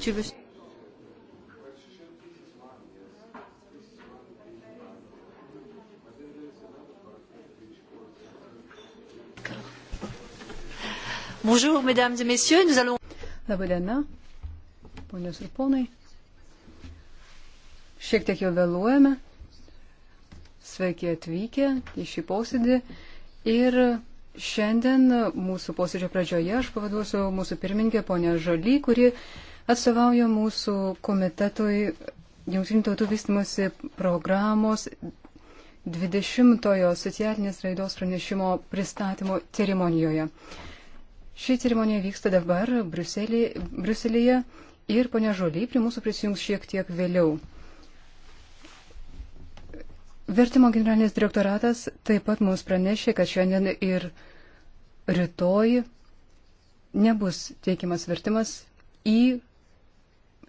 Tu veux... Bonjour, mesdames et messieurs, nous allons... Labai diena, ponios ir ponai. Šiek tiek jau vėluojame. Sveiki atvykę į šį posėdį. Ir šiandien mūsų posėdžio pradžioje aš pavaduosiu mūsų pirmininkę ponę Žalį, kuri atstovauja mūsų komitetui Junktinių tautų vystimosi programos 20-ojo socialinės raidos pranešimo pristatymo ceremonijoje. Ši ceremonija vyksta dabar Bruselėje ir ponia Žoliai prie mūsų prisijungs šiek tiek vėliau. Vertimo generalinis direktoratas taip pat mums pranešė, kad šiandien ir rytoj nebus teikiamas vertimas į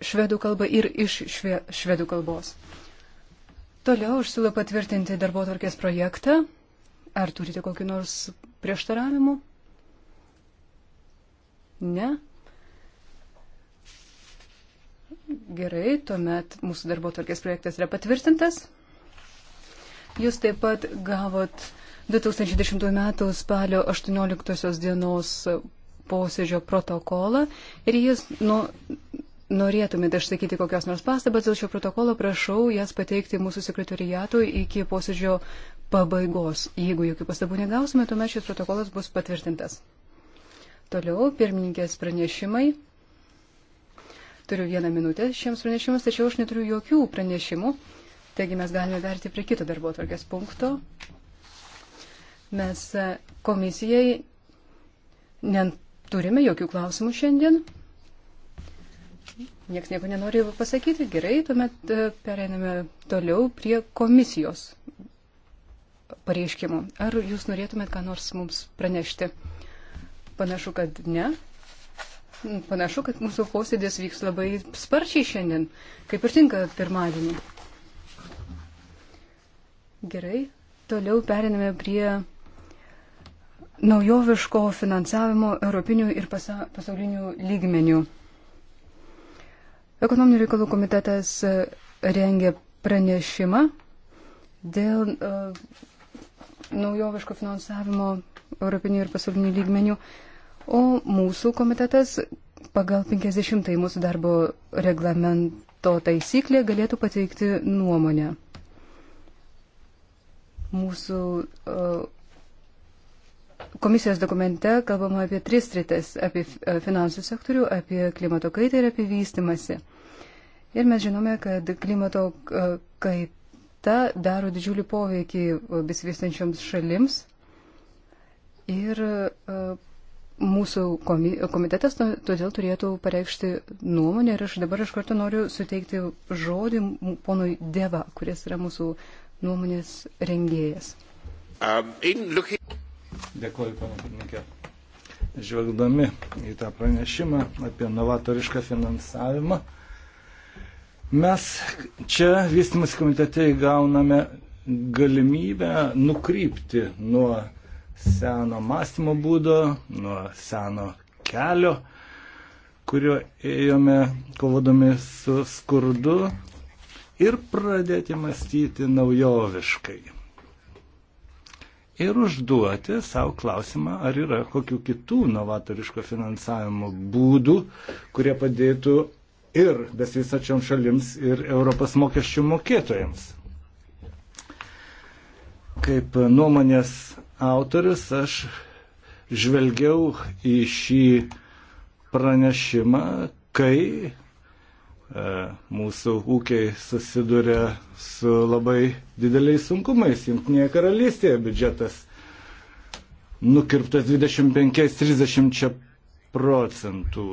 švedų kalbą ir iš šve, švedų kalbos. Toliau aš siūlau patvirtinti darbo tvarkės projektą. Ar turite kokį nors prieštaravimų? Ne? Gerai, tuomet mūsų darbo tvarkės projektas yra patvirtintas. Jūs taip pat gavot 2010 m. spalio 18 dienos posėdžio protokolą ir jis nu, norėtumėte išsakyti kokios nors pastabas dėl šio protokolo, prašau jas pateikti mūsų sekretoriatui iki posėdžio pabaigos. Jeigu jokių pastabų negausime, tuomet šis protokolas bus patvirtintas. Toliau pirmininkės pranešimai. Turiu vieną minutę šiems pranešimus, tačiau aš neturiu jokių pranešimų. Taigi mes galime verti prie kito darbo tvarkės punkto. Mes e, komisijai neturime jokių klausimų šiandien. Niekas nieko nenori pasakyti. Gerai, tuomet e, pereiname toliau prie komisijos pareiškimų. Ar jūs norėtumėt ką nors mums pranešti? Panašu, kad ne. Panašu, kad mūsų posėdis vyks labai sparčiai šiandien, kaip ir tinka pirmadienį. Gerai, toliau periname prie naujoviško finansavimo europinių ir pasa pasaulinių lygmenių. Ekonominių reikalų komitetas e, rengė pranešimą dėl uh, naujoviško finansavimo europinių ir pasaulinių lygmenių, o mūsų komitetas pagal 50 mūsų darbo reglamento taisyklė galėtų pateikti nuomonę. Mūsų uh, Komisijos dokumente kalbama apie tris tritis - apie finansų sektorių, apie klimato kaitą ir apie vystimasi. Ir mes žinome, kad klimato e, kaita daro didžiulį poveikį e, besivystančioms šalims. Ir e, mūsų komitetas todėl turėtų pareikšti nuomonę. Ir aš dabar iš karto noriu suteikti žodį ponui Deva, kuris yra mūsų nuomonės rengėjas. Um, Dėkuoju, pana pirmininkė. Žvelgdami į tą pranešimą apie novatorišką finansavimą, Mes čia vystimus komitete įgauname galimybę nukrypti nuo seno mąstymo būdo, nuo seno kelio, kuriuo ėjome kovodami su skurdu ir pradėti mąstyti naujoviškai. Ir užduoti savo klausimą, ar yra kokių kitų novatoriško finansavimo būdų, kurie padėtų ir besisačiom šalims, ir Europos mokesčių mokėtojams. Kaip nuomonės autorius aš žvelgiau į šį pranešimą, kai e, mūsų ūkiai susiduria su labai dideliais sunkumais. Junktinėje karalystėje biudžetas nukirptas 25-30 procentų.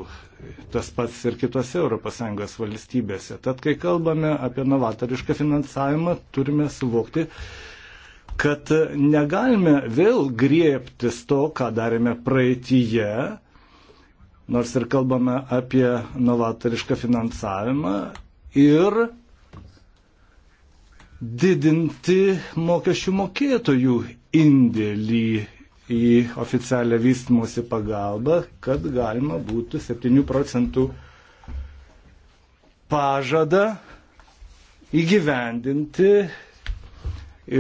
Tas pats ir kitose ES valstybėse. Tad, kai kalbame apie novatorišką finansavimą, turime suvokti, kad negalime vėl griebtis to, ką darėme praeitįje, nors ir kalbame apie novatorišką finansavimą ir didinti mokesčių mokėtojų indėlį į oficialią vystimosi pagalbą, kad galima būtų 7 procentų pažadą įgyvendinti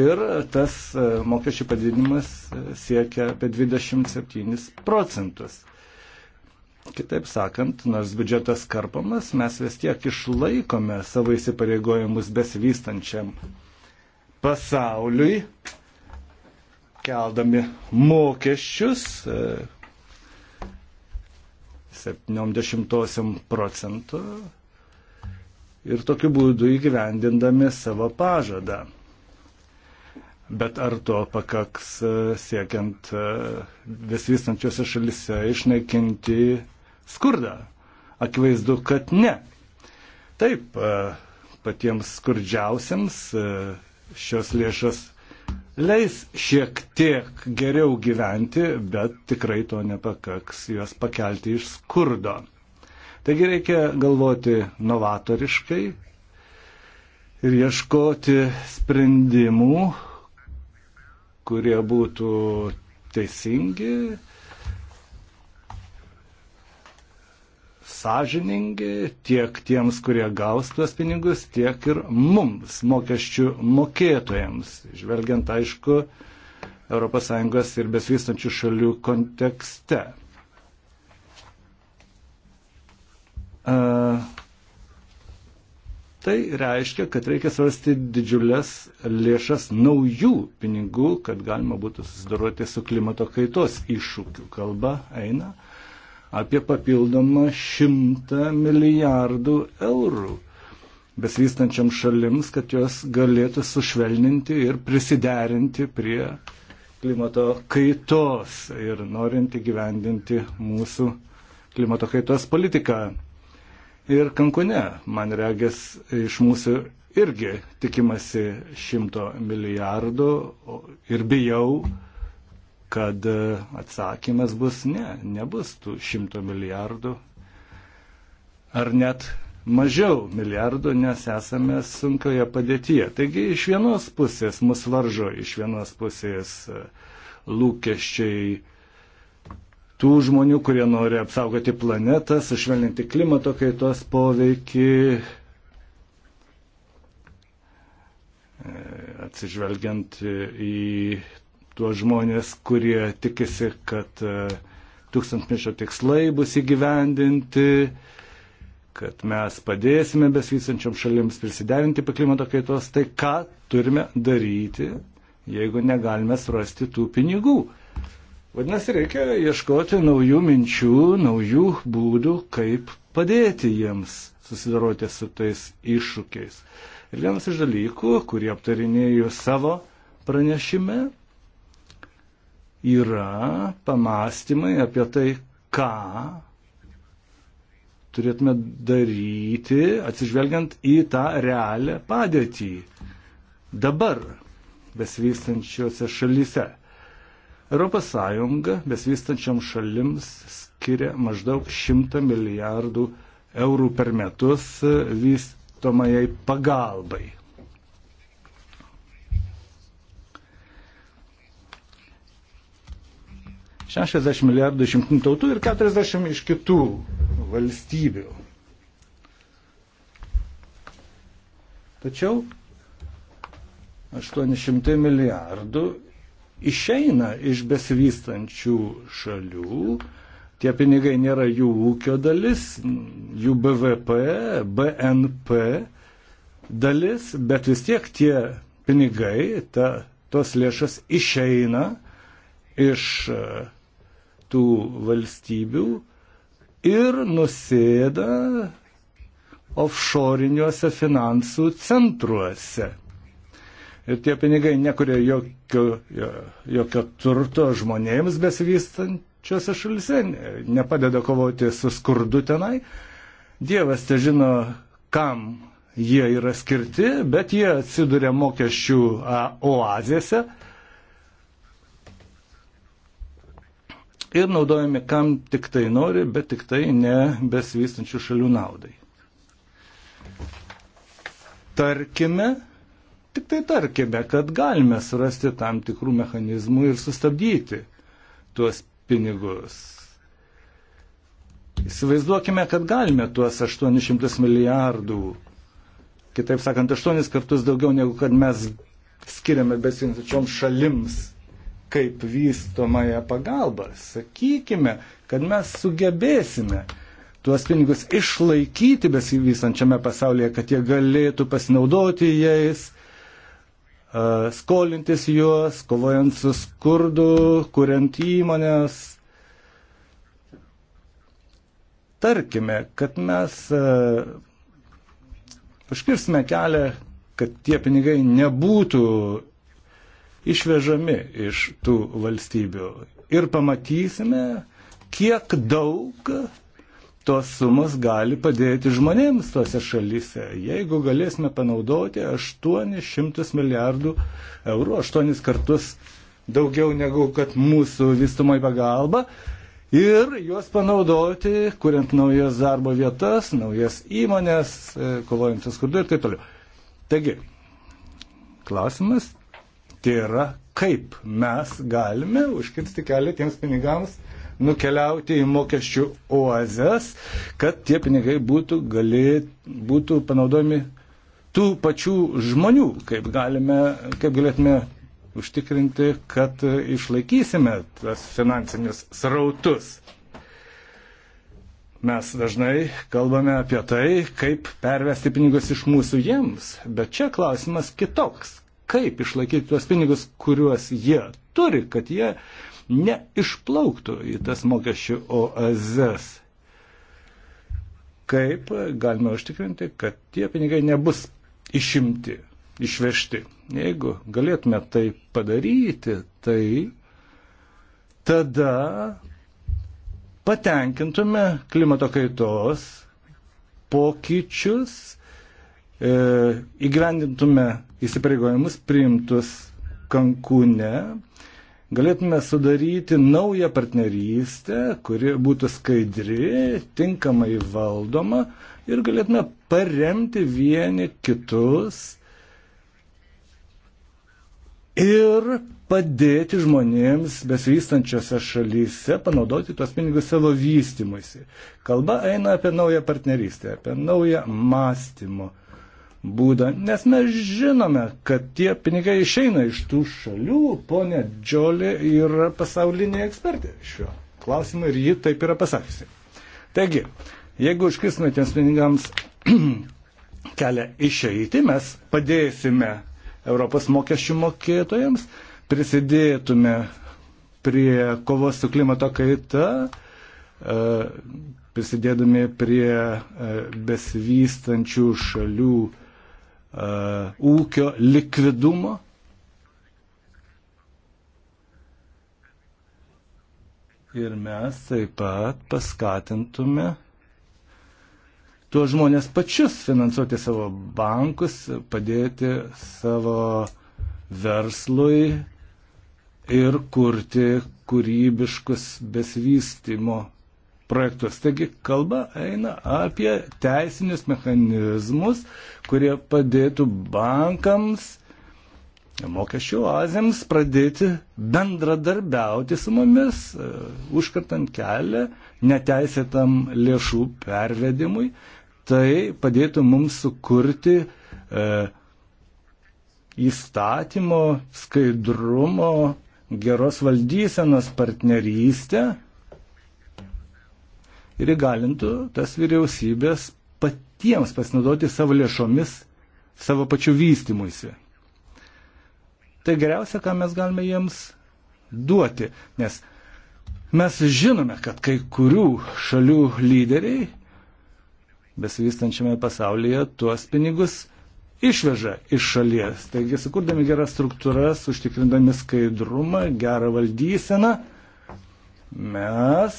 ir tas e, mokesčių padidinimas e, siekia apie 27 procentus. Kitaip sakant, nors biudžetas karpamas, mes vis tiek išlaikome savo įsipareigojimus besivystančiam pasauliui keldami mokesčius 70 e, procentų ir tokiu būdu įgyvendindami savo pažadą. Bet ar to pakaks e, siekiant besvystančiose šalise išnaikinti skurdą? Akivaizdu, kad ne. Taip, e, patiems skurdžiausiams šios lėšas leis šiek tiek geriau gyventi, bet tikrai to nepakaks juos pakelti iš skurdo. Taigi reikia galvoti novatoriškai ir ieškoti sprendimų, kurie būtų teisingi, sąžiningi tiek tiems, kurie gaus tuos pinigus, tiek ir mums, mokesčių mokėtojams, žvelgiant aišku, ES ir besvystančių šalių kontekste. Uh, Tai reiškia, kad reikia svarsti didžiulės lėšas naujų pinigų, kad galima būtų susidoroti su klimato kaitos iššūkiu. Kalba eina apie papildomą 100 milijardų eurų besivystančiam šalims, kad jos galėtų sušvelninti ir prisiderinti prie klimato kaitos ir norint įgyvendinti mūsų klimato kaitos politiką. Ir Kankune, man regės, iš mūsų irgi tikimasi šimto milijardų ir bijau, kad e, atsakymas bus ne, nebus tų šimto milijardų ar net mažiau milijardų, nes esame sunkioje padėtyje. Taigi iš vienos pusės mus varžo, iš vienos pusės e, lūkesčiai tų žmonių, kurie nori apsaugoti planetą, sušvelninti klimato kaitos poveikį, e, atsižvelgiant į tuos žmonės, kurie tikisi, kad e, tūkstantmečio tikslai bus įgyvendinti, kad mes padėsime besvysančiom šalims prisiderinti prie klimato kaitos, tai ką turime daryti, jeigu negalime surasti tų pinigų. Vadinasi, reikia ieškoti naujų minčių, naujų būdų, kaip padėti jiems susidoroti su tais iššūkiais. Ir vienas iš dalykų, kurį aptarinėjau savo pranešime, yra pamastymai apie tai, ką turėtume daryti, atsižvelgiant į tą realią padėtį dabar besivystančiose šalyse. ES besivystančiam šalims skiria maždaug 100 milijardų eurų per metus vystomajai pagalbai. 60 milijardų iš jungtinių tautų ir 40 iš kitų valstybių. Tačiau 800 milijardų išeina iš besivystančių šalių, tie pinigai nėra jų ūkio dalis, jų BVP, BNP dalis, bet vis tiek tie pinigai, ta, tos lėšas išeina iš uh, tų valstybių ir nusėda offshoriniuose finansų centruose. Ir tie pinigai nekuria jokio, jokio turto žmonėms besivystančiose šalise, nepadeda kovoti su skurdu tenai. Dievas te žino, kam jie yra skirti, bet jie atsiduria mokesčių oazėse ir naudojami kam tik tai nori, bet tik tai ne besivystančių šalių naudai. Tarkime, tik tai tarkime, kad galime surasti tam tikrų mechanizmų ir sustabdyti tuos pinigus. Įsivaizduokime, kad galime tuos 800 milijardų, kitaip sakant, 8 kartus daugiau negu kad mes skiriame besivystančioms šalims kaip vystomąją pagalbą. Sakykime, kad mes sugebėsime tuos pinigus išlaikyti besivystančiame pasaulyje, kad jie galėtų pasinaudoti jais, skolintis juos, kovojant su skurdu, kuriant įmonės. Tarkime, kad mes užkirsime kelią, kad tie pinigai nebūtų išvežami iš tų valstybių. Ir pamatysime, kiek daug tos sumos gali padėti žmonėms tose šalise. Jeigu galėsime panaudoti 800 milijardų eurų, 8 kartus daugiau negu kad mūsų vystumoji pagalba, ir juos panaudoti, kuriant naujas darbo vietas, naujas įmonės, e, kovojant su skurdu ir taip toliau. Taigi, klausimas tai yra kaip mes galime užkirsti kelią tiems pinigams nukeliauti į mokesčių oazes, kad tie pinigai būtų, gali, būtų panaudojami tų pačių žmonių, kaip, galime, kaip galėtume užtikrinti, kad išlaikysime tas finansinius srautus. Mes dažnai kalbame apie tai, kaip pervesti pinigus iš mūsų jiems, bet čia klausimas kitoks kaip išlaikyti tuos pinigus, kuriuos jie turi, kad jie neišplauktų į tas mokesčių oazes. Kaip galima užtikrinti, kad tie pinigai nebus išimti, išvežti. Jeigu galėtume tai padaryti, tai tada patenkintume klimato kaitos pokyčius E, įgyvendintume įsipareigojimus priimtus Kankūne, galėtume sudaryti naują partnerystę, kuri būtų skaidri, tinkamai valdoma ir galėtume paremti vieni kitus ir padėti žmonėms besivystančiose šalyse panaudoti tuos pinigus savo vystimuisi. Kalba eina apie naują partnerystę, apie naują mąstymo būdą, nes mes žinome, kad tie pinigai išeina iš tų šalių. Pone Džiolė yra pasaulinė ekspertė šiuo klausimu ir ji taip yra pasakysi. Taigi, jeigu užkirstume tiems pinigams kelią išeiti, mes padėsime Europos mokesčių mokėtojams, prisidėtume prie kovos su klimato kaita, e, prisidėdami prie e, besivystančių šalių Uh, ūkio likvidumo. Ir mes taip pat paskatintume tuos žmonės pačius finansuoti savo bankus, padėti savo verslui ir kurti kūrybiškus besvystimo projektus. Taigi kalba eina apie teisinius mechanizmus, kurie padėtų bankams, mokesčių oazėms pradėti bendradarbiauti su mumis, e, užkartant kelią neteisėtam lėšų pervedimui. Tai padėtų mums sukurti e, įstatymo, skaidrumo, geros valdysenos partnerystę ir įgalintų tas vyriausybės patiems pasinaudoti savo lėšomis savo pačių vystimuisi. Tai geriausia, ką mes galime jiems duoti, nes mes žinome, kad kai kurių šalių lyderiai besivystančiame pasaulyje tuos pinigus išveža iš šalies. Taigi, sukurdami geras struktūras, užtikrindami skaidrumą, gerą valdyseną, mes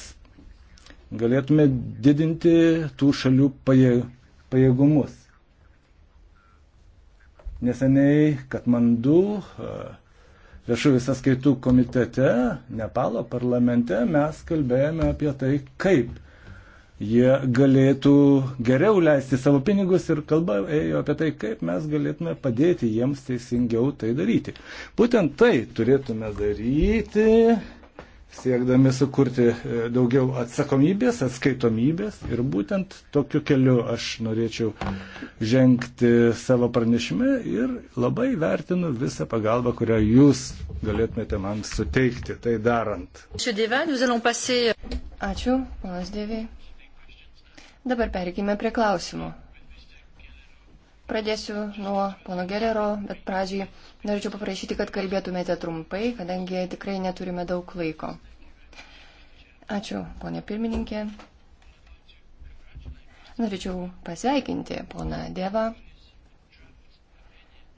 galėtume didinti tų šalių pajėgumus. Neseniai Katmandu viešųjų sąskaitų komitete, Nepalo parlamente mes kalbėjome apie tai, kaip jie galėtų geriau leisti savo pinigus ir kalba ėjo apie tai, kaip mes galėtume padėti jiems teisingiau tai daryti. Būtent tai turėtume daryti siekdami sukurti e, daugiau atsakomybės, atskaitomybės. Ir būtent tokiu keliu aš norėčiau žengti savo pranešime ir labai vertinu visą pagalbą, kurią jūs galėtumėte man suteikti, tai darant. Ačiū, panas Dėvė. Dabar perkime prie klausimų. Pradėsiu nuo pono Gerero, bet pradžiai norėčiau paprašyti, kad kalbėtumėte trumpai, kadangi tikrai neturime daug laiko. Ačiū, ponė pirmininkė. Norėčiau pasveikinti poną Dievą.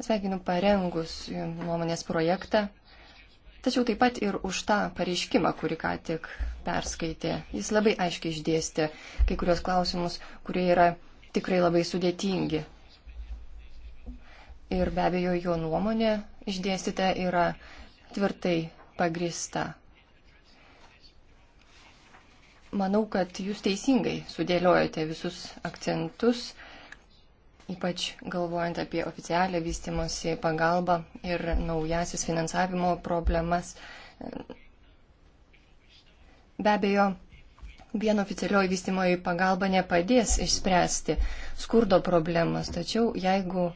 Sveikinu parengus nuomonės projektą. Tačiau taip pat ir už tą pareiškimą, kurį ką tik perskaitė. Jis labai aiškiai išdėstė kai kurios klausimus, kurie yra tikrai labai sudėtingi ir be abejo jo nuomonė išdėstyta yra tvirtai pagrista. Manau, kad jūs teisingai sudėliojate visus akcentus, ypač galvojant apie oficialią vystimosi pagalbą ir naujasis finansavimo problemas. Be abejo, vien oficialioji vystimoji pagalba nepadės išspręsti skurdo problemas, tačiau jeigu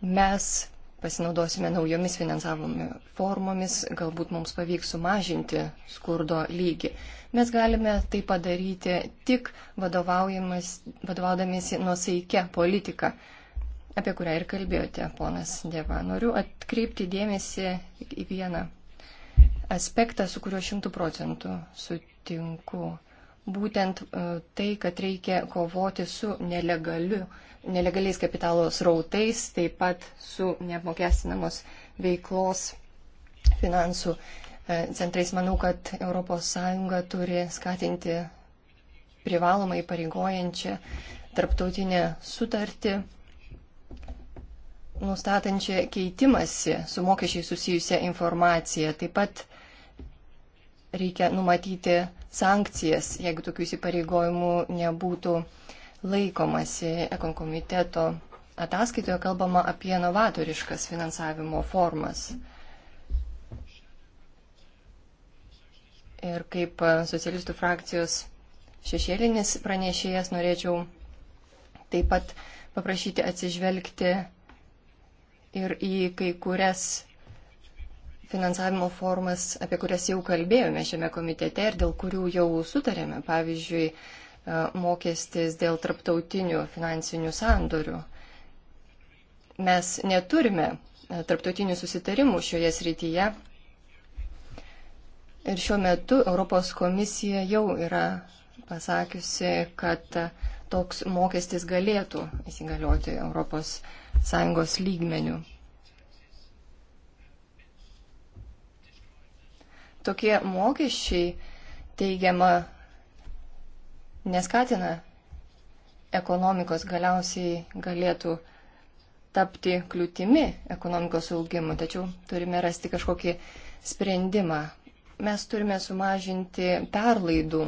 Mes pasinaudosime naujomis finansavimo formomis, galbūt mums pavyks sumažinti skurdo lygį. Mes galime tai padaryti tik vadovaudamiesi nusaikę politiką, apie kurią ir kalbėjote, ponas Deva. Noriu atkreipti dėmesį į vieną aspektą, su kuriuo šimtų procentų sutinku. Būtent e, tai, kad reikia kovoti su nelegaliu nelegaliais kapitalo srautais, taip pat su neapmokestinamos veiklos finansų e, centrais. Manau, kad ES turi skatinti privalomai pareigojančią tarptautinę sutartį, nustatančią keitimąsi su mokesčiai susijusią informaciją. Taip pat reikia numatyti sankcijas, jeigu tokių įsipareigojimų nebūtų laikomasi ekonkomiteto ataskaitoje kalbama apie novatoriškas finansavimo formas. Ir kaip socialistų frakcijos šešėlinis pranešėjas norėčiau taip pat paprašyti atsižvelgti ir į kai kurias finansavimo formas, apie kurias jau kalbėjome šiame komitete ir dėl kurių jau sutarėme. Pavyzdžiui, E, mokestis dėl traptautinių finansinių sandorių. Mes neturime e, traptautinių susitarimų šioje srityje. Ir šiuo metu Europos komisija jau yra pasakiusi, kad toks mokestis galėtų įsigalioti ES lygmenių. Tokie mokesčiai teigiama neskatina ekonomikos, galiausiai galėtų tapti kliūtimi ekonomikos augimu, tačiau turime rasti kažkokį sprendimą. Mes turime sumažinti perlaidų,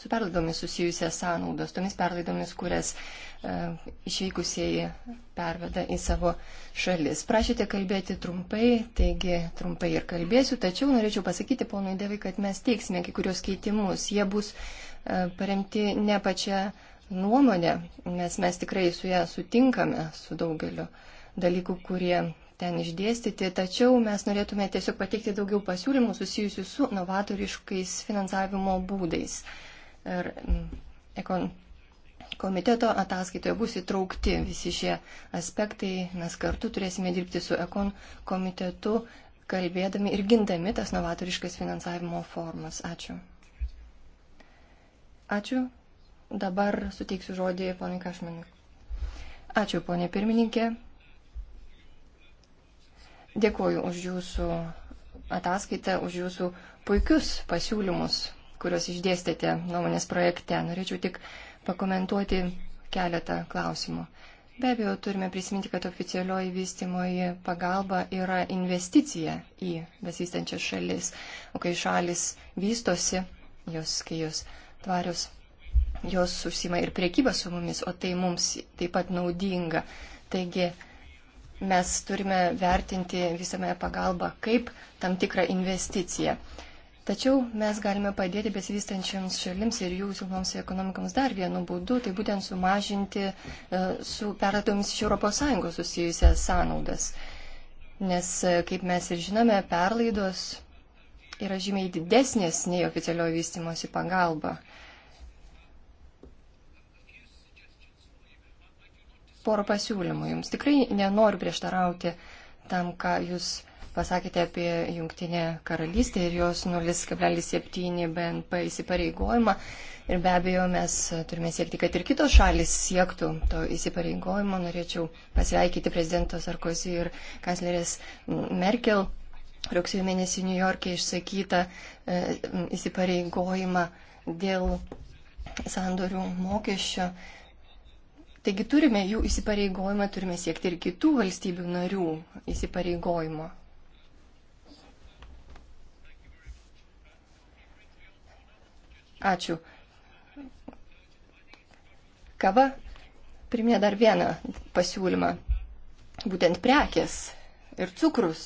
su perlaidomis susijusias sąnaudas, tomis perlaidomis, kurias e, išvykusieji perveda į savo šalis. Prašėte kalbėti trumpai, taigi trumpai ir kalbėsiu, tačiau norėčiau pasakyti ponui Devai, kad mes teiksime kai kurios keitimus. Jie bus E, paremti ne pačią nuomonę, nes mes tikrai su ją sutinkame, su daugeliu dalykų, kurie ten išdėstyti, tačiau mes norėtume tiesiog pateikti daugiau pasiūlymų susijusių su novatoriškais finansavimo būdais. Ir mm, ekon komiteto ataskaitoje bus įtraukti visi šie aspektai, mes kartu turėsime dirbti su ekon komitetu, kalbėdami ir gindami tas novatoriškas finansavimo formas. Ačiū. Ačiū. Dabar suteiksiu žodį ponai Kašminui. Ačiū, ponė pirmininkė. Dėkuoju už jūsų ataskaitą, už jūsų puikius pasiūlymus, kuriuos išdėstėte nuomonės projekte. Norėčiau tik pakomentuoti keletą klausimų. Be abejo, turime prisiminti, kad oficialioji vystimoji pagalba yra investicija į besistančias šalis. O kai šalis vystosi, jos, kai jos tvarios. Jos užsima ir priekybą su mumis, o tai mums taip pat naudinga. Taigi mes turime vertinti visame pagalbą kaip tam tikrą investiciją. Tačiau mes galime padėti besivystančiams šalims ir jų silpnoms ekonomikams dar vienu būdu, tai būtent sumažinti e, su perlaidomis iš ES susijusias sąnaudas. Nes, e, kaip mes ir žinome, perlaidos yra žymiai didesnės nei oficialioji vystimosi pagalba. porą pasiūlymų jums. Tikrai nenoriu prieštarauti tam, ką jūs pasakėte apie Junktinę karalystę ir jos 0,7 BNP įsipareigojimą. Ir be abejo, mes turime siekti, kad ir kitos šalis siektų to įsipareigojimo. Norėčiau pasveikyti prezidento Sarkozy ir kanclerės Merkel rugsėjo mėnesį New York'e išsakytą e, įsipareigojimą dėl sandorių mokesčio. E, Taigi turime jų įsipareigojimą, turime siekti ir kitų valstybių narių įsipareigojimo. Ačiū. Kava priminė dar vieną pasiūlymą. Būtent prekės ir cukrus.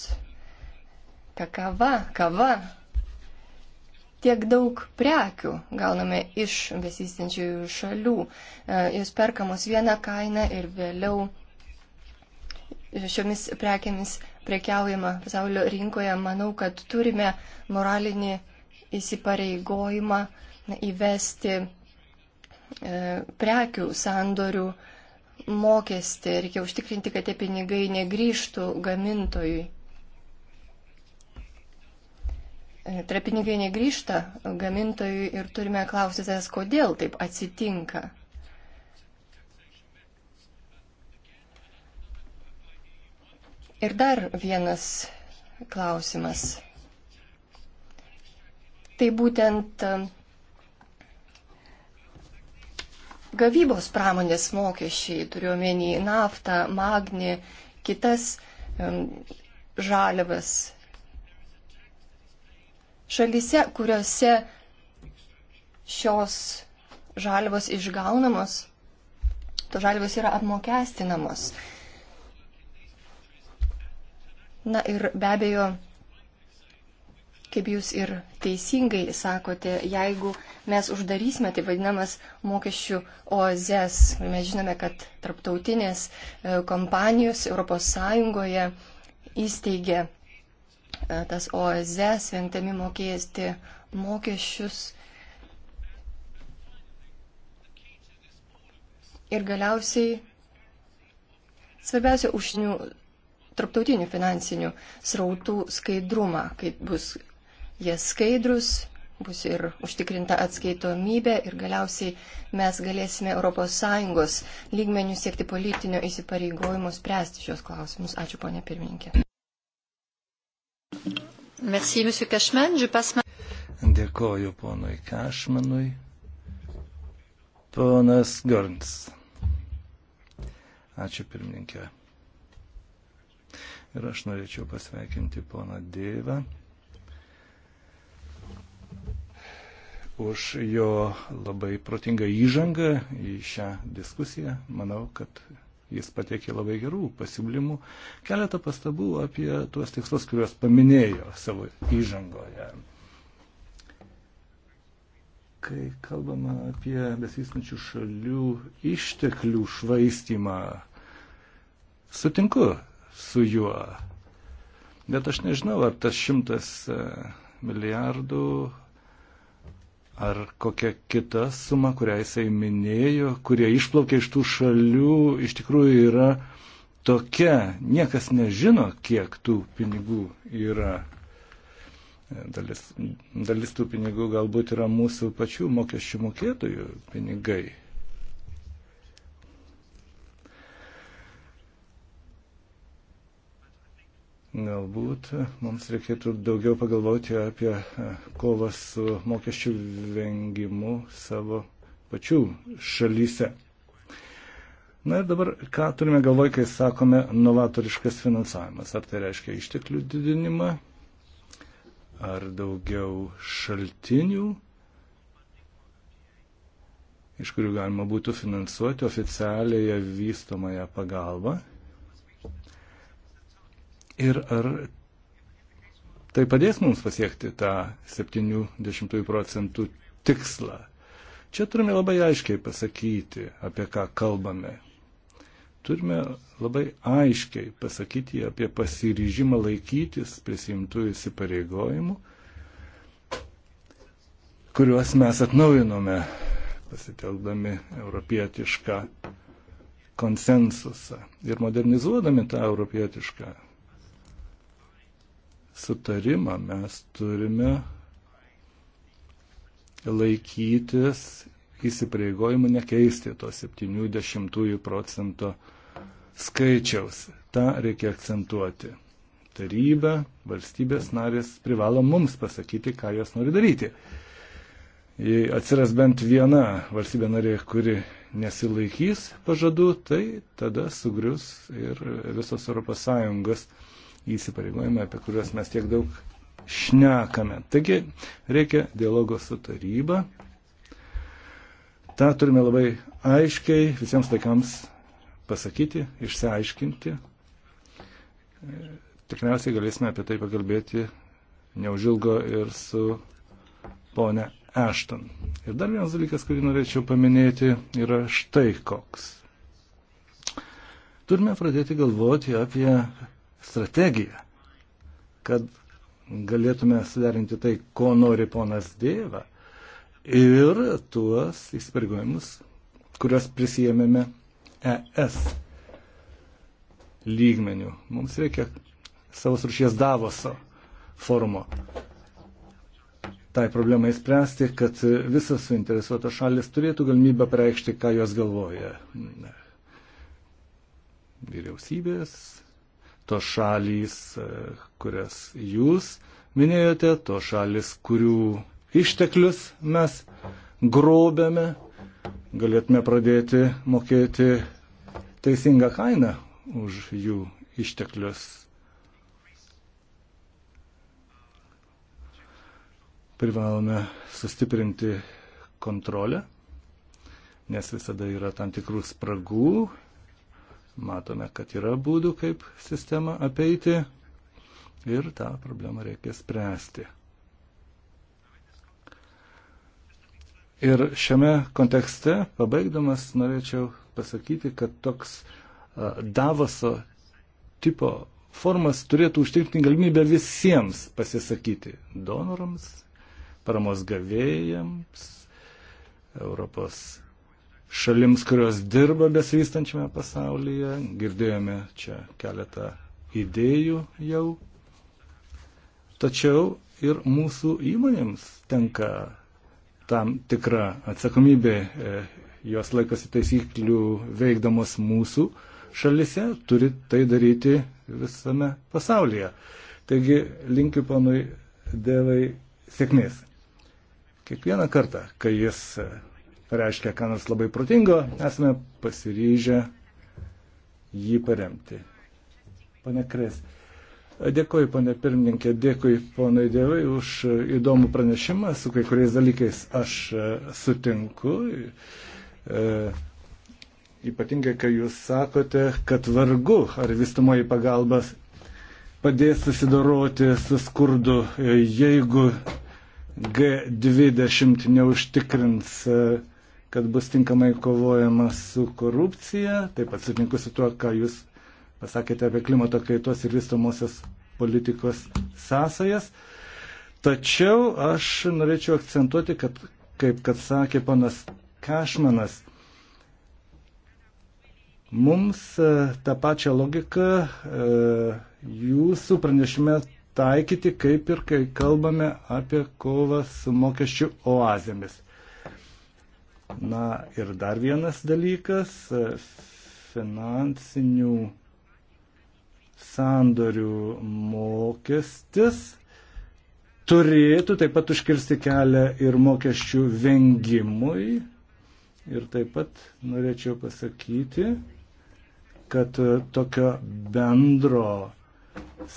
Kakava, kava tiek daug prekių gauname iš besistenčiųjų šalių. E, jos perkamos vieną kainą ir vėliau šiomis prekiamis prekiaujama pasaulio rinkoje. Manau, kad turime moralinį įsipareigojimą įvesti e, prekių sandorių mokestį. Reikia užtikrinti, kad tie pinigai negryžtų gamintojui. Tre pinigai negrįžta gamintojui ir turime klausytis, kodėl taip atsitinka. Ir dar vienas klausimas. Tai būtent e, gavybos pramonės mokesčiai, turiuomenį naftą, magnį, kitas žaliavas Šalyse, kuriuose šios žalvos išgaunamos, to žalvos yra apmokestinamos. Na ir be abejo, kaip jūs ir teisingai sakote, jeigu mes uždarysime tai vadinamas mokesčių oazes, mes žinome, kad tarptautinės e, kompanijos ES įsteigė E, tas oazes, e vengdami mokėsti mokesčius. Ir galiausiai svarbiausia užsienio tarptautinių finansinių srautų skaidrumą, kai bus jie skaidrus, bus ir užtikrinta atskaitomybė ir galiausiai mes galėsime ES lygmenių siekti politinio įsipareigojimo spręsti šios klausimus. Ačiū, ponė pirmininkė. Merci, monsieur Cashman. Je passe ma... Dėkoju ponui Kašmanui. Ponas Gorns. Ačiū pirmininkė. Ir aš norėčiau pasveikinti poną Dėvą už jo labai protingą įžangą į šią diskusiją. Manau, kad Jis patiekė labai gerų pasiūlymų. Keletą pastabų apie tuos tikslus, kuriuos paminėjo savo įžangoje. Kai kalbama apie besivystančių šalių išteklių švaistimą, sutinku su juo. Bet aš nežinau, ar tas šimtas e, milijardų ar kokia kita suma, kurią jisai minėjo, kurie išplaukia iš tų šalių, iš tikrųjų yra tokia. Niekas nežino, kiek tų pinigų yra. Dalis, dalis tų pinigų galbūt yra mūsų pačių mokesčių mokėtojų pinigai. Galbūt mums reikėtų daugiau pagalvoti apie e, kovą su mokesčių vengimu savo pačių šalyse. Na ir dabar, ką turime galvoj, kai sakome novatoriškas finansavimas? Ar tai reiškia išteklių didinimą, ar daugiau šaltinių, iš kurių galima būtų finansuoti oficialiąją vystomąją pagalbą? ir ar tai padės mums pasiekti tą 70 procentų tikslą. Čia turime labai aiškiai pasakyti, apie ką kalbame. Turime labai aiškiai pasakyti apie pasiryžimą laikytis prisimtų įsipareigojimų, kuriuos mes atnaujinome pasitelkdami europietišką konsensusą ir modernizuodami tą europietišką sutarimą mes turime laikytis įsipareigojimų nekeisti to 70 procento skaičiaus. Ta reikia akcentuoti. Taryba, valstybės narės privalo mums pasakyti, ką jos nori daryti. Jei atsiras bent viena valstybė narė, kuri nesilaikys pažadų, tai tada sugrius ir visos ES įsipareigojimai, apie kuriuos mes tiek daug šnekame. Taigi reikia dialogo su taryba. Ta turime labai aiškiai visiems laikams pasakyti, išsiaiškinti. Tikriausiai galėsime apie tai pakalbėti neužilgo ir su ponė Ashton. Ir dar vienas dalykas, kurį norėčiau paminėti, yra štai koks. Turime pradėti galvoti apie strategiją, kad galėtume suderinti tai, ko nori ponas Dieva ir tuos įsipareigojimus, kuriuos prisijėmėme ES lygmenių. Mums reikia savos rušies Davoso forumo tai problemai spręsti, kad visas suinteresuotas šalis turėtų galimybę pareikšti, ką jos galvoja. Vyriausybės, to šalys, e, kurias jūs minėjote, to šalis, kurių išteklius mes grobėme, galėtume pradėti mokėti teisingą kainą už jų išteklius. Privalome sustiprinti kontrolę, nes visada yra tam tikrų spragų Matome, kad yra būdų, kaip sistemą apeiti ir tą problemą reikia spręsti. Ir šiame kontekste, pabaigdamas, norėčiau pasakyti, kad toks Davaso tipo formas turėtų užtikrinti galimybę visiems pasisakyti - donorams, paramos gavėjams, Europos šalims, kurios dirba besivystančiame pasaulyje. Girdėjome čia keletą idėjų jau. Tačiau ir mūsų įmonėms tenka tam tikra atsakomybė. E, jos laikosi taisyklių veikdamos mūsų šalise, turi tai daryti visame pasaulyje. Taigi linkiu ponui Dėvai sėkmės. Kiekvieną kartą, kai jis reiškia, ką nors labai protingo, esame pasiryžę jį paremti. Pane Kres. Dėkui, pane pirmininkė, dėkui, ponai Dievai, už įdomų pranešimą, su kai kuriais dalykais aš e, sutinku. E, ypatingai, kai jūs sakote, kad vargu ar vystumoji pagalbas padės susidoroti su skurdu, e, jeigu G20 neužtikrins. E, kad bus tinkamai kovojama su korupcija. Taip pat sutinku su tuo, ką Jūs pasakėte apie klimato kaitos ir vystomosios politikos sąsajas. Tačiau aš norėčiau akcentuoti, kad, kaip kad sakė panas Kašmanas, mums e, tą pačią logiką e, jūsų pranešime taikyti, kaip ir kai kalbame apie kovą su mokesčių oazėmis. Na ir dar vienas dalykas - finansinių sandorių mokestis turėtų taip pat užkirsti kelią ir mokesčių vengimui. Ir taip pat norėčiau pasakyti, kad tokio bendro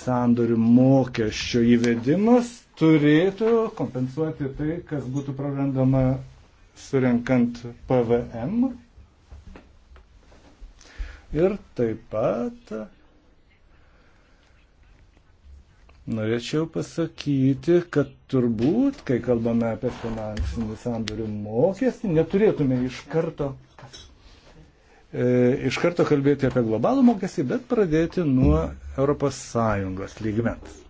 sandorių mokesčio įvedimas turėtų kompensuoti tai, kas būtų prarandama surenkant PVM ir taip pat norėčiau pasakyti, kad turbūt, kai kalbame apie finansinį sandorių mokestį, neturėtume iš karto, e, iš karto kalbėti apie globalų mokestį, bet pradėti nuo ES lygmens.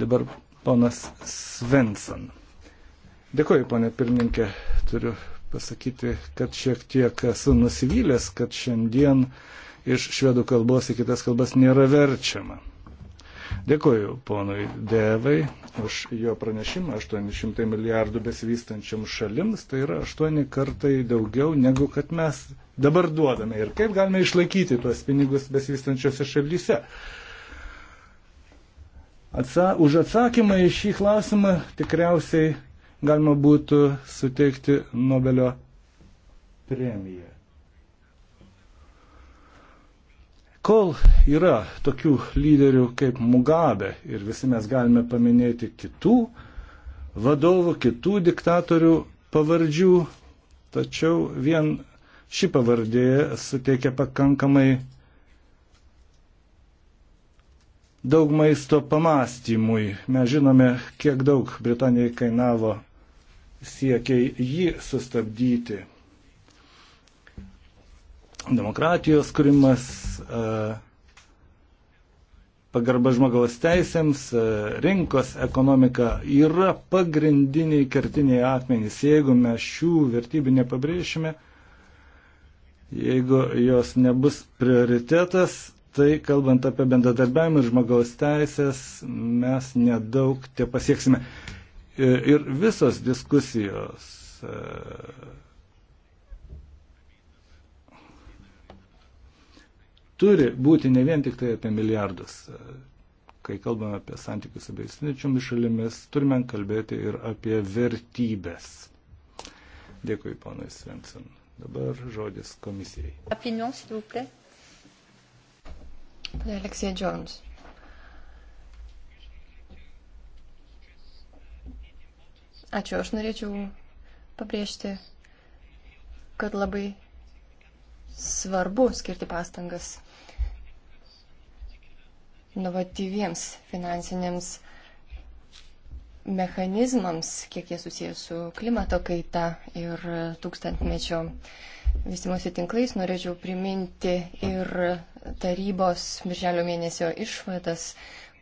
Dabar ponas Svensson. Dėkuoju, ponė pirmininkė. Turiu pasakyti, kad šiek tiek esu nusivylęs, kad šiandien iš švedų kalbos į kitas kalbas nėra verčiama. Dėkuoju ponui Devai už jo pranešimą 800 milijardų besivystančiam šalims, tai yra 8 kartai daugiau negu kad mes dabar duodame ir kaip galime išlaikyti tuos pinigus besivystančiose šalyse. Atsa, už atsakymą į šį klausimą tikriausiai galima būtų suteikti Nobelio premiją. Kol yra tokių lyderių kaip Mugabe ir visi mes galime paminėti kitų vadovų, kitų diktatorių pavardžių, tačiau vien ši pavardė suteikia pakankamai daug maisto pamastymui. Mes žinome, kiek daug Britanijai kainavo siekiai jį sustabdyti. Demokratijos kūrimas, e, pagarba žmogaus teisėms, e, rinkos ekonomika yra pagrindiniai kertiniai akmenys. Jeigu mes šių vertybių nepabrėšime, jeigu jos nebus prioritetas, tai kalbant apie bendradarbiavimą ir žmogaus teisės, mes nedaug tie pasieksime ir visos diskusijos e, turi būti ne vien tik tai apie milijardus. E, kai kalbame apie santykius su beisničiomis šalimis, turime kalbėti ir apie vertybės. Dėkui, ponai Svensson. Dabar žodis komisijai. Opinion, s'il vous plaît. Alexia Jones. Ačiū, aš norėčiau pabrėžti, kad labai svarbu skirti pastangas inovatyviems finansiniams mechanizmams, kiek jie susijęs su klimato kaita ir tūkstantmečio vystimosi tinklais. Norėčiau priminti ir tarybos birželio mėnesio išvadas,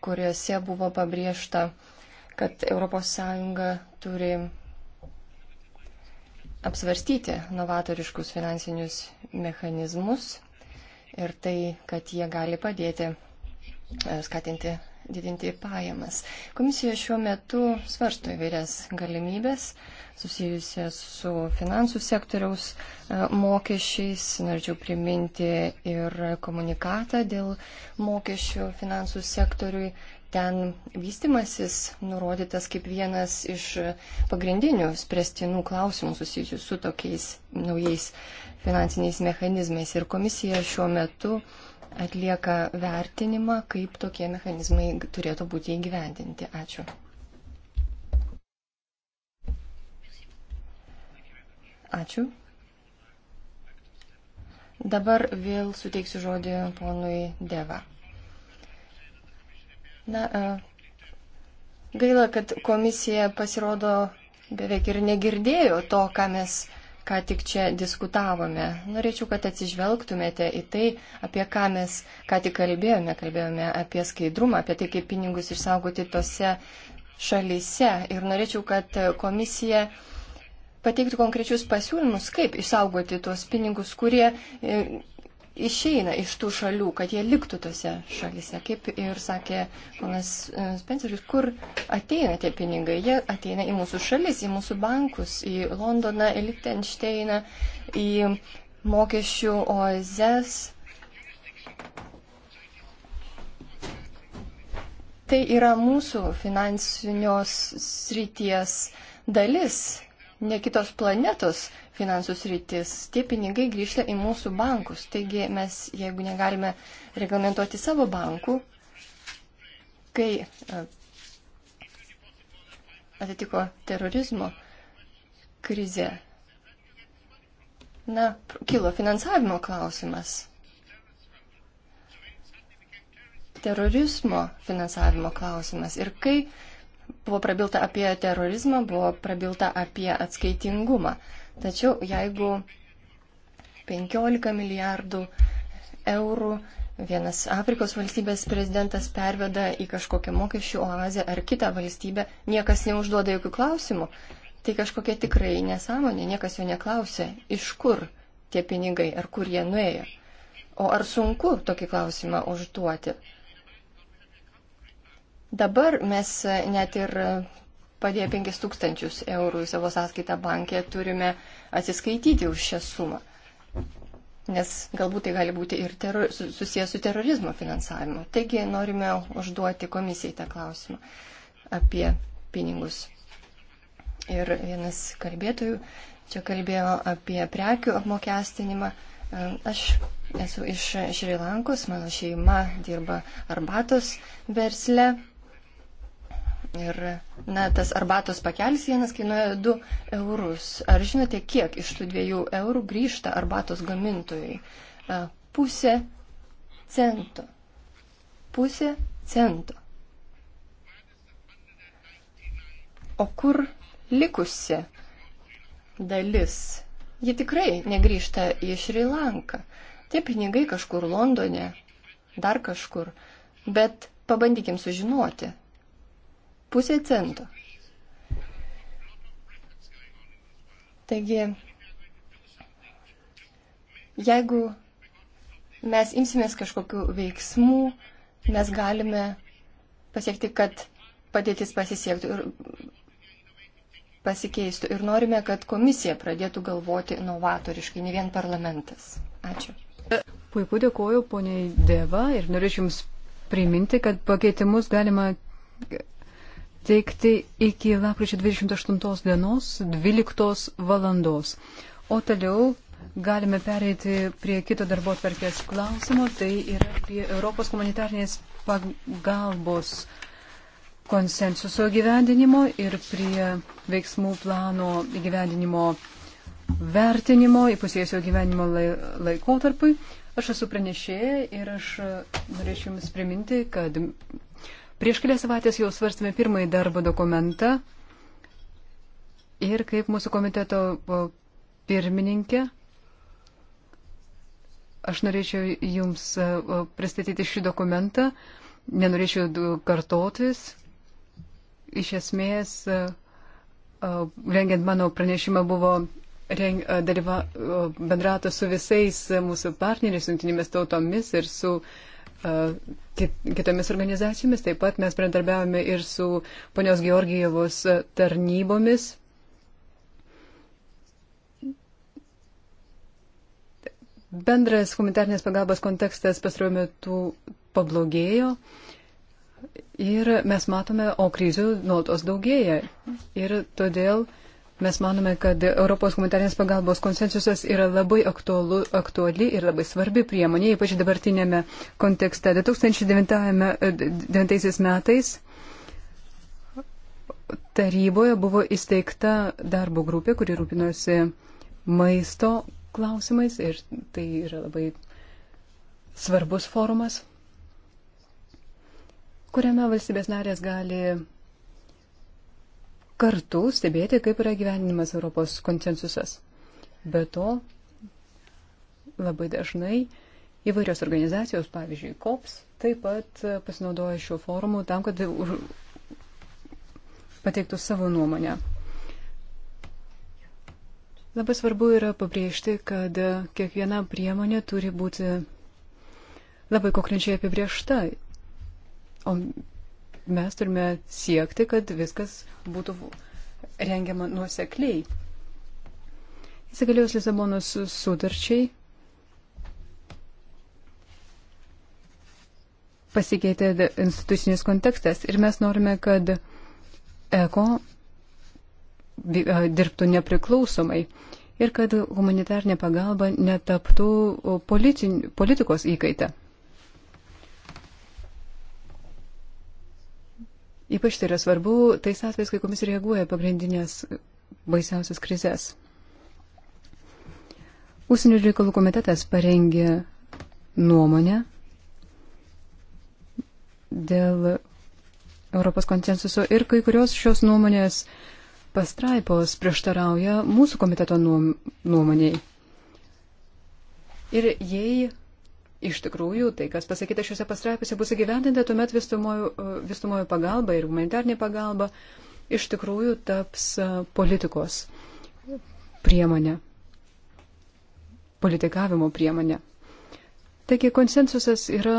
kuriuose buvo pabrėžta kad ES turi apsvarstyti novatoriškus finansinius mechanizmus ir tai, kad jie gali padėti e, skatinti didinti pajamas. Komisija šiuo metu svarsto įvairias galimybės susijusias su finansų sektoriaus e, mokesčiais. Norėčiau priminti ir komunikatą dėl mokesčių finansų sektoriui ten vystimasis nurodytas kaip vienas iš pagrindinių spręstinų klausimų susijusių su tokiais naujais finansiniais mechanizmais. Ir komisija šiuo metu atlieka vertinimą, kaip tokie mechanizmai turėtų būti įgyvendinti. Ačiū. Ačiū. Dabar vėl suteiksiu žodį ponui Deva. Na, gaila, kad komisija pasirodo beveik ir negirdėjo to, ką mes ką tik čia diskutavome. Norėčiau, kad atsižvelgtumėte į tai, apie ką mes ką tik kalbėjome. Kalbėjome apie skaidrumą, apie tai, kaip pinigus išsaugoti tose šalyse. Ir norėčiau, kad komisija pateiktų konkrečius pasiūlymus, kaip išsaugoti tuos pinigus, kurie e, išeina iš tų šalių, kad jie liktų tose šalise. Kaip ir sakė ponas e, Spenceris, kur ateina tie pinigai? Jie ateina į mūsų šalis, į mūsų bankus, į Londoną, į Liechtensteiną, į mokesčių oazes. Tai yra mūsų finansinios srities dalis, ne kitos planetos finansų sritis, tie pinigai grįžta į mūsų bankus. Taigi mes, jeigu negalime reglamentuoti savo bankų, kai e, atitiko terorizmo krizė, na, kilo finansavimo klausimas. Terorizmo finansavimo klausimas. Ir kai buvo prabilta apie terorizmą, buvo prabilta apie atskaitingumą. Tačiau jeigu 15 milijardų eurų vienas Afrikos valstybės prezidentas perveda į kažkokią mokesčių oazę ar kitą valstybę, niekas neužduoda jokių klausimų. Tai kažkokia tikrai nesąmonė, niekas jo neklausė, iš kur tie pinigai ar kur jie nuėjo. O ar sunku tokį klausimą užduoti? Dabar mes net ir padėjo 5000 eurų į savo sąskaitą bankė, turime atsiskaityti už šią sumą. Nes galbūt tai gali būti ir teror, susijęs su terorizmo finansavimu. Taigi norime užduoti komisijai tą klausimą apie pinigus. Ir vienas kalbėtojų čia kalbėjo apie prekių apmokestinimą. Aš esu iš Šrilankos, mano šeima dirba arbatos versle Ir na, tas arbatos pakelis vienas kainuoja 2 eurus. Ar žinote, kiek iš tų 2 eurų grįžta arbatos gamintojai? Pusė cento. Pusė cento. O kur likusi dalis? Ji tikrai negrįžta į Šri Lanką. Tie pinigai kažkur Londone, dar kažkur. Bet pabandykim sužinoti, pusė cento. Taigi, jeigu mes imsimės kažkokių veiksmų, mes galime pasiekti, kad padėtis pasisiektų ir pasikeistų. Ir norime, kad komisija pradėtų galvoti novatoriškai, ne vien parlamentas. Ačiū. Puiku dėkoju, poniai Deva, ir norėčiau Jums priminti, kad pakeitimus galima teikti iki lapkričio 28 dienos 12 valandos. O toliau galime pereiti prie kito darbo atverkės klausimo, tai yra prie Europos humanitarnės pagalbos konsensuso gyvendinimo ir prie veiksmų plano gyvendinimo vertinimo įpusėjusio gyvenimo laikotarpui. Aš esu pranešėja ir aš norėčiau Jums priminti, kad Prieš kelias savaitės jau svarstėme pirmąjį darbo dokumentą ir kaip mūsų komiteto pirmininkė, aš norėčiau Jums pristatyti šį dokumentą, nenorėčiau kartotis. Iš esmės, rengiant mano pranešimą buvo reng, dalyva, bendrata su visais mūsų partneriais, jungtinėmis tautomis ir su uh, kitomis organizacijomis. Taip pat mes bendarbiavome ir su ponios Georgijevos tarnybomis. Bendras humanitarnės pagalbos kontekstas pastaruoju metu pablogėjo ir mes matome, o krizių nuotos daugėja. Ir todėl uh, Mes manome, kad Europos humanitarinės pagalbos konsensusas yra labai aktualu, aktuali ir labai svarbi priemonė, ypač dabartinėme kontekste. 2009 e, metais taryboje buvo įsteigta darbo grupė, kuri rūpinosi maisto klausimais ir tai yra labai svarbus forumas, kuriame valstybės narės gali kartu stebėti, kaip yra gyvenimas Europos konsensusas. Be to, labai dažnai įvairios organizacijos, pavyzdžiui, COPS, taip pat pasinaudoja šiuo forumu tam, kad už... pateiktų savo nuomonę. Labai svarbu yra pabrėžti, kad kiekviena priemonė turi būti labai konkrečiai apibriešta, o mes turime siekti, kad viskas būtų rengiama nuosekliai. Įsigaliojus Lisabonos sutarčiai pasikeitė institucinis kontekstas ir mes norime, kad ECO dirbtų nepriklausomai ir kad humanitarnė pagalba netaptų politin, politikos įkaitę. Ypač tai yra svarbu tais atvejais, kai komisija reaguoja pagrindinės baisiausias krizės. Užsienio reikalų komitetas parengė nuomonę dėl Europos konsensuso ir kai kurios šios nuomonės pastraipos prieštarauja mūsų komiteto nuomoniai. Ir jei iš tikrųjų tai, kas pasakyta šiuose pastraipėse, bus įgyvendinta, tuomet visumojo pagalba ir humanitarnė pagalba iš tikrųjų taps e, politikos priemonė, politikavimo priemonė. Taigi konsensusas yra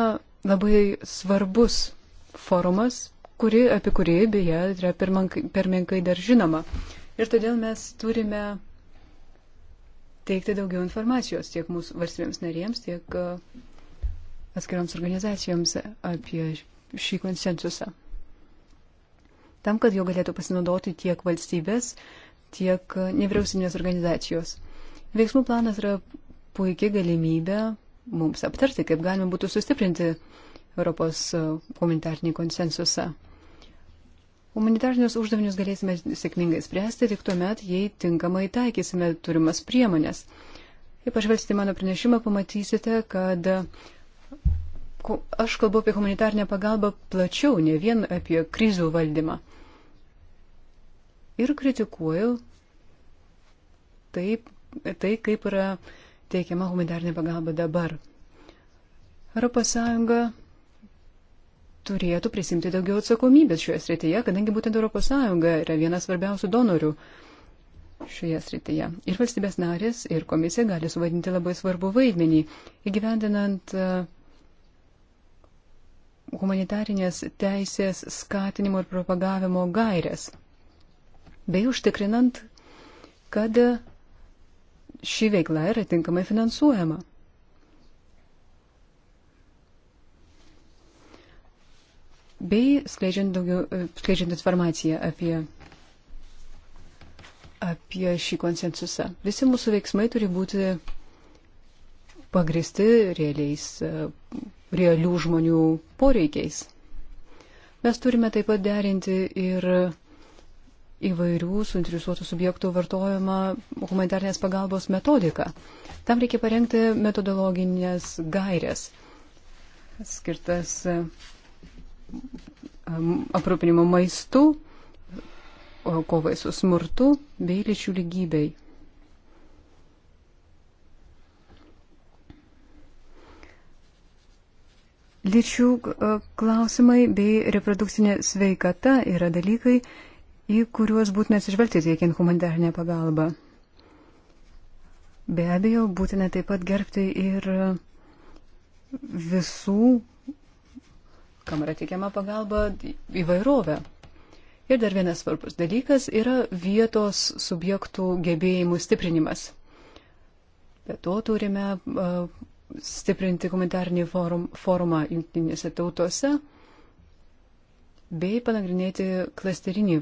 labai svarbus forumas, kuri, apie kurį beje yra per menkai dar žinoma. Ir todėl mes turime teikti daugiau informacijos tiek mūsų valstybėms narėms, tiek uh, atskiroms organizacijoms apie šį konsensusą. Tam, kad jo galėtų pasinaudoti tiek valstybės, tiek nevyriausybinės organizacijos. Veiksmų planas yra puikia galimybė mums aptarti, kaip galima būtų sustiprinti Europos humanitarnį konsensusą. Humanitarnius uždavinius galėsime sėkmingai spręsti tik tuomet, jei tinkamai taikysime turimas priemonės. Jei pažvelgsite mano pranešimą, pamatysite, kad aš kalbu apie humanitarnę pagalbą plačiau, ne vien apie krizių valdymą. Ir kritikuoju taip, tai, kaip yra teikiama humanitarnė pagalba dabar. ES turėtų prisimti daugiau atsakomybės šioje srityje, kadangi būtent ES yra vienas svarbiausių donorių šioje srityje. Ir valstybės narės, ir komisija gali suvaidinti labai svarbu vaidmenį, įgyvendinant uh, humanitarinės teisės skatinimo ir propagavimo gairias, bei užtikrinant, kad ši veikla yra tinkamai finansuojama. bei skleidžiant, daugiau, skleidžiant informaciją apie, apie šį konsensusą. Visi mūsų veiksmai turi būti pagristi realiais realių žmonių poreikiais. Mes turime taip pat derinti ir įvairių suinteresuotų subjektų vartojama humanitarnės pagalbos metodika. Tam reikia parengti metodologinės gairės skirtas um, aprūpinimo maistu, kovai su smurtu bei lyčių lygybei. lyčių e, klausimai bei reprodukcinė sveikata yra dalykai, į kuriuos būtina atsižvelgti teikiant humanitarinę pagalbą. Be abejo, būtina taip pat gerbti ir visų, kam yra teikiama pagalba, įvairovę. Ir dar vienas svarbus dalykas yra vietos subjektų gebėjimų stiprinimas. Be to turime e, stiprinti komentarnį forum, forumą jungtinėse tautose bei panagrinėti klasterinį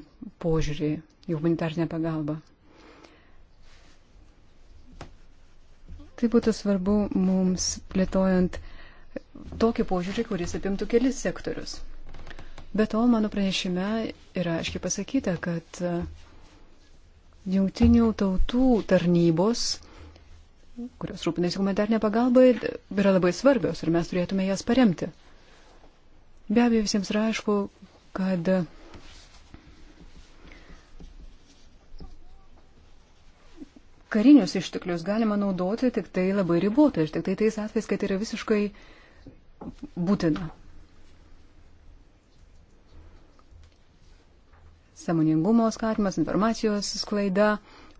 požiūrį į humanitarnę pagalbą. Tai būtų svarbu mums plėtojant tokį požiūrį, kuris apimtų kelis sektorius. Be to, mano pranešime yra aiškiai pasakyta, kad jungtinių tautų tarnybos kurios rūpinasi humanitarnė pagalba, yra labai svarbios ir mes turėtume jas paremti. Be abejo, visiems yra aišku, kad karinius išteklius galima naudoti tik tai labai ribotai ir tik tai tais atvejais, kai tai yra visiškai būtina. Samoningumo skatimas, informacijos sklaida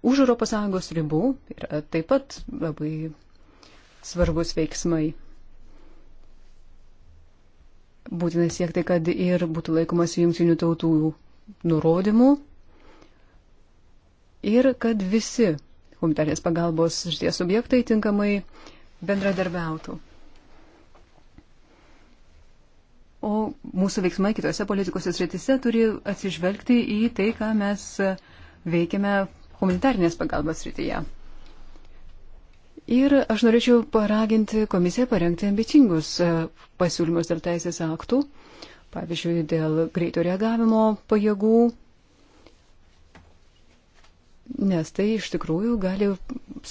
už ES ribų yra e, taip pat labai svarbus veiksmai. Būtina siekti, kad ir būtų laikomas jungtinių tautų nurodymų ir kad visi humanitarės pagalbos šitie subjektai tinkamai bendradarbiautų. O mūsų veiksmai kitose politikos sritise turi atsižvelgti į tai, ką mes veikiame humanitarnės pagalbos rytyje. Ir aš norėčiau paraginti komisiją parengti ambicingus e, pasiūlymus dėl teisės aktų, pavyzdžiui, dėl greito reagavimo pajėgų, nes tai iš tikrųjų gali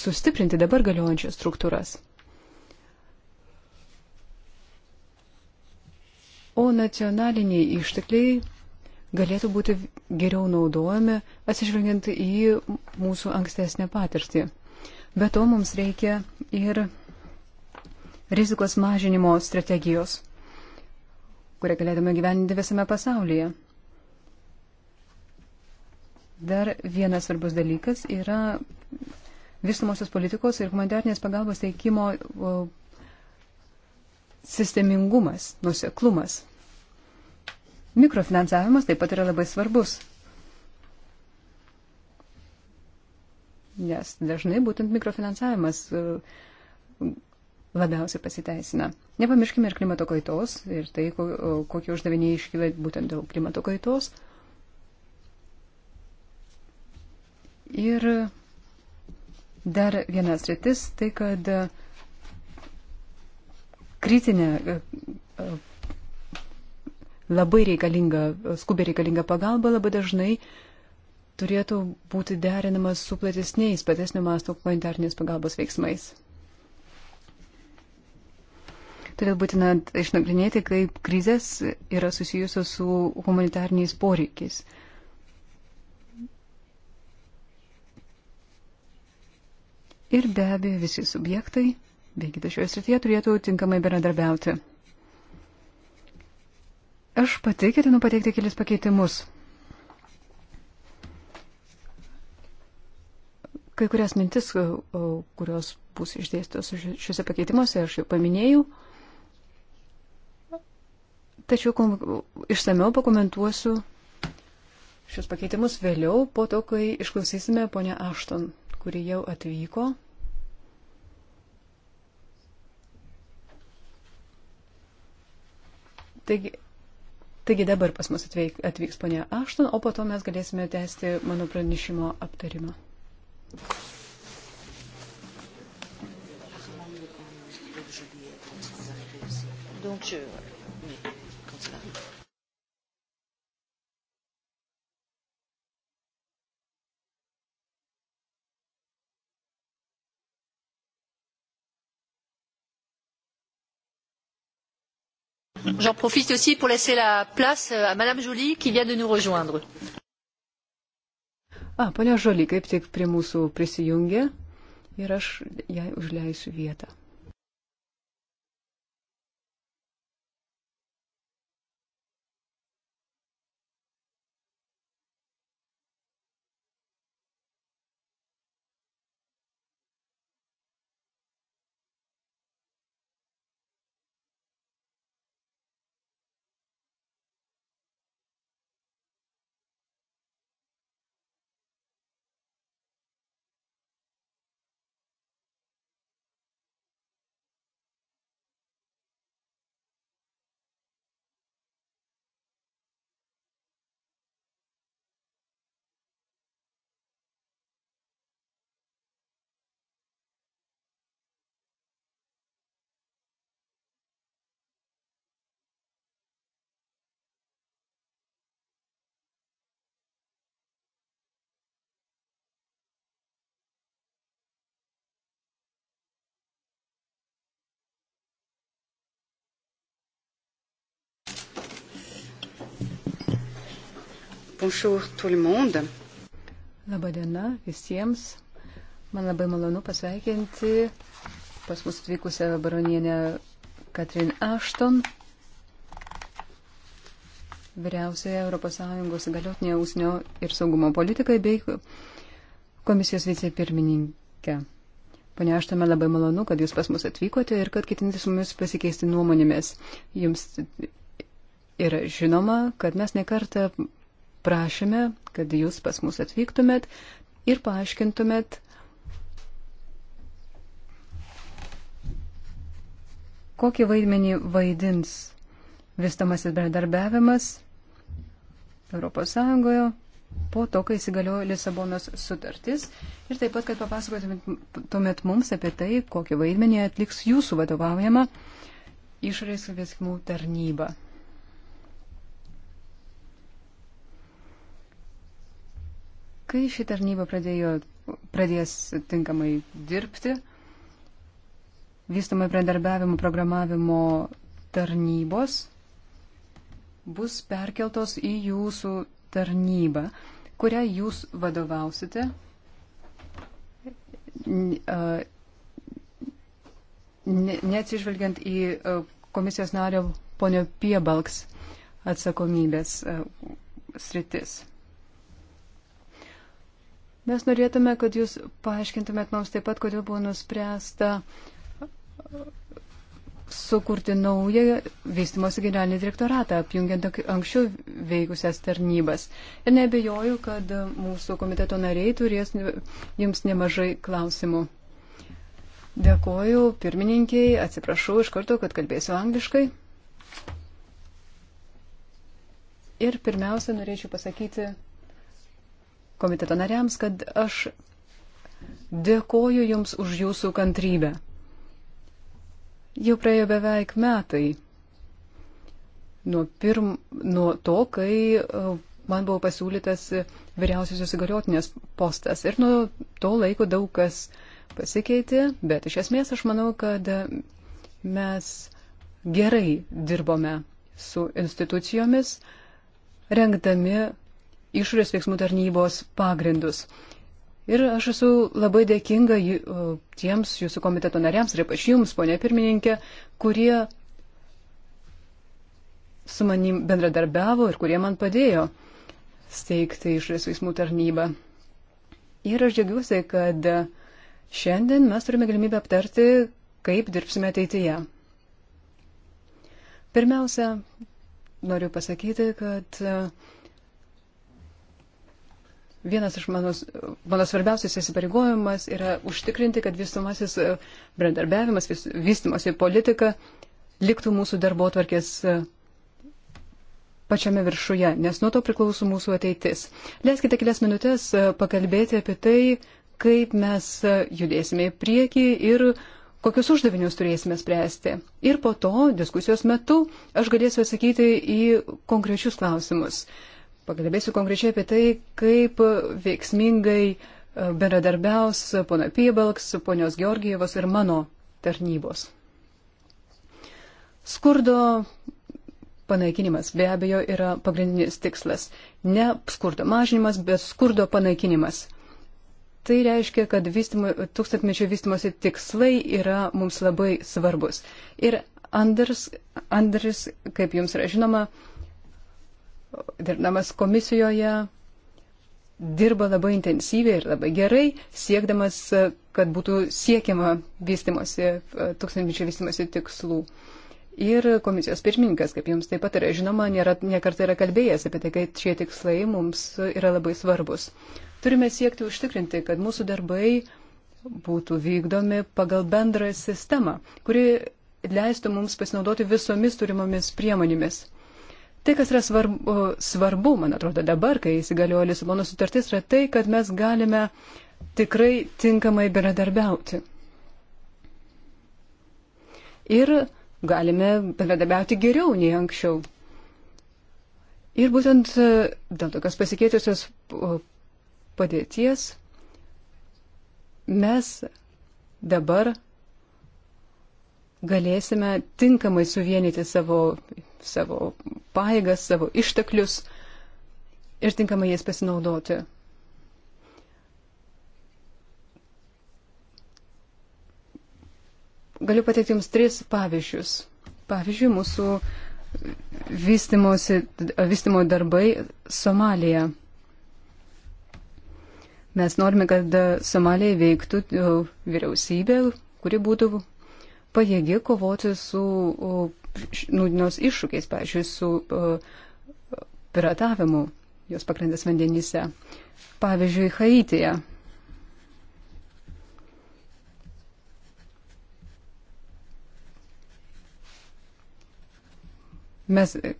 sustiprinti dabar galiojančias struktūras. O nacionaliniai ištekliai galėtų būti geriau naudojami, atsižvelgiant į mūsų ankstesnę patirtį. Be to mums reikia ir rizikos mažinimo strategijos, kurią galėtume gyveninti visame pasaulyje. Dar vienas svarbus dalykas yra visumosios politikos ir humanitarnės pagalbos teikimo sistemingumas, nuseklumas. Mikrofinansavimas taip pat yra labai svarbus. Nes dažnai būtent mikrofinansavimas e, labiausiai pasiteisina. Nepamirškime ir klimato kaitos, ir tai, kokie uždaviniai iškyla būtent dėl klimato kaitos. Ir dar vienas rytis, tai kad kritinė e, e, labai reikalinga, skubiai reikalinga pagalba labai dažnai turėtų būti derinamas su platesniais, platesnio masto humanitarnės pagalbos veiksmais. Todėl būtina išnagrinėti, kaip krizės yra susijusios su humanitarniais poreikiais. Ir be abejo visi subjektai, veikite šioje srityje, turėtų tinkamai bendradarbiauti. Aš pati ketinu pateikti kelis pakeitimus. Kai kurias mintis, kurios bus išdėstos šiuose pakeitimuose, aš jau paminėjau. Tačiau išsameu pakomentuosiu šios pakeitimus vėliau, po to, kai išklausysime ponę Ašton, kuri jau atvyko. Taigi, Taigi dabar pas mus atvyk, atvyks ponia Ašton, o po to mes galėsime tęsti mano pranešimo aptarimą. Donc, je, J'en profite aussi pour laisser la place euh, à Madame Joly qui vient de nous rejoindre. A, ponia Žoli kaip tik prie mūsų prisijungė ir aš jai užleisiu vietą. Bonjour tout le monde. Labadiena visiems. Man labai malonu pasveikinti pas mus atvykusią baronienę Katrin Ashton, vyriausiąją ES galiotinę ūsnio ir saugumo politikai bei komisijos vicepirmininkę. Pane Aštame, labai malonu, kad jūs pas mus atvykote ir kad ketinti su mumis pasikeisti nuomonėmis. Jums yra žinoma, kad mes nekartą prašėme, kad jūs pas mus atvyktumėt ir paaiškintumėt, kokį vaidmenį vaidins vystamasis bendradarbiavimas ES po to, kai įsigaliojo Lisabonos sutartis. Ir taip pat, kad papasakotumėt mums apie tai, kokį vaidmenį atliks jūsų vadovaujama išorės veiksmų tarnyba. Kai ši tarnyba pradėjo, pradės tinkamai dirbti, vystomai bendarbiavimo programavimo tarnybos bus perkeltos į jūsų tarnybą, kurią jūs vadovausite neatsižvelgiant į komisijos nario ponio Piebalks atsakomybės sritis. Mes norėtume, kad jūs paaiškintumėt mums taip pat, kodėl buvo nuspręsta sukurti naują vystimosi generalinį direktoratą, apjungiant anksčiau veikusias tarnybas. Ir nebejoju, kad mūsų komiteto nariai turės jums nemažai klausimų. Dėkoju pirmininkiai, atsiprašau iš karto, kad kalbėsiu angliškai. Ir pirmiausia, norėčiau pasakyti, komiteto nariams, kad aš dėkoju Jums už Jūsų kantrybę. Jau praėjo beveik metai nuo, pirm, nuo to, kai e, man buvo pasiūlytas vyriausiosios įgaliotinės postas. Ir nuo to laiko daug kas pasikeitė, bet iš esmės aš manau, kad mes gerai dirbome su institucijomis, rengdami išorės veiksmų tarnybos pagrindus. Ir aš esu labai dėkinga tiems jūsų komiteto nariams, ir ypač jums, ponė pirmininkė, kurie su manim bendradarbiavo ir kurie man padėjo steigti išorės veiksmų tarnybą. Ir aš džiaugiuosi, kad šiandien mes turime galimybę aptarti, kaip dirbsime ateityje. Pirmiausia, noriu pasakyti, kad uh, Vienas iš mano, mano svarbiausias įsipareigojimas yra užtikrinti, kad vystumasis e, bendarbiavimas, vystumasi politika liktų mūsų darbo tvarkės e, pačiame viršuje, nes nuo to priklauso mūsų ateitis. Leiskite kelias minutės e, pakalbėti apie tai, kaip mes judėsime į priekį ir kokius uždavinius turėsime spręsti. Ir po to diskusijos metu aš galėsiu atsakyti į konkrečius klausimus. Pakalbėsiu konkrečiai apie tai, kaip veiksmingai e, bendradarbiaus pono Piebalks, ponios Georgijevos ir mano tarnybos. Skurdo panaikinimas be abejo yra pagrindinis tikslas. Ne skurdo mažinimas, bet skurdo panaikinimas. Tai reiškia, kad vystimo, tūkstantmečio vystimosi tikslai yra mums labai svarbus. Ir Anders, Anders kaip jums yra žinoma, uh, dirbdamas komisijoje, dirba labai intensyviai ir labai gerai, siekdamas, e, kad būtų siekiama vystimosi, e, tūkstantmečio vystimosi tikslų. Ir komisijos pirmininkas, kaip jums taip pat yra žinoma, nėra, nekartai yra kalbėjęs apie tai, kad šie tikslai mums yra labai svarbus. Turime siekti užtikrinti, kad mūsų darbai būtų vykdomi pagal bendrą sistemą, kuri leistų mums pasinaudoti visomis turimomis priemonėmis. Tai, kas yra svarbu, svarbu, man atrodo, dabar, kai įsigaliojo Lisabono sutartis, yra tai, kad mes galime tikrai tinkamai bendradarbiauti. Ir galime bendradarbiauti geriau nei anksčiau. Ir būtent e, dėl tokios pasikeitusios padėties mes dabar galėsime tinkamai suvienyti savo, savo paėgas, savo išteklius ir tinkamai jais pasinaudoti. Galiu pateikti Jums tris pavyzdžius. Pavyzdžiui, mūsų vystimo darbai Somalija. Mes norime, kad Somalija veiktų vyriausybė, kuri būtų pajėgi kovoti su nūdienos iššūkiais, pavyzdžiui, su piratavimu jos pakrantės vandenyse. Pavyzdžiui, Haityje. Mes e,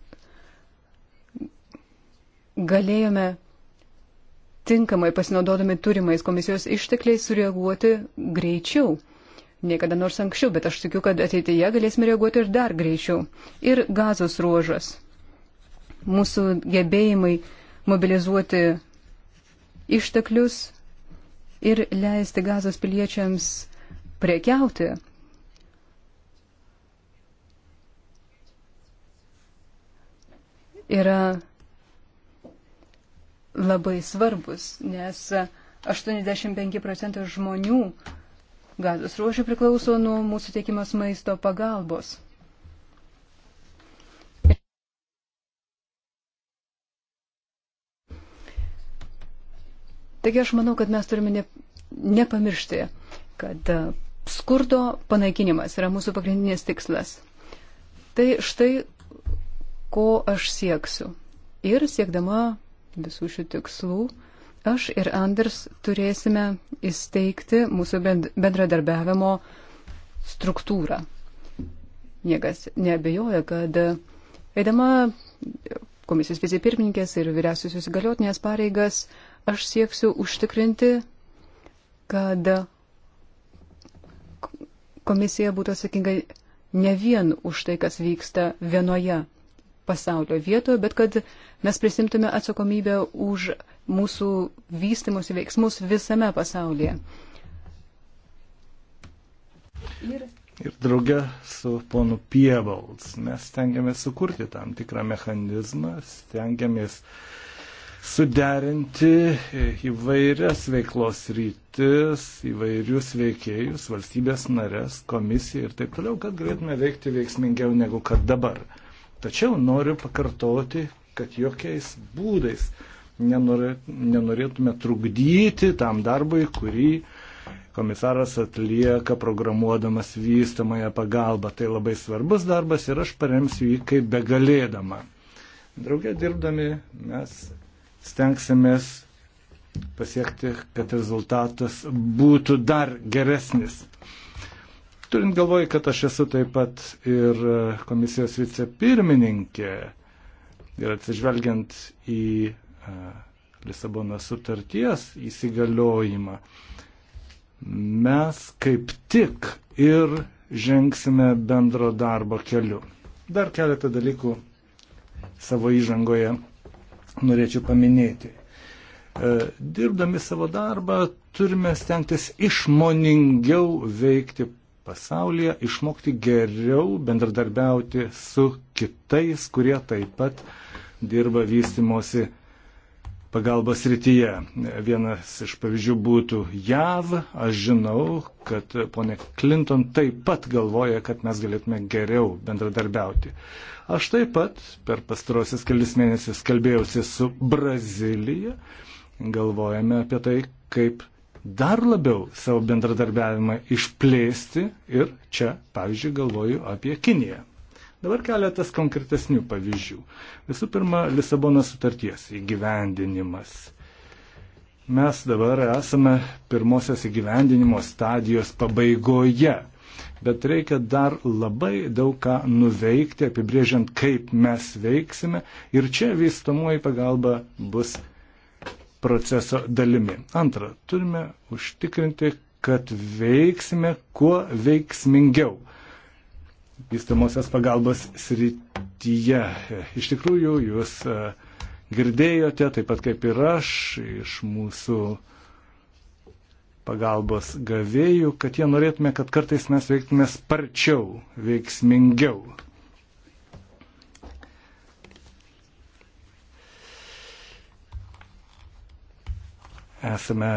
galėjome tinkamai pasinaudodami turimais komisijos ištekliais sureaguoti greičiau niekada nors anksčiau, bet aš tikiu, kad ateityje galėsime reaguoti ir dar greičiau. Ir gazos ruožas. Mūsų gebėjimai mobilizuoti išteklius ir leisti gazos piliečiams prekiauti. Yra labai svarbus, nes 85 procentų žmonių gazos ruožų priklauso nuo mūsų teikimas maisto pagalbos. Taigi aš manau, kad mes turime ne, nepamiršti, kad e, skurdo panaikinimas yra mūsų pagrindinis tikslas. Tai štai, ko aš sieksiu. Ir siekdama visų šių tikslų, Aš ir Anders turėsime įsteigti mūsų bendradarbiavimo struktūrą. Niekas nebejoja, kad eidama komisijos vicepirmininkės ir vyriausiosios galiotinės pareigas, aš sieksiu užtikrinti, kad komisija būtų atsakinga ne vien už tai, kas vyksta vienoje pasaulio vietoje, bet kad mes prisimtume atsakomybę už mūsų vystimus veiksmus visame pasaulyje. Ir ir drauge su ponu Pievalds. Mes stengiamės sukurti tam tikrą mechanizmą, stengiamės suderinti įvairias veiklos rytis, įvairius veikėjus, valstybės narės, komisiją ir taip toliau, kad galėtume veikti veiksmingiau negu kad dabar. Tačiau noriu pakartoti, kad jokiais būdais nenorėtume trukdyti tam darbui, kurį komisaras atlieka programuodamas vystamąją pagalbą. Tai labai svarbus darbas ir aš paremsiu jį kaip begalėdama. Draugė dirbdami mes stengsimės pasiekti, kad rezultatas būtų dar geresnis. Turint galvoj, kad aš esu taip pat ir komisijos vicepirmininkė ir atsižvelgiant į E, Lisabono sutarties įsigaliojimą, mes kaip tik ir žengsime bendro darbo keliu. Dar keletą dalykų savo įžangoje norėčiau paminėti. E, dirbdami savo darbą turime stengtis išmoningiau veikti pasaulyje, išmokti geriau bendradarbiauti su kitais, kurie taip pat dirba vystimosi pagalbos rytyje. Vienas iš pavyzdžių būtų JAV. Aš žinau, kad ponė Clinton taip pat galvoja, kad mes galėtume geriau bendradarbiauti. Aš taip pat per pastarosius kelius mėnesius kalbėjausi su Brazilija. Galvojame apie tai, kaip dar labiau savo bendradarbiavimą išplėsti ir čia, pavyzdžiui, galvoju apie Kiniją. Dabar keletas konkretesnių pavyzdžių. Visų pirma, Lisabono sutarties įgyvendinimas. Mes dabar esame pirmosios įgyvendinimo stadijos pabaigoje, bet reikia dar labai daug ką nuveikti, apibrėžiant, kaip mes veiksime ir čia vystomoji pagalba bus proceso dalimi. Antra, turime užtikrinti, kad veiksime kuo veiksmingiau vystamosios pagalbos srityje. Iš tikrųjų, jūs e, girdėjote, taip pat kaip ir aš, iš mūsų pagalbos gavėjų, kad jie norėtume, kad kartais mes veiktume sparčiau, veiksmingiau. Esame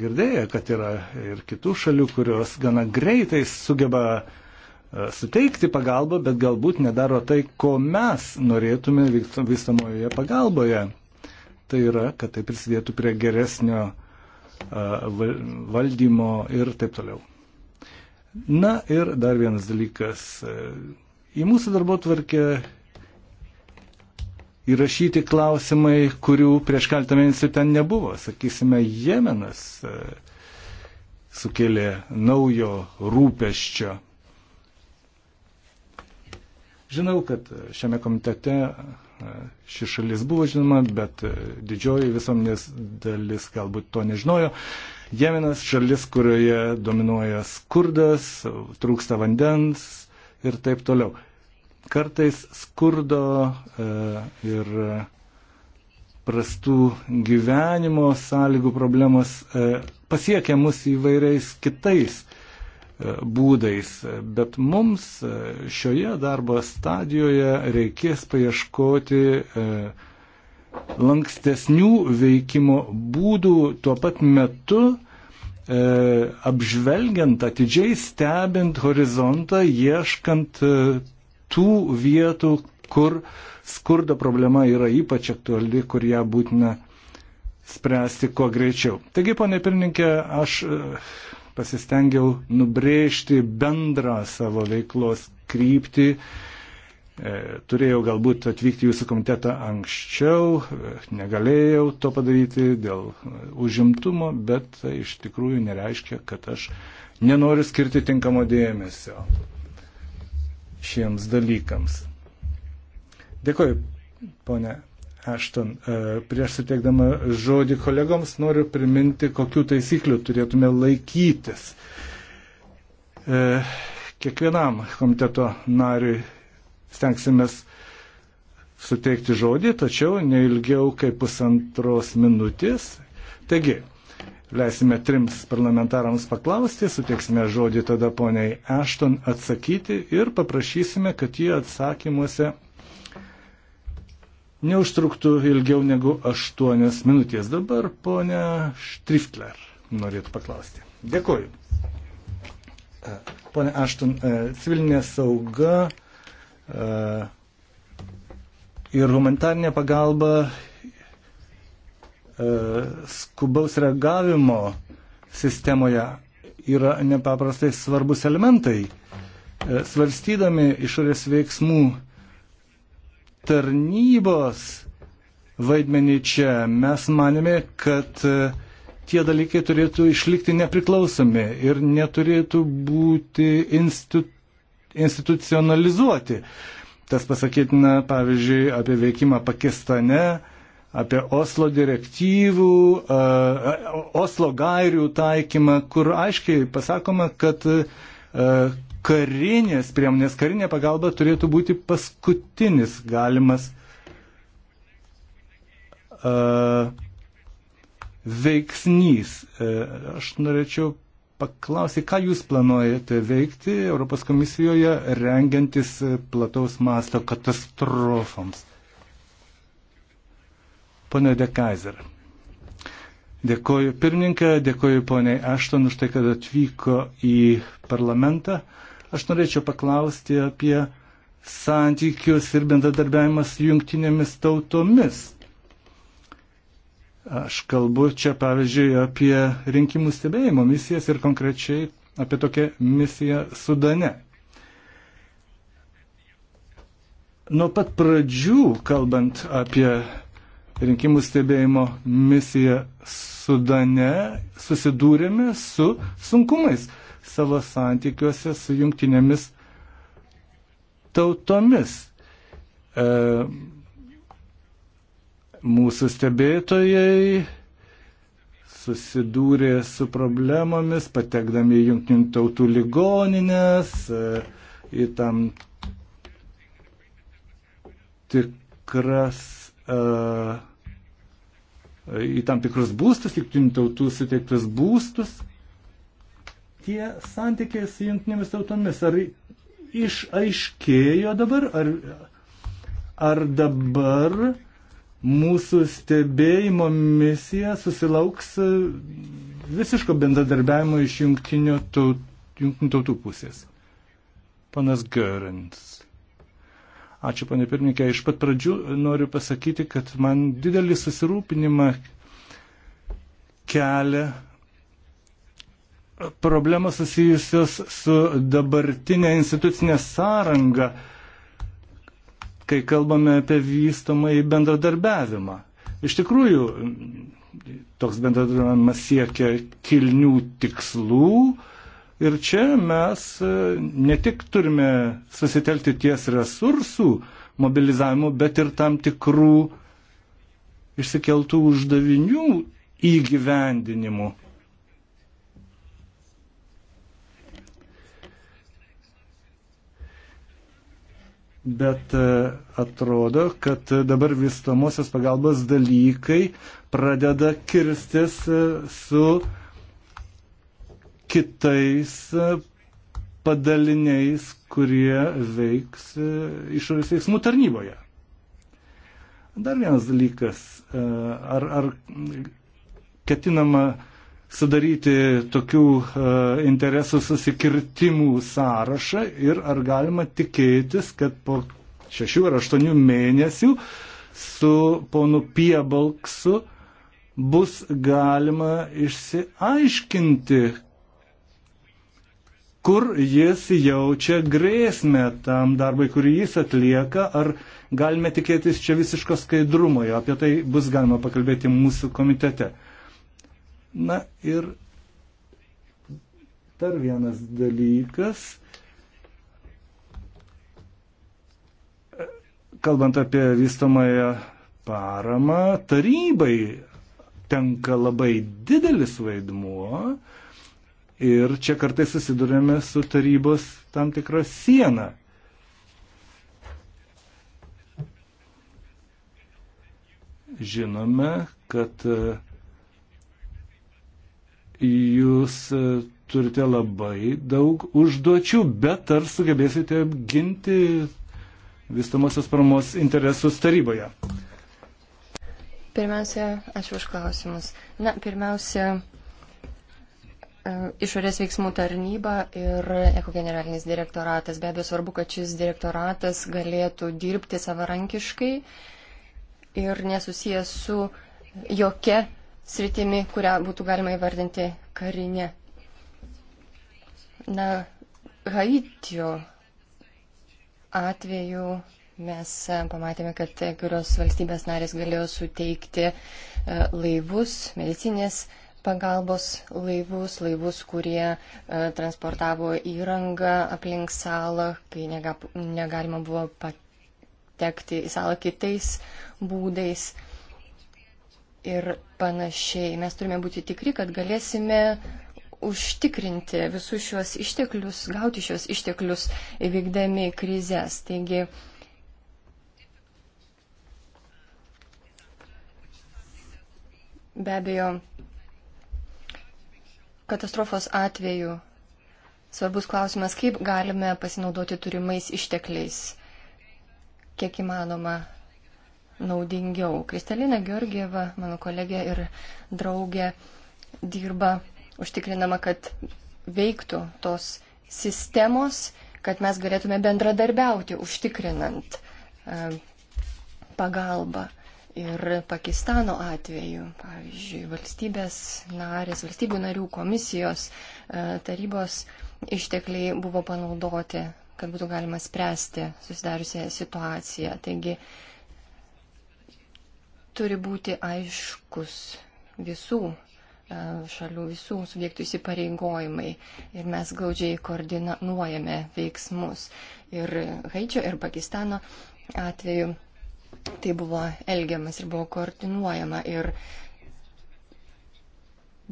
girdėję, kad yra ir kitų šalių, kurios gana greitai sugeba uh, E, suteikti pagalbą, bet galbūt nedaro tai, ko mes norėtume visamojoje pagalboje. Tai yra, kad tai prisidėtų prie geresnio e, valdymo ir taip toliau. Na ir dar vienas dalykas. E, į mūsų darbo tvarkę įrašyti klausimai, kurių prieš keltą mėnesių ten nebuvo. Sakysime, Jemenas sukėlė naujo rūpeščio Žinau, kad e, šiame komitete e, ši šalis buvo žinoma, bet e, didžioji visuomenės dalis galbūt to nežinojo. Jemenas šalis, kurioje dominuoja skurdas, trūksta vandens ir taip toliau. Kartais skurdo ir prastų gyvenimo sąlygų problemos pasiekia mus įvairiais kitais būdais, bet mums šioje darbo stadijoje reikės paieškoti e, lankstesnių veikimo būdų tuo pat metu, e, apžvelgiant, atidžiai stebint horizontą, ieškant e, tų vietų, kur skurdo problema yra ypač aktuali, kur ją būtina spręsti kuo greičiau. Taigi, ponė pirmininkė, aš pasistengiau nubrėžti bendrą savo veiklos kryptį. E, turėjau galbūt atvykti jūsų komitetą anksčiau, e, negalėjau to padaryti dėl užimtumo, bet tai iš tikrųjų nereiškia, kad aš nenoriu skirti tinkamo dėmesio šiems dalykams. Dėkuoju, ponė Ašton, e, prieš suteikdama žodį kolegoms noriu priminti, kokiu taisykliu turėtume laikytis. E, kiekvienam komiteto nariui stengsimės suteikti žodį, tačiau neilgiau kaip pusantros minutės. Taigi, leisime trims parlamentarams paklausti, suteiksime žodį tada poniai Ashton atsakyti ir paprašysime, kad jie atsakymuose neužtruktų ilgiau negu 8 minutės. Dabar ponia Štriftler norėtų paklausti. Dėkuoju. E, Pone Aštun, e, civilinė sauga e, ir humanitarinė pagalba skubaus reagavimo sistemoje yra nepaprastai svarbus elementai. Svarstydami išorės veiksmų tarnybos vaidmenį čia. Mes manėme, kad e, tie dalykai turėtų išlikti nepriklausomi ir neturėtų būti institu, institucionalizuoti. Tas pasakytina, pavyzdžiui, apie veikimą Pakistane, apie Oslo direktyvų, uh, Oslo gairių taikymą, kur aiškiai pasakoma, kad uh, karinės priemonės, karinė pagalba turėtų būti paskutinis galimas uh, veiksnys. Uh, aš norėčiau paklausyti, ką jūs planuojate veikti Europos komisijoje, rengiantis plataus masto katastrofoms. Pone De Kaiser. Dėkoju pirmininką, dėkoju poniai Ašton už tai, kad atvyko į parlamentą. Aš norėčiau paklausti apie santykius ir bendradarbiavimas su jungtinėmis tautomis. Aš kalbu čia, pavyzdžiui, apie rinkimų stebėjimo misijas ir konkrečiai apie tokią misiją Sudane. Nuo pat pradžių, kalbant apie rinkimų stebėjimo misiją Sudane, susidūrėme su sunkumais savo santykiuose su jungtinėmis tautomis. E, mūsų stebėtojai susidūrė su problemomis, patekdami į jungtinių tautų ligoninės, e, į tam tikras e, į tam tikrus būstus, jungtinių tautų suteiktus būstus tie santykiai su jungtinėmis tautomis, ar išaiškėjo dabar, ar, ar dabar mūsų stebėjimo misija susilauks visiško bendradarbiavimo iš jungtinių taut, jungtinių tautų pusės. Panas Görins. Ačiū, panė pirmininkė. Iš pat pradžių noriu pasakyti, kad man didelį susirūpinimą kelia problemos susijusios su dabartinė institucinė sąranga, kai kalbame apie vystomą į bendradarbiavimą. Iš tikrųjų, toks bendradarbiavimas siekia kilnių tikslų ir čia mes e, ne tik turime susitelkti ties resursų mobilizavimu, bet ir tam tikrų išsikeltų uždavinių įgyvendinimu. bet e, atrodo, kad dabar vystomosios pagalbos dalykai pradeda kirstis e, su kitais e, padaliniais, kurie veiks išorės veiksmų tarnyboje. Dar vienas dalykas, ar, ar ketinama sudaryti tokių e, interesų susikirtimų sąrašą ir ar galima tikėtis, kad po šešių ar aštuonių mėnesių su ponu Piebalksu bus galima išsiaiškinti, kur jis jaučia grėsmę tam darbui, kurį jis atlieka, ar galime tikėtis čia visiško skaidrumo, apie tai bus galima pakalbėti mūsų komitete. Na ir dar vienas dalykas. Kalbant apie vystamąją paramą, tarybai tenka labai didelis vaidmuo ir čia kartais susidurėme su tarybos tam tikra siena. žinome, kad jūs e, turite labai daug užduočių, bet ar sugebėsite apginti vystamosios paramos interesus taryboje? Pirmiausia, ačiū už klausimus. Na, pirmiausia, e, išorės veiksmų tarnyba ir eko generalinis direktoratas. Be abejo, svarbu, kad šis direktoratas galėtų dirbti savarankiškai ir nesusijęs su jokia sritimi, kurią būtų galima įvardinti karinė. Na, Haitio atveju mes pamatėme, kad kurios valstybės narės galėjo suteikti e, laivus, medicinės pagalbos laivus, laivus, kurie e, transportavo įrangą aplink salą, kai negalima buvo patekti į salą kitais būdais ir panašiai. Mes turime būti tikri, kad galėsime užtikrinti visus šios išteklius, gauti šios išteklius įvykdami krizės. Taigi, be abejo, katastrofos atveju svarbus klausimas, kaip galime pasinaudoti turimais ištekliais, kiek įmanoma naudingiau. Kristalina Georgieva, mano kolegė ir draugė, dirba užtikrinama, kad veiktų tos sistemos, kad mes galėtume bendradarbiauti užtikrinant e, pagalbą. Ir Pakistano atveju, pavyzdžiui, valstybės narės, valstybių narių komisijos e, tarybos ištekliai buvo panaudoti, kad būtų galima spręsti susidariusią situaciją. Taigi turi būti aiškus visų e, šalių visų subjektų įsipareigojimai ir mes glaudžiai koordinuojame veiksmus. Ir Haičio ir Pakistano atveju tai buvo elgiamas ir buvo koordinuojama. Ir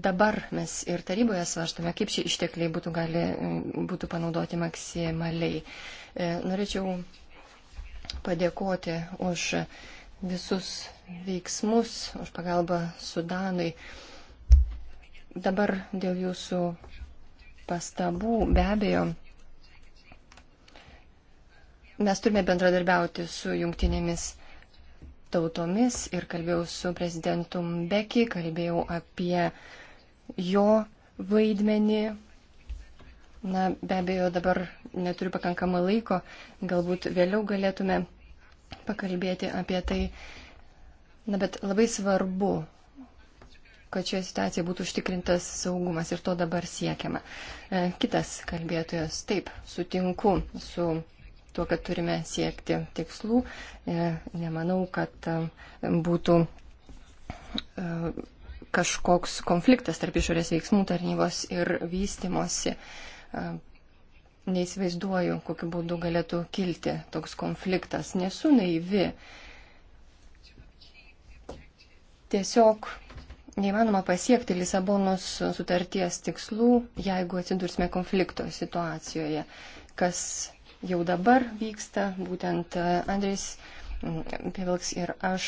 dabar mes ir taryboje svarstame, kaip šie ištekliai būtų, gali, būtų panaudoti maksimaliai. E, norėčiau padėkoti už visus veiksmus, už pagalbą Sudanui. Dabar dėl jūsų pastabų be abejo. Mes turime bendradarbiauti su jungtinėmis tautomis ir kalbėjau su prezidentu Mbeki, kalbėjau apie jo vaidmenį. Na, be abejo, dabar neturiu pakankamą laiko, galbūt vėliau galėtume pakalbėti apie tai, Na, bet labai svarbu, kad šioje situacijoje būtų užtikrintas saugumas ir to dabar siekiama. E, kitas kalbėtojas, taip, sutinku su tuo, kad turime siekti tikslų. E, nemanau, kad e, būtų kažkoks konfliktas tarp išorės veiksmų tarnybos ir vystimosi. Neįsivaizduoju, kokiu būdu galėtų kilti toks konfliktas. Nesu naivi. Tiesiog neįmanoma pasiekti Lisabonos sutarties tikslų, jeigu atsidursime konflikto situacijoje, kas jau dabar vyksta, būtent e, Andrės Pivilks ir aš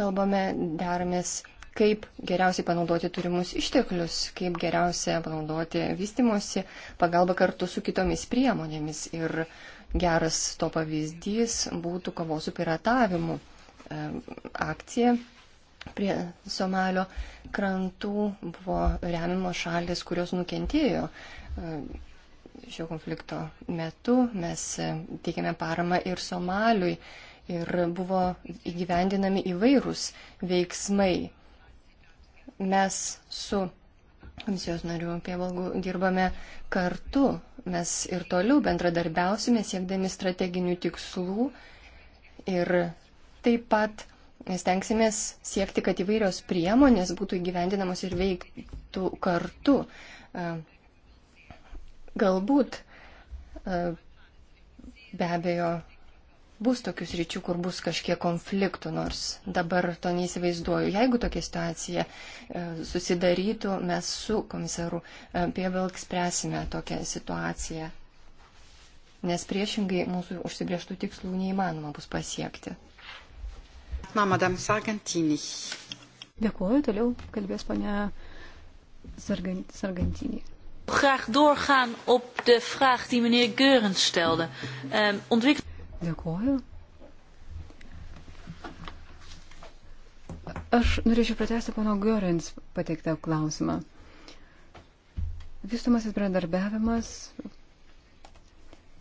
kalbame, deramės, kaip geriausiai panaudoti turimus išteklius, kaip geriausia panaudoti vystimosi pagalba kartu su kitomis priemonėmis. Ir geras to pavyzdys būtų kovos su piratavimu akcija prie Somalio krantų buvo remiamos šalis, kurios nukentėjo e, šio konflikto metu. Mes e, teikėme paramą ir Somaliui ir buvo įgyvendinami įvairūs veiksmai. Mes su komisijos narių pievalgų dirbame kartu. Mes ir toliau bendradarbiausime siekdami strateginių tikslų ir Taip pat stengsimės siekti, kad įvairios priemonės būtų įgyvendinamos ir veiktų kartu. E, galbūt e, be abejo bus tokių sričių, kur bus kažkiek konfliktų, nors dabar to neįsivaizduoju. Jeigu tokia situacija e, susidarytų, mes su komisaru Pievelk spręsime tokią situaciją, nes priešingai mūsų užsibrieštų tikslų neįmanoma bus pasiekti maintenant Madame Sargentini. Dėkuoju, toliau kalbės ponia Sargentini. Graag doorgaan op de vraag die meneer Geurens stelde. Um, ehm, ontwikkel... Dėkuoju. Aš norėčiau pratesti pono Görens pateiktą klausimą. Vystumasis bendradarbiavimas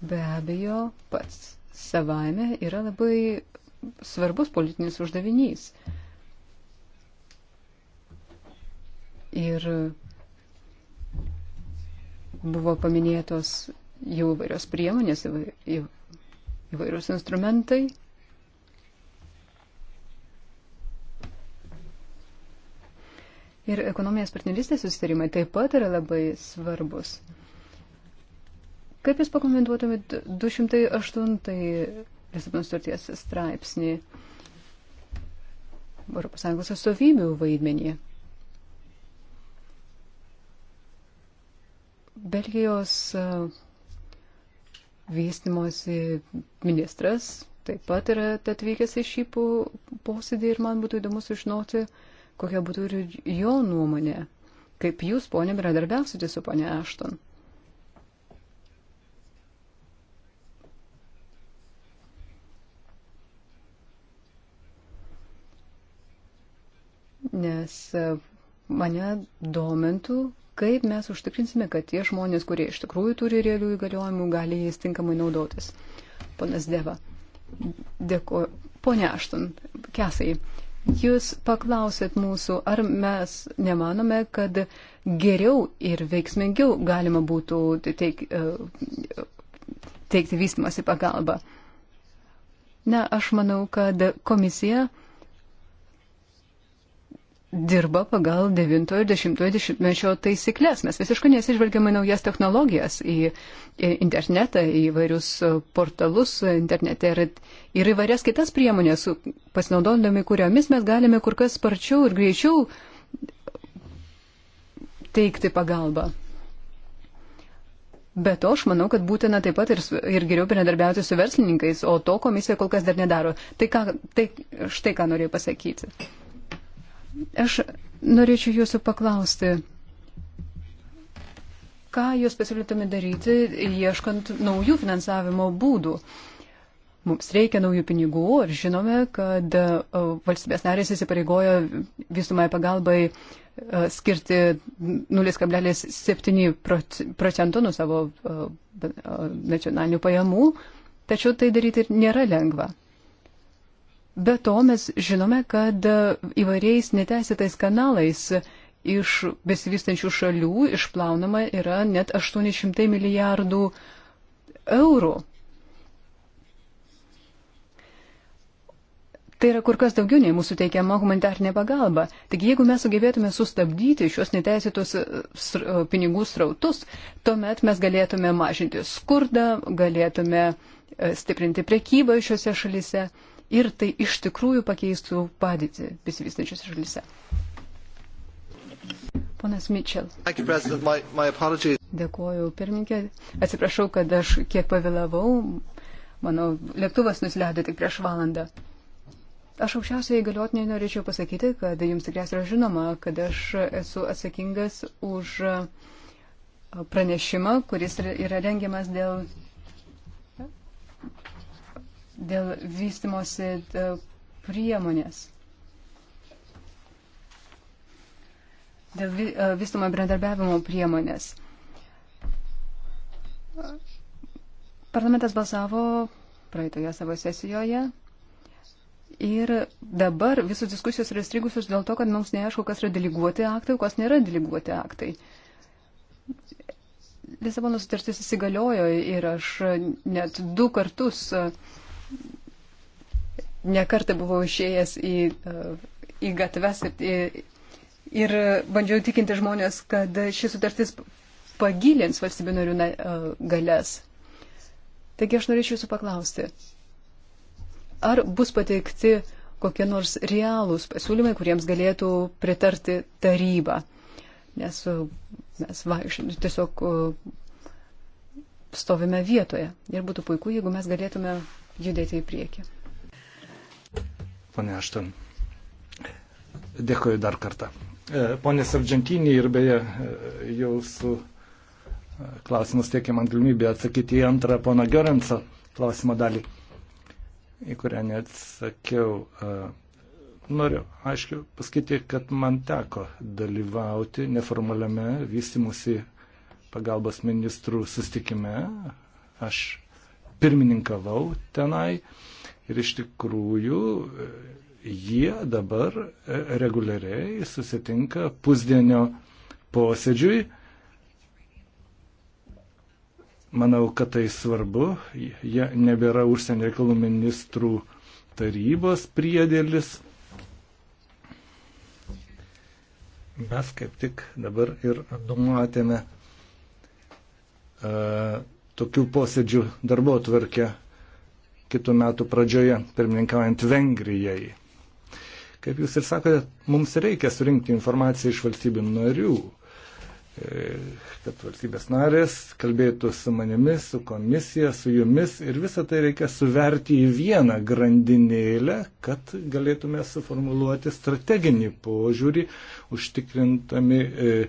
be abejo pats savaime yra labai svarbus politinis uždavinys. Ir buvo paminėtos jau įvairios priemonės, įvairios instrumentai. Ir ekonominės partnerystės susitarimai taip pat yra labai svarbus. Kaip Jūs pakomentuotumėt 208 Lisabono sutarties straipsnį ES atstovybių vaidmenį. Belgijos e, vystimosi ministras taip pat yra atvykęs į šį posėdį ir man būtų įdomu sužinoti, kokia būtų ir jo nuomonė. Kaip jūs, ponė, bendradarbiausite su ponė Ašton? nes e, mane domintų, kaip mes užtikrinsime, kad tie žmonės, kurie iš tikrųjų turi realių įgaliojimų, gali jais tinkamai naudotis. Ponas Deva, dėkoju. Pone Aštun, kesai, jūs paklausėt mūsų, ar mes nemanome, kad geriau ir veiksmingiau galima būtų teik, e, teikti vystimasi pagalbą. Na, aš manau, kad komisija dirba pagal 9-ojo ir 10-ojo dešimtmečio taisyklės. Mes visiškai nesižvelgiame naujas technologijas į internetą, į vairius e, portalus internete ir, ir įvairias kitas priemonės, pasinaudodami kuriomis mes galime kur kas sparčiau ir greičiau teikti pagalbą. Bet aš manau, kad būtina taip pat ir, ir geriau bendradarbiauti su verslininkais, o to komisija kol kas dar nedaro. Tai, ką, tai štai ką norėjau pasakyti. Aš norėčiau jūsų paklausti, ką jūs pasiūlytume daryti, ieškant naujų finansavimo būdų. Mums reikia naujų pinigų ir žinome, kad e, valstybės narės įsipareigojo visumai pagalbai e, skirti 0,7 procentų nuo savo e, nacionalinių pajamų, tačiau tai daryti nėra lengva. Be to mes žinome, kad įvairiais neteisėtais kanalais iš besivystančių šalių išplaunama yra net 800 milijardų eurų. Tai yra kur kas daugiau nei mūsų teikiama humanitarnė pagalba. Tik jeigu mes sugebėtume sustabdyti šios neteisėtus e, e, pinigų srautus, tuomet mes galėtume mažinti skurdą, galėtume e, stiprinti prekybą šiuose šalise ir tai iš tikrųjų pakeistų padėtį besivystančiose šalyse. Ponas Mitchell. Dėkuoju, pirmininkė. Atsiprašau, kad aš kiek pavėlavau. Mano lėktuvas nusileido tik prieš valandą. Aš aukščiausiai įgaliotinai norėčiau pasakyti, kad jums tikriausiai yra žinoma, kad aš esu atsakingas už pranešimą, kuris yra rengiamas dėl dėl vystimosi e, priemonės. Dėl e, vystomo bendradarbiavimo priemonės. Parlamentas balsavo praeitoje savo sesijoje ir dabar visos diskusijos yra strigusios dėl to, kad mums neaišku, kas yra deleguoti aktai, o kas nėra deleguoti aktai. Lisabono sutartis įsigaliojo ir aš net du kartus uh, nekartą buvau išėjęs į, e, į gatves ir, e, ir bandžiau tikinti žmonės, kad šis sutartis pagilins valstybių narių e, galės. Taigi aš norėčiau jūsų paklausti, ar bus pateikti kokie nors realūs pasiūlymai, kuriems galėtų pritarti taryba. Nes mes va, tiesiog stovime vietoje. Ir būtų puiku, jeigu mes galėtume judėti į priekį. Pane Ašton, dėkoju dar kartą. E, pone Sargentinį ir beje, e, jūsų e, klausimus tiekia man galimybė atsakyti į antrą pono Gerenco klausimo dalį, į kurią neatsakiau. Noriu, aišku, pasakyti, kad man teko dalyvauti neformaliame vystimusi pagalbos ministrų sustikime. Aš pirmininkavau tenai ir iš tikrųjų e, jie dabar e, reguliariai susitinka pusdienio posėdžiui. Manau, kad tai svarbu. Jie nebėra užsienio reikalų ministrų tarybos priedėlis. Mes kaip tik dabar ir numatėme uh, tokių posėdžių darbo tvarkę kitų metų pradžioje, pirmininkaujant Vengrijai. Kaip jūs ir sakote, mums reikia surinkti informaciją iš valstybių narių, e, kad valstybės narės kalbėtų su manimis, su komisija, su jumis ir visą tai reikia suverti į vieną grandinėlę, kad galėtume suformuluoti strateginį požiūrį, užtikrintami e,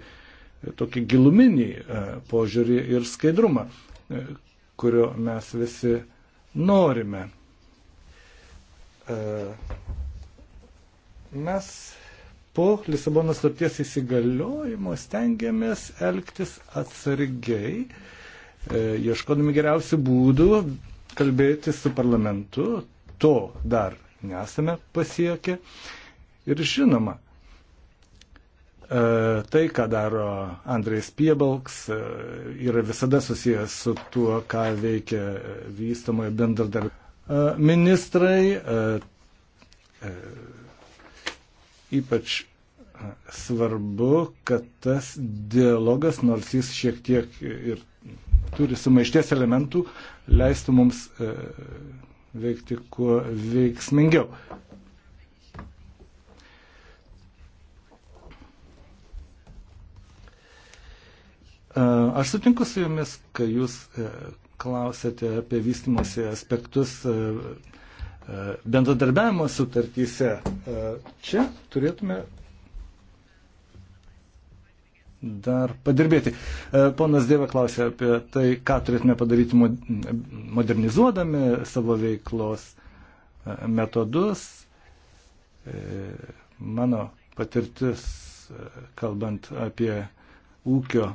tokį giluminį e, požiūrį ir skaidrumą kurio mes visi norime. E, mes po Lisabono sutarties įsigaliojimo stengiamės elgtis atsargiai, e, ieškodami geriausių būdų kalbėti su parlamentu. To dar nesame pasiekę. Ir žinoma, E, tai, ką daro Andrejs Piebalks, e, yra visada susijęs su tuo, ką veikia vystamojo bendradarbiavimo. E, ministrai, ypač svarbu, kad tas dialogas, nors jis šiek tiek ir turi sumaišties elementų, leistų mums veikti kuo veiksmingiau. E, aš sutinku su jumis, kai jūs e, klausėte apie vystimosi aspektus e, bendradarbiavimo sutartyse. Čia turėtume dar padirbėti. Ponas Dieva klausė apie tai, ką turėtume padaryti modernizuodami savo veiklos metodus. Mano patirtis, kalbant apie ūkio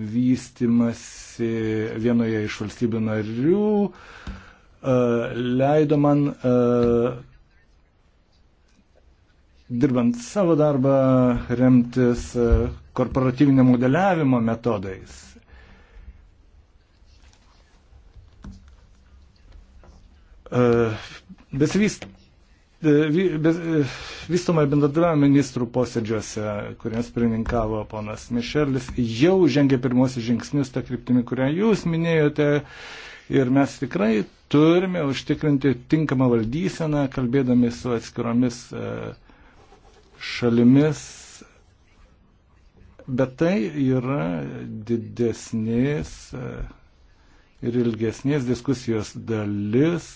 vystimasi vienoje iš valstybių narių e, leido man, e, dirbant savo darbą, remtis e, korporatyvinio modeliavimo metodais. Besivyst E, e, vystomai bendradavimo ministrų posėdžiuose, kuriems prininkavo ponas Mišelis, jau žengė pirmosius žingsnius tą kryptimį, kurią jūs minėjote. Ir mes tikrai turime užtikrinti tinkamą valdyseną, kalbėdami su atskiromis e, šalimis. Bet tai yra didesnės ir ilgesnės diskusijos dalis,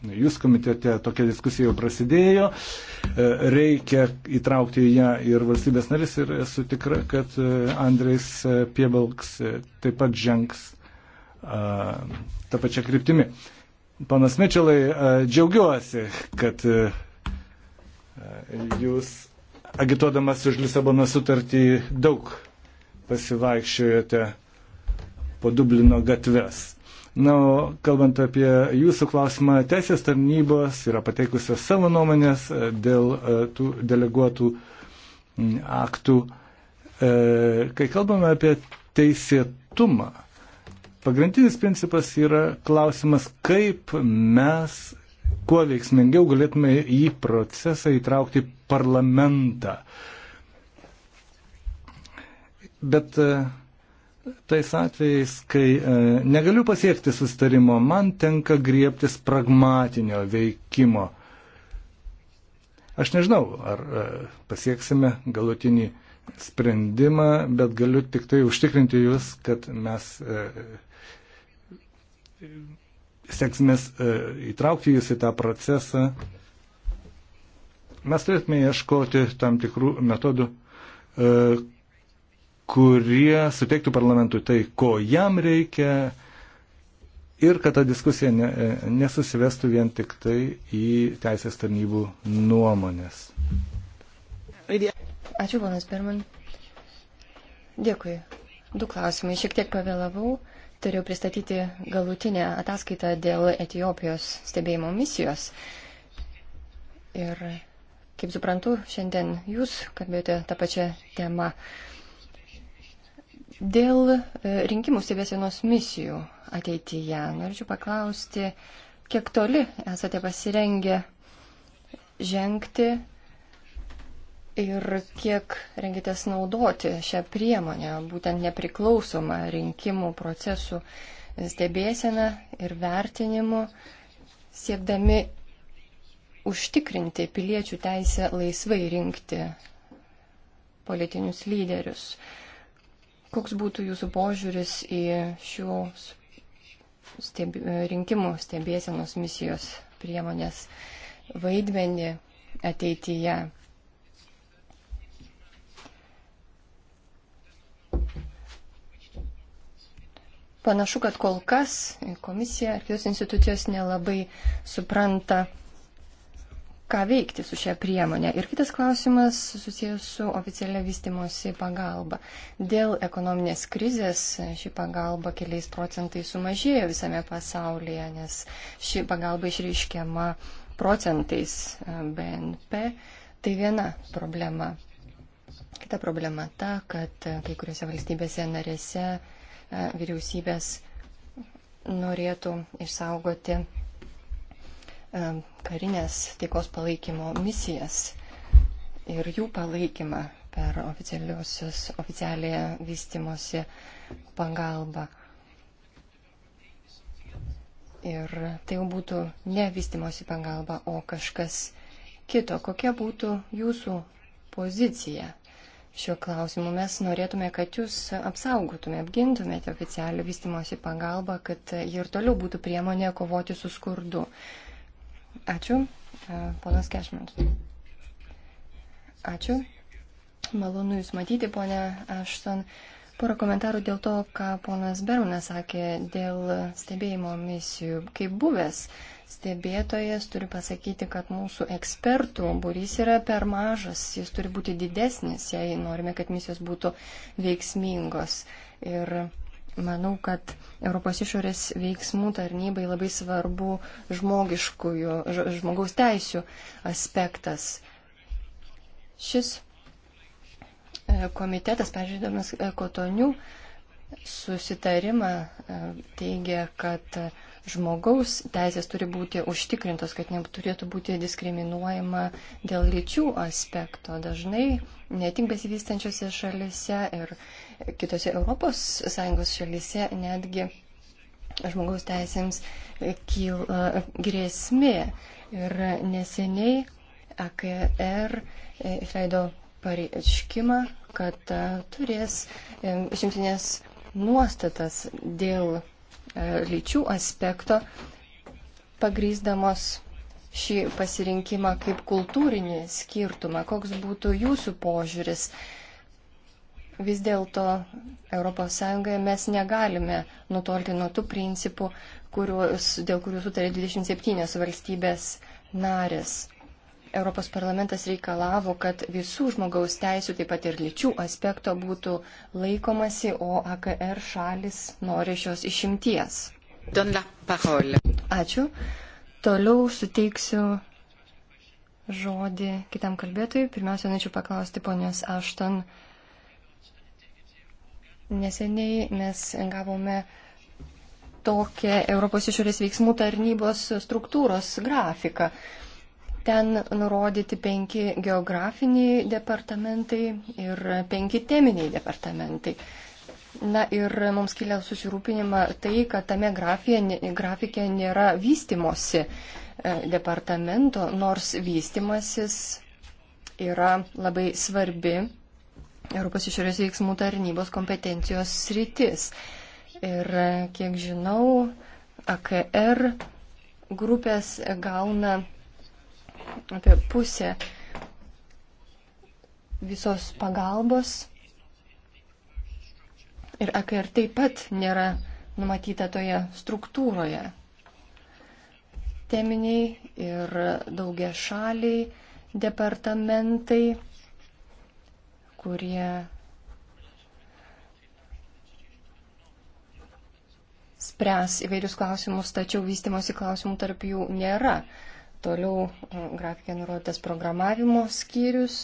Jūs komitete tokia diskusija jau prasidėjo, e, reikia įtraukti į ją ir valstybės narys ir esu tikra, kad e, Andrejs Piebalks e, taip pat žengs tą pačią kryptimį. Panas Mečelai, džiaugiuosi, kad jūs agituodamas už Lisabono sutartį daug pasivaikščiojate po Dublino gatves. Na, o kalbant apie jūsų klausimą, teisės tarnybos yra pateikusios savo nuomonės e, dėl e, tų deleguotų aktų. E, kai kalbame apie teisėtumą, pagrindinis principas yra klausimas, kaip mes kuo veiksmingiau galėtume į procesą įtraukti parlamentą. Bet uh, tais atvejais, kai e, negaliu pasiekti sustarimo, man tenka griebtis pragmatinio veikimo. Aš nežinau, ar e, pasieksime galutinį sprendimą, bet galiu tik tai užtikrinti jūs, kad mes e, seksimės įtraukti jūs į tą procesą. Mes turėtume ieškoti tam tikrų metodų, kurie suteiktų parlamentui tai, ko jam reikia ir kad ta diskusija ne, nesusivestų vien tik tai į teisės tarnybų nuomonės. Ačiū, ponas Berman. Dėkui. Du klausimai. Šiek tiek pavėlavau. Turėjau pristatyti galutinę ataskaitą dėl Etijopijos stebėjimo misijos. Ir, kaip suprantu, šiandien jūs kalbėjote tą pačią temą. Dėl e, rinkimų stebėsienos misijų ateityje norėčiau paklausti, kiek toli esate pasirengę žengti ir kiek rengitės naudoti šią priemonę, būtent nepriklausomą rinkimų procesų stebėseną ir vertinimu, siekdami užtikrinti piliečių teisę laisvai rinkti politinius lyderius. Uh, Koks būtų jūsų požiūris į šių stebi, rinkimų stebėsenos misijos priemonės vaidmenį ateityje? Panašu, kad kol kas komisija ar kitos institucijos nelabai supranta ką veikti su šia priemonė. Ir kitas klausimas susijęs su oficialia vystimosi pagalba. Dėl ekonominės krizės ši pagalba keliais procentai sumažėjo visame pasaulyje, nes ši pagalba išreiškiama procentais e, BNP. Tai viena problema. Kita problema ta, kad e, kai kuriuose valstybėse narėse e, vyriausybės norėtų išsaugoti E, karinės taikos palaikymo misijas ir jų palaikymą per oficialią vystimosi pagalbą. Ir tai jau būtų ne vystimosi pagalba, o kažkas kito. Kokia būtų jūsų pozicija šiuo klausimu? Mes norėtume, kad jūs apsaugotume, apgintumėte oficialią vystimosi pagalbą, kad ji ir toliau būtų priemonė kovoti su skurdu. Ačiū. E, ponas Kešmanas. Ačiū. Malonu Jūs matyti, ponė Ašton. Porą komentarų dėl to, ką ponas Berunas sakė dėl stebėjimo misijų. Kaip buvęs stebėtojas, turiu pasakyti, kad mūsų ekspertų būrys yra per mažas, jis turi būti didesnis, jei norime, kad misijos būtų veiksmingos. Ir Manau, kad Europos išorės veiksmų tarnybai labai svarbu žmogaus teisų aspektas. Šis e, komitetas, peržiūrėdamas e, kotonių susitarimą, e, teigia, kad žmogaus teisės turi būti užtikrintos, kad neturėtų būti diskriminuojama dėl lyčių aspekto. Dažnai ne tik besivystančiose šalise ir kitose ES šalyse netgi žmogaus teisėms kyla grėsmė. Ir neseniai AKR e, išleido pareiškimą, kad turės e, šimtinės nuostatas dėl e, lyčių aspekto, pagrysdamos šį pasirinkimą kaip kultūrinį skirtumą. Koks būtų jūsų požiūris vis dėlto ES mes negalime nutolti nuo tų principų, kuriuos, dėl kurių sutarė 27 valstybės narės. Europos parlamentas reikalavo, kad visų žmogaus teisų, taip pat ir lyčių aspekto būtų laikomasi, o AKR šalis nori šios išimties. Ačiū. Toliau suteiksiu žodį kitam kalbėtojui. Pirmiausia, norėčiau paklausti ponios Ašton Neseniai mes gavome tokią Europos išorės veiksmų tarnybos struktūros grafiką. Ten nurodyti penki geografiniai departamentai ir penki teminiai departamentai. Na ir mums kilia susirūpinimą tai, kad tame grafė, grafikė nėra vystimosi e, departamento, nors vystimasis yra labai svarbi Europos išorės veiksmų tarnybos kompetencijos sritis. Ir kiek žinau, AKR grupės gauna apie pusę visos pagalbos. Ir AKR taip pat nėra numatyta toje struktūroje. Teminiai ir daugia šaliai departamentai kurie spręs įvairius klausimus, tačiau vystimosi klausimų tarp jų nėra. Toliau e, grafikė nurodytas programavimo skyrius.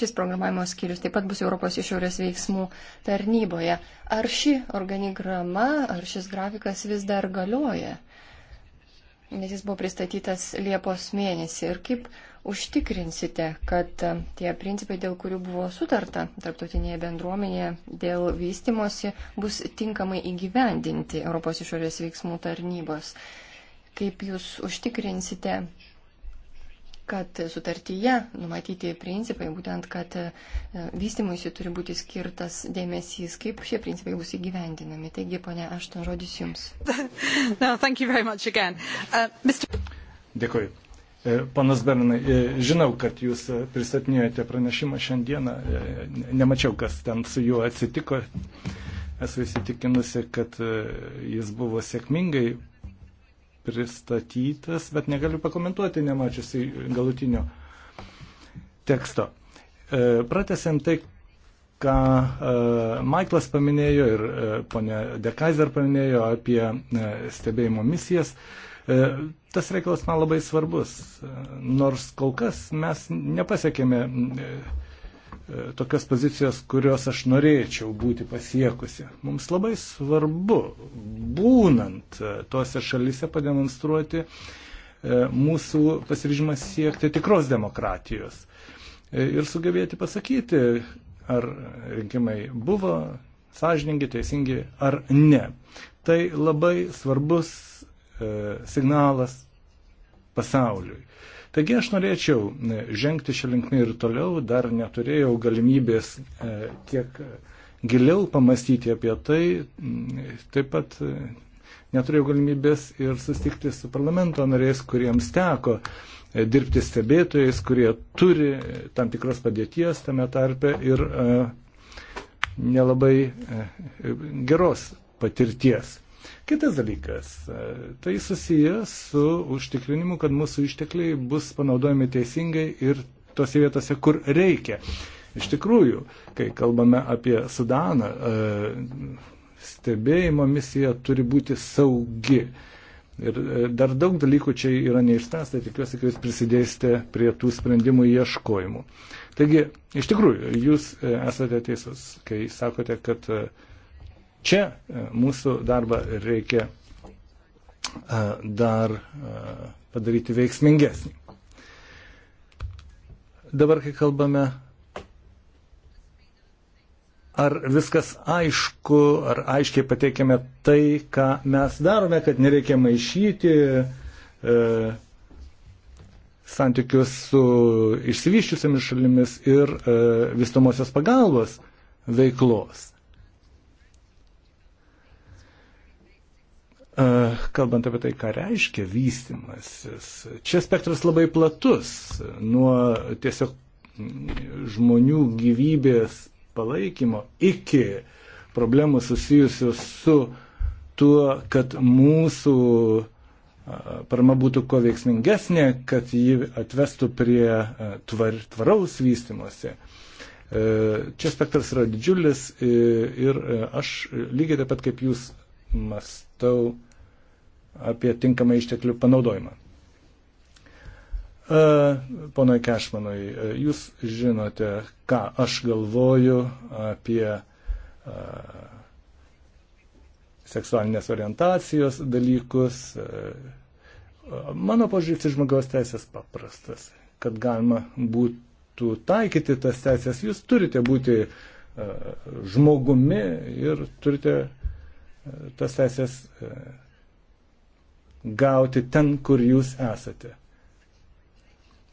Šis programavimo skyrius taip pat bus Europos išorės veiksmų tarnyboje. Ar ši organigrama, ar šis grafikas vis dar galioja? nes jis buvo pristatytas Liepos mėnesį. Ir kaip užtikrinsite, kad e, tie principai, dėl kurių buvo sutarta tarptautinėje bendruomenėje dėl vystimosi, bus tinkamai įgyvendinti Europos išorės veiksmų tarnybos? Kaip jūs užtikrinsite, kad sutartyje numatyti principai, būtent, kad e, vystimuisi turi būti skirtas dėmesys, kaip šie principai bus įgyvendinami. Taigi, ponė, aš ten rodys Jums. no, uh, Mr... Dėkui. E, panas Bernai, e, žinau, kad jūs pristatinėjote pranešimą šiandieną, nemačiau, kas ten su juo atsitiko. Esu įsitikinusi, kad jis buvo sėkmingai pristatytas, bet negaliu pakomentuoti, nemačiusi galutinio teksto. E, Pratesiam tai, ką e, Maiklas paminėjo ir e, ponia Dekaiser paminėjo apie stebėjimo misijas. Tas reikalas man labai svarbus, nors kol kas mes nepasiekėme E, tokias pozicijas, kurios aš norėčiau būti pasiekusi. Mums labai svarbu, būnant e, tose šalise, pademonstruoti e, mūsų pasiryžimą siekti tikros demokratijos ir sugebėti pasakyti, ar rinkimai buvo sąžiningi, teisingi ar ne. Tai labai svarbus signalas pasauliui. Taigi aš norėčiau e, žengti šią linkmę ir toliau, dar neturėjau galimybės tiek e, giliau pamastyti apie tai, taip pat e, neturėjau galimybės ir sustikti su parlamento nariais, kuriems teko dirbti stebėtojais, kurie turi tam tikros padėties tame tarpe ir nelabai geros patirties. Kitas dalykas, e, tai susijęs su užtikrinimu, kad mūsų ištekliai bus panaudojami teisingai ir tose vietose, kur reikia. Iš tikrųjų, kai kalbame apie Sudaną, e, stebėjimo misija turi būti saugi. Ir e, dar daug dalykų čia yra neišspręsta, tikiuosi, kad jūs prisidėsite prie tų sprendimų ieškojimų. Taigi, iš tikrųjų, jūs esate teisus, kai sakote, kad uh, Čia e, mūsų darbą reikia e, dar e, padaryti veiksmingesnį. Dabar, kai kalbame, ar viskas aišku, ar aiškiai pateikiame tai, ką mes darome, kad nereikia maišyti e, santykius su išsivyščiusiamis šalimis ir e, vystomosios pagalbos veiklos. E, kalbant apie tai, ką reiškia vystimasis, čia spektras labai platus, nuo tiesiog žmonių gyvybės palaikymo iki problemų susijusių su tuo, kad mūsų e, parama būtų kuo veiksmingesnė, kad ji atvestų prie e, tvar, tvaraus vystimuose. Čia spektras yra didžiulis ir aš lygiai taip pat kaip jūs mąstau mastau apie tinkamą išteklių panaudojimą. E, Ponoj Kešmanui, e, jūs žinote, ką aš galvoju apie e, seksualinės orientacijos dalykus. Mano požiūris į žmogaus teisės paprastas, kad galima būtų taikyti tas teisės, jūs turite būti žmogumi ir turite tas teisės e, gauti ten, kur jūs esate.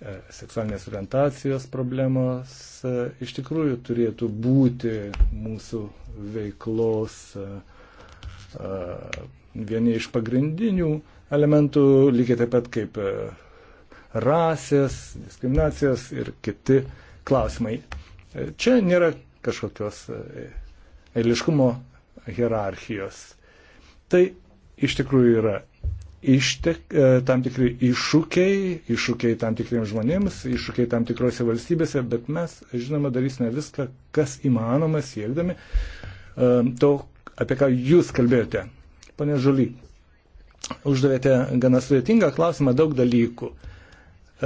E, seksualinės orientacijos problemos e, iš tikrųjų turėtų būti mūsų veiklos vieni iš pagrindinių elementų, lygiai taip pat kaip rasės, diskriminacijos ir kiti klausimai. Čia nėra kažkokios eiliškumo hierarchijos. Tai iš tikrųjų yra ištek, e, tam tikri iššūkiai, iššūkiai tam tikriems žmonėms, iššūkiai tam tikrose valstybėse, bet mes, žinoma, darysime viską, kas įmanoma siekdami e, to, apie ką jūs kalbėjote. Pane Žuly, uždavėte gana sudėtingą klausimą, daug dalykų.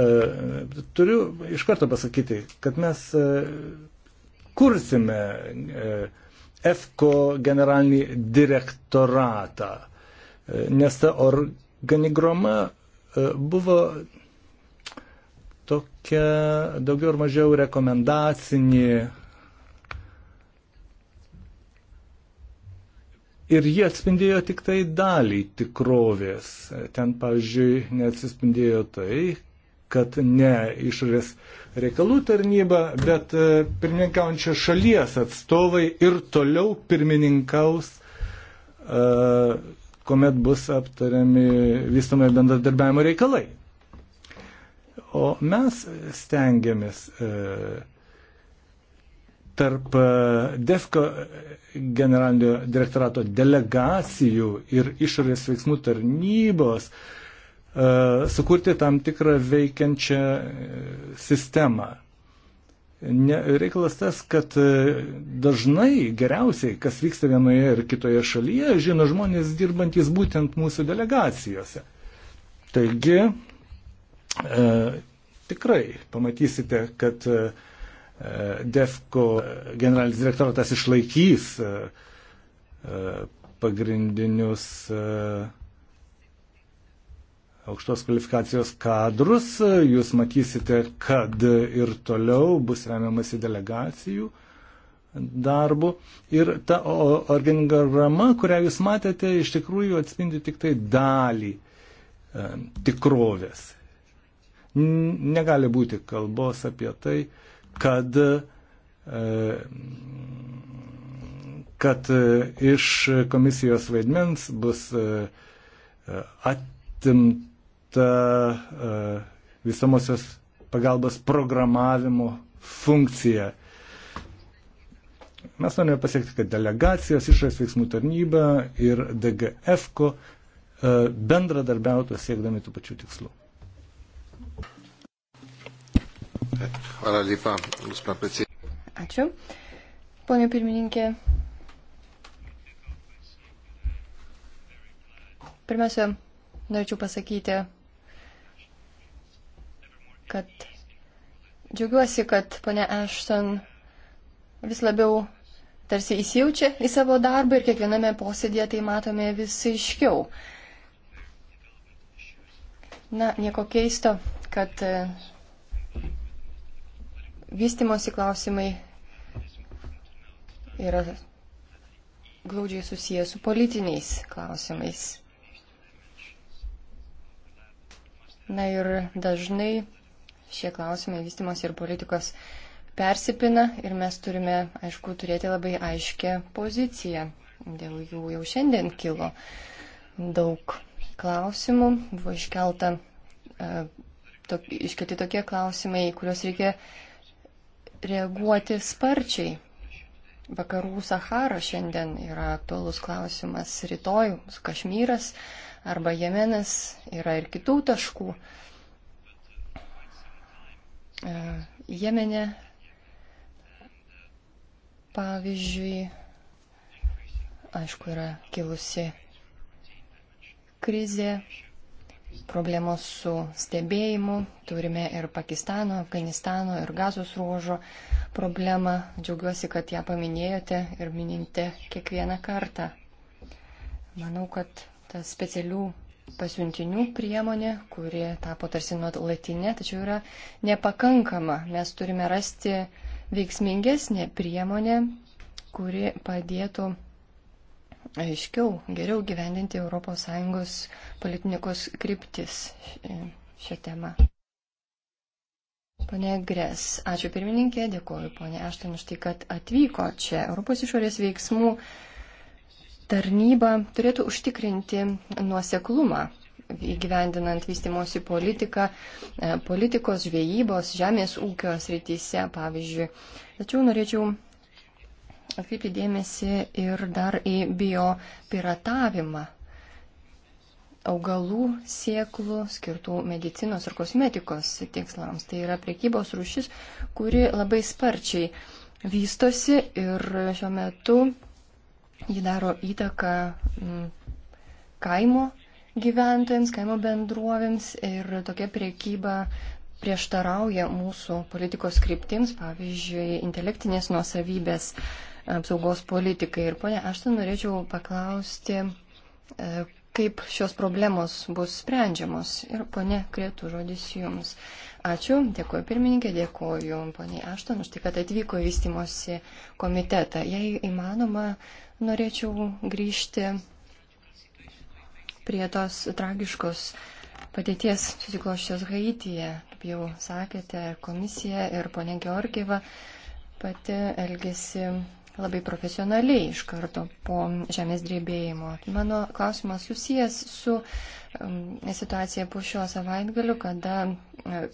E, turiu iš karto pasakyti, kad mes kursime EFKO generalinį direktoratą, e, nes ta organigrama e, buvo tokia daugiau ar mažiau rekomendacinė. Ir jie atspindėjo tik tai dalį tikrovės. Ten, pavyzdžiui, neatsispindėjo tai, kad ne išorės reikalų tarnyba, bet e, pirmininkaujančios šalies atstovai ir toliau pirmininkaus, e, kuomet bus aptariami vystomai bendradarbiavimo reikalai. O mes stengiamės e, tarp DEFCO generalinio direktorato delegacijų ir išorės veiksmų tarnybos uh, E, sukurti tam tikrą veikiančią e, sistemą. Ne, reikalas tas, kad e, dažnai geriausiai, kas vyksta vienoje ir kitoje šalyje, žino žmonės dirbantis būtent mūsų delegacijose. Taigi, e, tikrai pamatysite, kad e, DEFCO generalinis direktoratas išlaikys e, pagrindinius. E, aukštos kvalifikacijos kadrus, jūs matysite, kad ir toliau bus remiamasi delegacijų darbu. Ir ta organigrama, kurią jūs matėte, iš tikrųjų atspindi tik tai dalį e, tikrovės. Negali būti kalbos apie tai, kad, e, kad e, iš komisijos vaidmens bus atimta ta e, visamosios pagalbos programavimo funkcija. Mes norime pasiekti, kad delegacijos, išorės veiksmų tarnyba ir DGFKO e, bendradarbiautų siekdami tų pačių tikslų. Hvala lepa, gospod predsednik. Ačiū. Pone pirmininkė. Pirmiausia, norėčiau pasakyti, kad džiaugiuosi, kad ponia Ashton vis labiau tarsi įsijaučia į savo darbą ir kiekviename posėdėje tai matome vis aiškiau. Na, nieko keisto, kad e, vystimosi klausimai yra glaudžiai susiję su politiniais klausimais. Na ir dažnai šie klausimai vystimos ir politikos persipina ir mes turime, aišku, turėti labai aiškę poziciją. Dėl jų jau šiandien kilo daug klausimų, buvo iškelta, e, tok, iškelti tokie klausimai, kuriuos reikia reaguoti sparčiai. Vakarų Sahara šiandien yra aktualus klausimas, rytoj Kašmyras arba Jemenas yra ir kitų taškų. Uh, E, Jemenė, pavyzdžiui, aišku, yra kilusi krizė, problemos su stebėjimu, turime ir Pakistano, Afganistano ir Gazos ruožo problemą. Džiaugiuosi, kad ją paminėjote ir mininte kiekvieną kartą. Manau, kad tas specialių pasiuntinių priemonė, kuri tapo tarsi nuolatinė, tačiau yra nepakankama. Mes turime rasti veiksmingesnė priemonė, kuri padėtų aiškiau, geriau gyvendinti ES politikos kryptis šią temą. Pane Gres, ačiū pirmininkė, dėkoju ponė Ašton už tai, kad atvyko čia Europos išorės veiksmų tarnyba turėtų užtikrinti nuoseklumą įgyvendinant vystimosi politiką, e, politikos, žvejybos, žemės ūkio srityse, pavyzdžiui. Tačiau norėčiau atkreipti dėmesį ir dar į biopiratavimą augalų sieklų skirtų medicinos ir kosmetikos tikslams. Tai yra priekybos rušis, kuri labai sparčiai vystosi ir šiuo metu Ji daro įtaką mm, kaimo gyventojams, kaimo bendruovėms ir tokia priekyba prieštarauja mūsų politikos kryptims, pavyzdžiui, intelektinės nuosavybės e, apsaugos politikai. Ir ponia, aš ten norėčiau paklausti, e, kaip šios problemos bus sprendžiamos. Ir ponia, krėtų žodis jums. Ačiū, dėkuoju pirmininkė, dėkuoju poniai Ašton už tai, kad atvyko į vystimosi komitetą. Jei įmanoma, norėčiau grįžti prie tos tragiškos padėties susikloščios Haityje. Kaip jau sakėte, komisija ir ponė Georgieva pati elgesi labai profesionaliai iš karto po žemės drebėjimo. Mano klausimas susijęs su um, situacija po šio savaitgaliu, kada uh,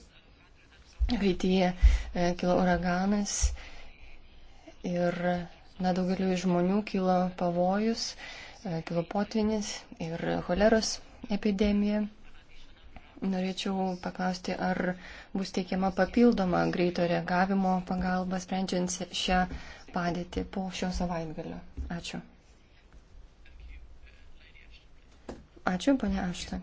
Haityje e, kilo uraganas ir na, daugeliu žmonių kilo pavojus, e, kilo potvinis ir choleros epidemija. Norėčiau paklausti, ar bus teikiama papildoma greito reagavimo pagalba sprendžiant šią padėtį po šio savaitgalio. Ačiū. Ačiū, ponia Ašta.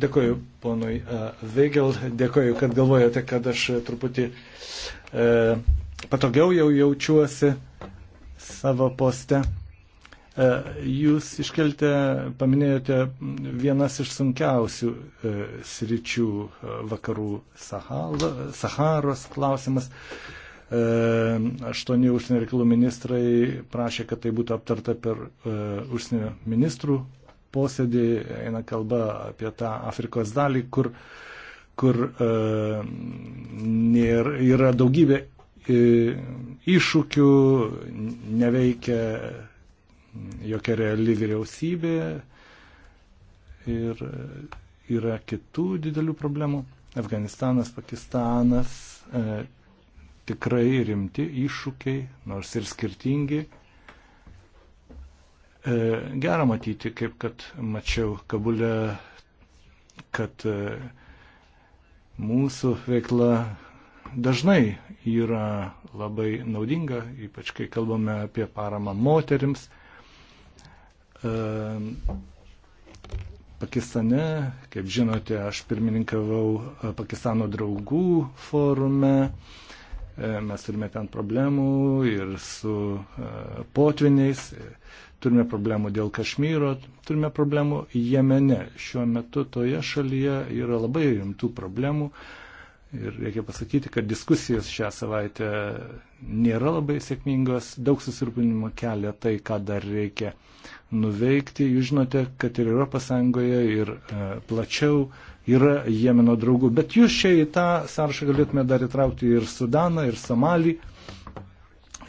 Dėkoju ponui e, Vegel, dėkoju, kad galvojate, kad aš truputį e, patogiau jau jaučiuosi savo poste. E, jūs iškeltė, paminėjote vienas iš sunkiausių e, sričių e, vakarų Sahalo, Saharos klausimas. E, aštuoni užsienio reikalų ministrai prašė, kad tai būtų aptarta per e, užsienio ministrų posėdį eina kalba apie tą Afrikos dalį, kur, kur e, nėra, yra daugybė e, iššūkių, neveikia jokia reali vyriausybė ir yra kitų didelių problemų. Afganistanas, Pakistanas e, tikrai rimti iššūkiai, nors ir skirtingi. E, gera matyti, kaip kad mačiau Kabulė, kad e, mūsų veikla dažnai yra labai naudinga, ypač kai kalbame apie paramą moterims. E, Pakistane, kaip žinote, aš pirmininkavau Pakistano draugų forume. Mes turime ten problemų ir su potviniais, Turime problemų dėl Kašmyro, turime problemų Jemene. Šiuo metu toje šalyje yra labai rimtų problemų. Ir reikia pasakyti, kad diskusijos šią savaitę nėra labai sėkmingos, daug susirūpinimo kelia tai, ką dar reikia nuveikti. Jūs žinote, kad ir ES ir e, plačiau yra Jemeno draugų, bet jūs čia į tą sąrašą galėtume dar įtraukti ir Sudaną, ir Somalį.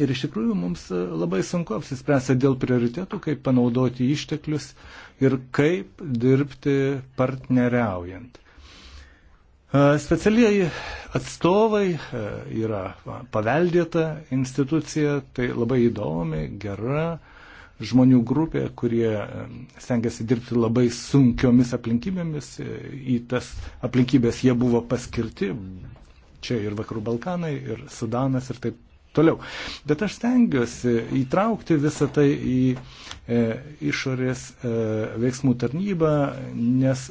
Ir iš tikrųjų mums e, labai sunku apsispręsti dėl prioritetų, kaip panaudoti išteklius ir kaip dirbti partneriaujant. E, specialieji atstovai e, yra paveldėta institucija, tai labai įdomi, gera žmonių grupė, kurie stengiasi dirbti labai sunkiomis aplinkybėmis. Į tas aplinkybės jie buvo paskirti, čia ir Vakarų Balkanai, ir Sudanas, ir taip toliau. Bet aš stengiuosi įtraukti visą tai į e, išorės e, veiksmų tarnybą, nes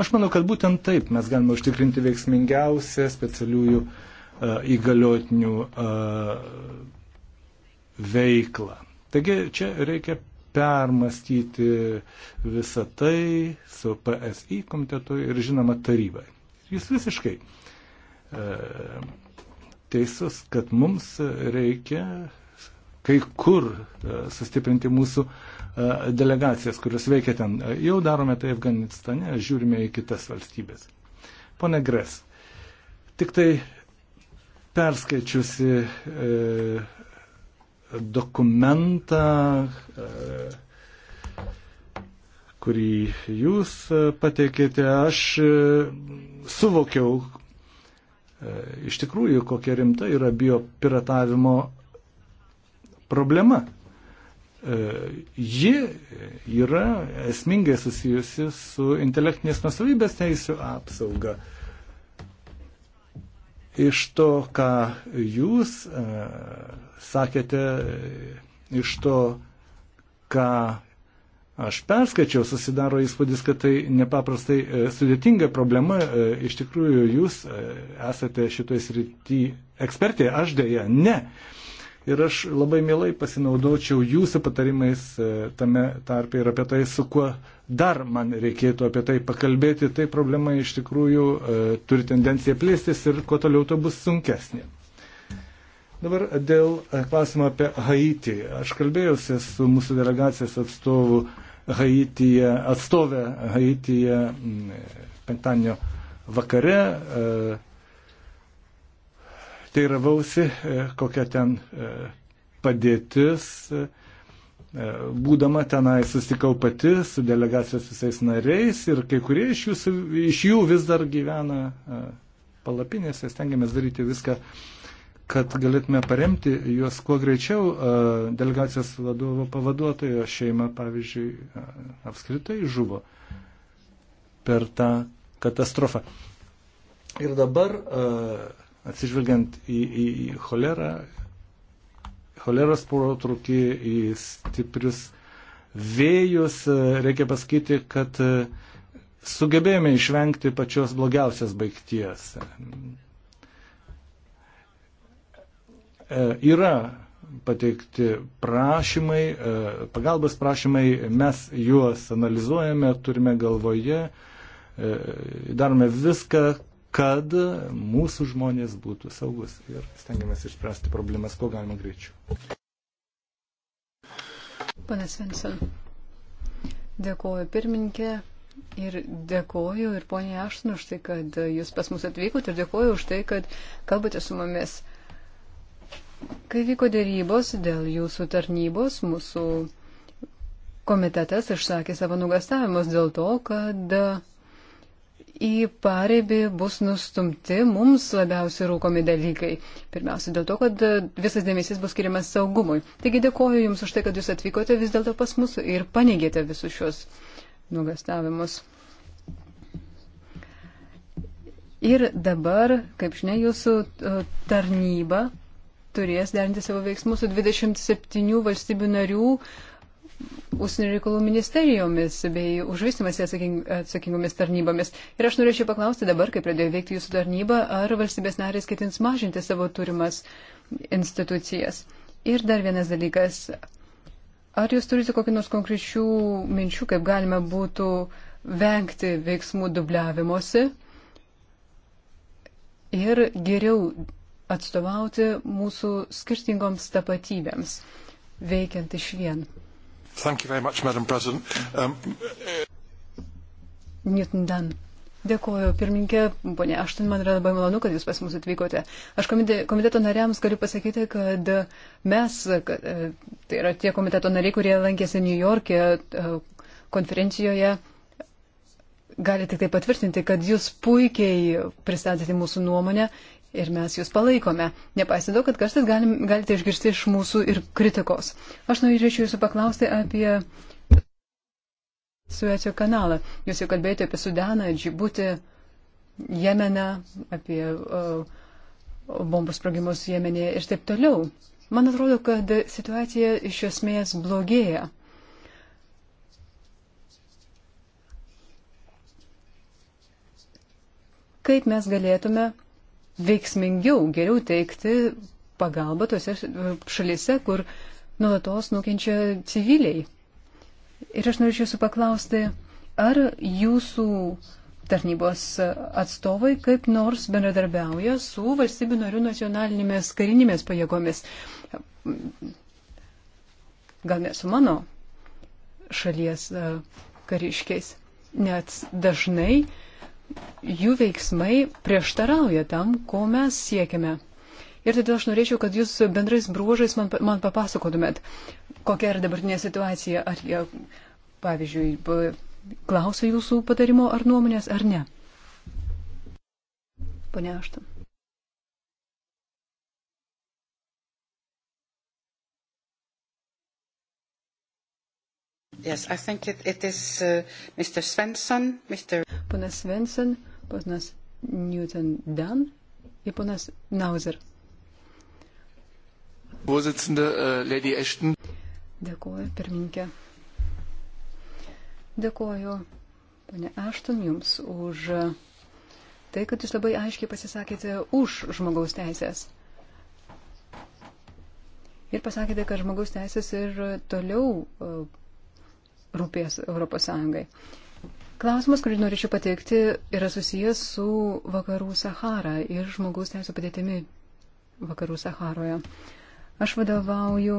aš manau, kad būtent taip mes galime užtikrinti veiksmingiausią specialiųjų e, įgaliotinių e, veiklą. Taigi čia reikia permastyti visą tai su PSI komitetu ir žinoma tarybai. Jūs visiškai e, teisus, kad mums reikia kai kur e, sustiprinti mūsų e, delegacijas, kurios veikia ten. E, jau darome tai Afganistane, žiūrime į kitas valstybės. Pone Gres, tik tai perskaičiusi e, dokumentą, e, kurį jūs pateikėte, aš suvokiau, E, iš tikrųjų, kokia rimta yra biopiratavimo problema. E, ji yra esmingai susijusi su intelektinės nusavybės teisų apsauga. Iš to, ką jūs e, sakėte, iš to, ką aš perskaičiau, susidaro įspūdis, kad tai nepaprastai e, sudėtinga problema. E, iš tikrųjų, jūs e, esate šitoj srity ekspertė, aš dėja ne. Ir aš labai mielai pasinaudočiau jūsų patarimais tame tarpe ir apie tai, su kuo dar man reikėtų apie tai pakalbėti. Tai problema iš tikrųjų turi tendenciją plėstis ir kuo toliau to bus sunkesnė. Dabar dėl klausimo apie Haitį. Aš kalbėjausi su mūsų delegacijos atstovu Haityje, atstovę Haityje penktadienio vakare. E, tai ravausi, e, kokia ten e, padėtis. Būdama tenai susitikau pati su delegacijos visais nariais ir kai kurie iš, jūsų, iš jų vis dar gyvena palapinėse, stengiamės daryti viską, kad galėtume paremti juos kuo greičiau. Delegacijos vadovo pavaduotojo šeima, pavyzdžiui, apskritai žuvo per tą katastrofą. Ir dabar, atsižvelgiant į, į, į cholerą, choleros protrukį, į stiprius vėjus, reikia pasakyti, kad sugebėjome išvengti pačios blogiausios baigties. E, yra pateikti prašymai, e, pagalbos prašymai, mes juos analizuojame, turime galvoje, e, darome viską, kad mūsų žmonės būtų saugus ir stengiamės išspręsti problemas, kuo galima greičiau. Pane Svensson, dėkoju pirmininkė ir dėkoju ir poniai Ašnu už tai, kad jūs pas mus atvykote ir dėkoju už tai, kad kalbate su mumis. Kai vyko dėrybos dėl jūsų tarnybos, mūsų komitetas išsakė savo nugastavimus dėl to, kad į pareibį bus nustumti mums labiausiai rūkomi dalykai. Pirmiausia, dėl to, kad visas dėmesys bus skiriamas saugumui. Taigi dėkoju Jums už tai, kad Jūs atvykote vis dėlto pas mus ir paneigėte visus šios nugastavimus. Ir dabar, kaip žinia, Jūsų e, tarnyba turės derinti savo veiksmus su 27 valstybių narių užsienio reikalų ministerijomis bei už vystimąsi atsaking, atsakingomis tarnybomis. Ir aš norėčiau paklausti dabar, kai pradėjo veikti jūsų tarnyba, ar valstybės narės ketins mažinti savo turimas institucijas. Ir dar vienas dalykas. Ar jūs turite kokį nors konkrečių minčių, kaip galima būtų vengti veiksmų dubliavimuose ir geriau atstovauti mūsų skirtingoms tapatybėms, veikiant iš vien. Much, um... Newton Dunn. Dėkuoju, pirmininkė, ponė Aštin, man yra labai malonu, kad jūs pas mus atvykote. Aš komiteto nariams galiu pasakyti, kad mes, kad, tai yra tie komiteto nariai, kurie lankėsi New York'e e, konferencijoje, gali tik tai patvirtinti, kad jūs puikiai pristatėte mūsų nuomonę Ir mes jūs palaikome, nepaisant to, kad kartais galim, galite išgirsti iš mūsų ir kritikos. Aš norėčiau jūsų paklausti apie Suecio kanalą. Jūs jau kalbėjote apie Sudaną, Džibutį, Jemeną, apie uh, bombų sprogimus Jemenėje ir taip toliau. Man atrodo, kad situacija iš esmės blogėja. Kaip mes galėtume veiksmingiau, geriau teikti pagalbą tose šalise, kur nuolatos nukenčia civiliai. Ir aš norėčiau jūsų paklausti, ar jūsų tarnybos atstovai kaip nors bendradarbiauja su valstybių narių nacionalinėmis karinėmis pajėgomis. Gal ne su mano šalies e, kariškiais, net dažnai uh, jų veiksmai prieštarauja tam, ko mes siekiame. Ir todėl aš norėčiau, kad jūs bendrais bruožais man, man papasakotumėt, kokia yra dabartinė situacija, ar jie, pavyzdžiui, klauso jūsų patarimo ar nuomonės, ar ne. Pane Aštam. Yes, I think it, it is uh, Mr. Svensson, Mr. Ponas Svensson, ponas Newton Dunn ir ponas Nauser. Vorsitzende, uh, Lady Ashton. Dėkuoju, pirmininkė. Dėkuoju, ponė Ashton, jums už äh, tai, kad jūs labai aiškiai pasisakėte už žmogaus teisės. Ir pasakėte, kad žmogaus teisės ir toliau uh, rūpės ES. Klausimas, kurį norėčiau pateikti, yra susijęs su Vakarų Sahara ir žmogaus teisų padėtimi Vakarų Saharoje. Aš vadovauju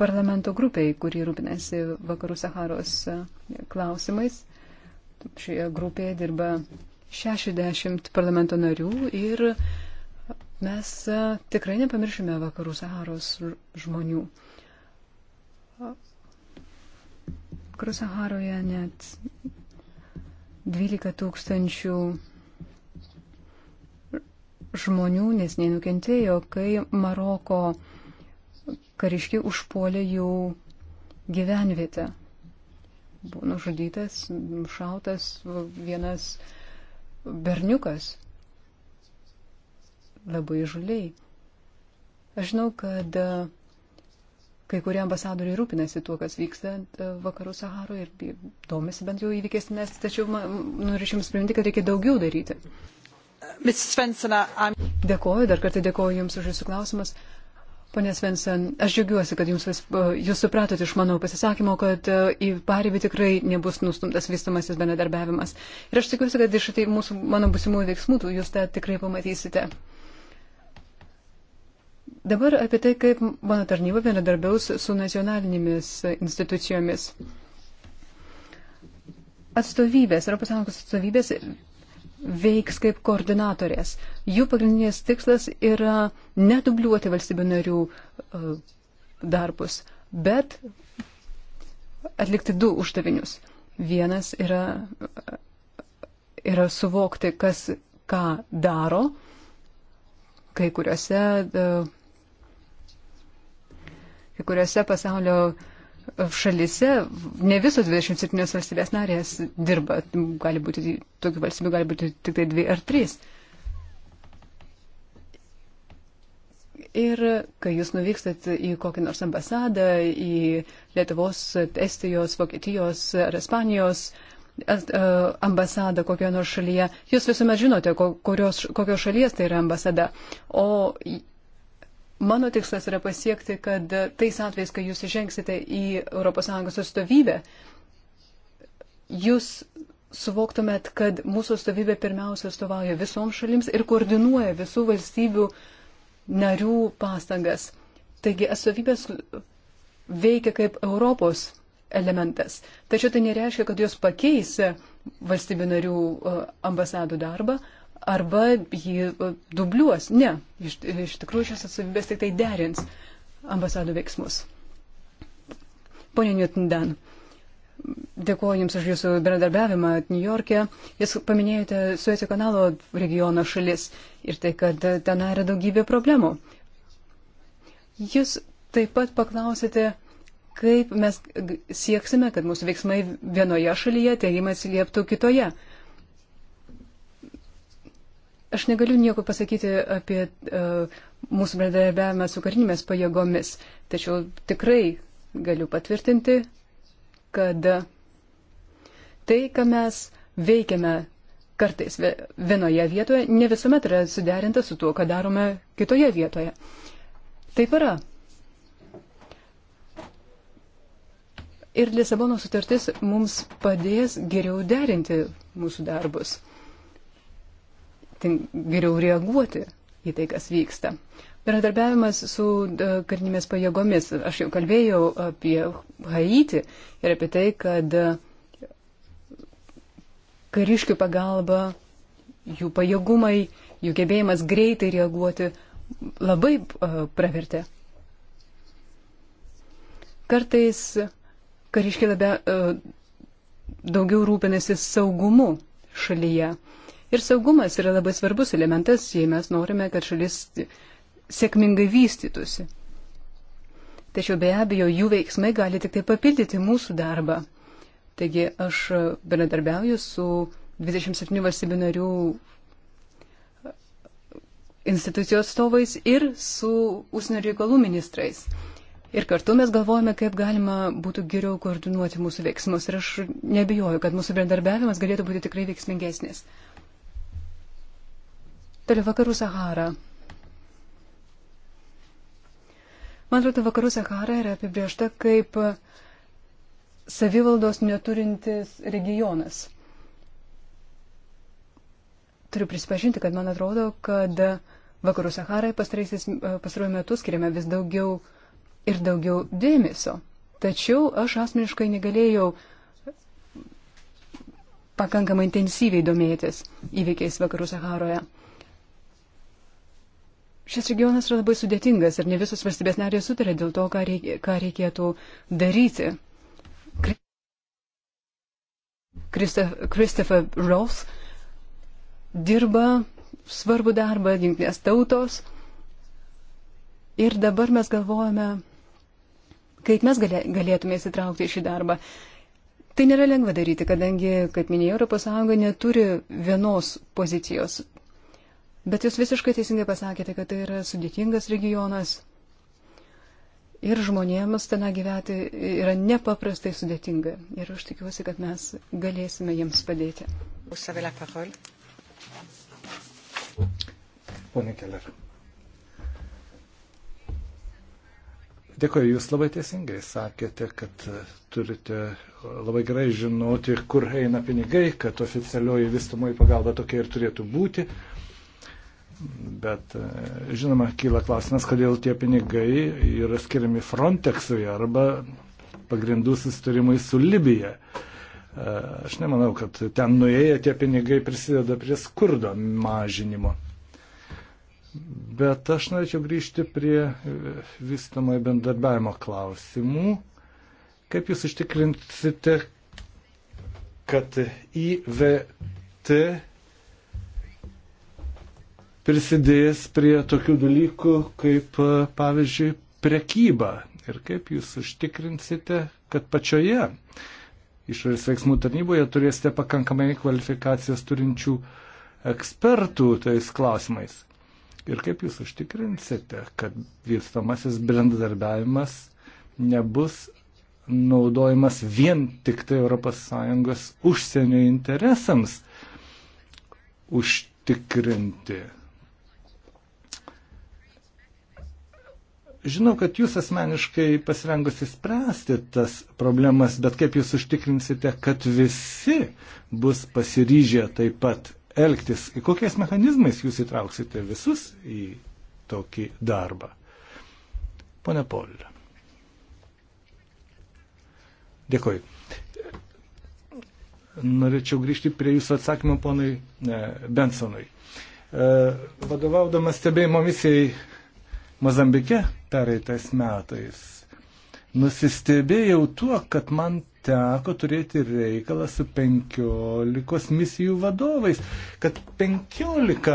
parlamento grupiai, kuri rūpinasi Vakarų Saharos klausimais. Šioje grupėje dirba 60 parlamento narių ir mes tikrai nepamiršime Vakarų Saharos žmonių. Vakarų Saharoje net 12 tūkstančių žmonių nesnei nukentėjo, kai Maroko kariškiai užpuolė jų gyvenvietę. Buvo nužudytas, nušautas vienas berniukas. Labai žuliai. Aš žinau, kad Kai kurie ambasadoriai rūpinasi tuo, kas vyksta e, vakarų Saharo ir domisi bent jau įvykės, nes tačiau noriu jums priminti, kad reikia daugiau daryti. Dėkoju, dar kartą dėkoju Jums už Jūsų klausimas. Pane Svensen, aš džiaugiuosi, kad jums, e, Jūs supratote iš mano pasisakymo, kad e, į paribį tikrai nebus nustumtas vystomasis bendradarbiavimas. Ir aš tikiuosi, kad iš tai mūsų, mano busimųjų veiksmų Jūs tą tikrai pamatysite. Dabar apie tai, kaip mano tarnyba bendradarbiaus su nacionalinėmis institucijomis. Atstovybės, ES atstovybės veiks kaip koordinatorės. Jų pagrindinės tikslas yra nedubliuoti valstybių narių e, darbus, bet atlikti du uždavinius. Vienas yra, yra suvokti, kas ką daro kai kuriuose uh, Kai kuriuose pasaulio šalise ne visos 27 valstybės narės dirba. Gali būti, tokių valstybių gali būti tik tai dvi ar trys. Ir kai jūs nuvykstat į kokį nors ambasadą, į Lietuvos, Estijos, Vokietijos ar Ispanijos ambasadą kokioje nors šalyje, jūs visuomet žinote, kokios, kokios šalies tai yra ambasada. O Mano tikslas yra pasiekti, kad tais atvejais, kai jūs įžengsite į ES atstovybę, jūs suvoktumėt, kad mūsų atstovybė pirmiausia atstovauja visoms šalims ir koordinuoja visų valstybių narių pastangas. Taigi atstovybės veikia kaip Europos elementas. Tačiau tai nereiškia, kad jos pakeis valstybių narių e, ambasadų darbą arba jį e, dubliuos. Ne, iš, iš tikrųjų šios atsovybės tik tai derins ambasadų veiksmus. Pone Newton Dan, dėkuoju Jums už Jūsų bendradarbiavimą New York'e. Jūs paminėjote Suecio kanalo regiono šalis ir tai, kad ten yra daugybė problemų. Jūs taip pat paklausėte, kaip mes sieksime, kad mūsų veiksmai vienoje šalyje teigiamai atsilieptų kitoje. Uh, Aš negaliu nieko pasakyti apie uh, mūsų bendradarbiavimą su karinėmis pajėgomis, tačiau tikrai galiu patvirtinti, kad tai, ką mes veikiame kartais vienoje vietoje, ne visuomet yra suderinta su tuo, ką darome kitoje vietoje. Taip yra. Ir Lisabono sutartis mums padės geriau derinti mūsų darbus geriau reaguoti į tai, kas vyksta. Bendradarbiavimas su e, karinėmis pajėgomis. Aš jau kalbėjau apie Haiti ir apie tai, kad e, kariškių pagalba, jų pajėgumai, jų gebėjimas greitai reaguoti labai e, pravertė. Kartais kariškiai labiau daugiau rūpinasi saugumu šalyje. Ir saugumas yra labai svarbus elementas, jei mes norime, kad šalis sėkmingai vystytųsi. Tačiau be abejo, jų veiksmai gali tik tai papildyti mūsų darbą. Taigi aš bendradarbiauju su 27 valstybių narių institucijų atstovais ir su užsienio reikalų ministrais. Ir kartu mes galvojame, kaip galima būtų geriau koordinuoti mūsų veiksmus. Ir aš nebijoju, kad mūsų bendarbiavimas galėtų būti tikrai veiksmingesnis. Toliau vakarų Sahara. Man atrodo, vakarų Sahara yra apibriešta kaip savivaldos neturintis regionas. Turiu prisipažinti, kad man atrodo, kad vakarų Saharai pastaruoju metu skiriame vis daugiau ir daugiau dėmesio. Tačiau aš asmeniškai negalėjau pakankamai intensyviai domėtis įvykiais vakarų Saharoje. Šis regionas yra labai sudėtingas ir ne visos valstybės narės sutarė dėl to, ką, reik, ką reikėtų daryti. Christopher Roth dirba svarbu darbą jungtinės tautos ir dabar mes galvojame, kaip mes galėtume įsitraukti į šį darbą. Tai nėra lengva daryti, kadangi, kaip minėjau, ES neturi vienos pozicijos Bet jūs visiškai teisingai pasakėte, kad tai yra sudėtingas regionas ir žmonėms ten gyventi yra nepaprastai sudėtinga. Ir aš tikiuosi, kad mes galėsime jiems padėti. Pone Keller. Dėkuoju, jūs labai teisingai sakėte, kad turite labai gerai žinoti, kur eina pinigai, kad oficialioji vystumoji pagalba tokia ir turėtų būti. Uh, Bet e, žinoma, kyla klausimas, kodėl tie pinigai yra skiriami Frontexui arba pagrindų sustarimui su Libija. E, aš nemanau, kad ten nuėję tie pinigai prisideda prie skurdo mažinimo. Bet aš norėčiau grįžti prie vystamojo bendarbiavimo klausimų. Kaip jūs užtikrinsite, kad IVT prisidės prie tokių dalykų kaip, e, pavyzdžiui, prekyba ir kaip jūs užtikrinsite, kad pačioje išorės veiksmų tarnyboje turėsite pakankamai kvalifikacijos turinčių ekspertų tais klausimais. Ir kaip jūs užtikrinsite, kad vystamasis bendradarbiavimas nebus naudojamas vien tik tai ES užsienio interesams užtikrinti Žinau, kad jūs asmeniškai pasirengusi spręsti tas problemas, bet kaip jūs užtikrinsite, kad visi bus pasiryžę taip pat elgtis? Į kokiais mechanizmais jūs įtrauksite visus į tokį darbą? Pone Polė. Dėkoju. Norėčiau grįžti prie jūsų atsakymo ponui e, Bensonui. E, vadovaudamas stebėjimo misijai Mozambike pereitais metais. Nusistebėjau tuo, kad man teko turėti reikalą su penkiolikos misijų vadovais, kad penkiolika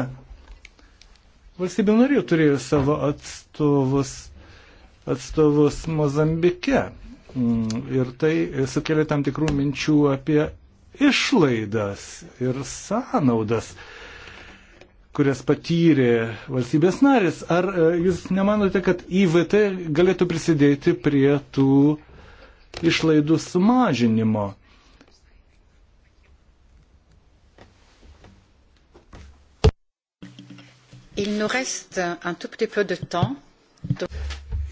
valstybių narių turėjo savo atstovus, atstovus Mozambike. Mm, ir tai sukelia tam tikrų minčių apie išlaidas ir sąnaudas kurias patyrė valstybės narės. Ar e, jūs nemanote, kad IVT galėtų prisidėti prie tų išlaidų sumažinimo?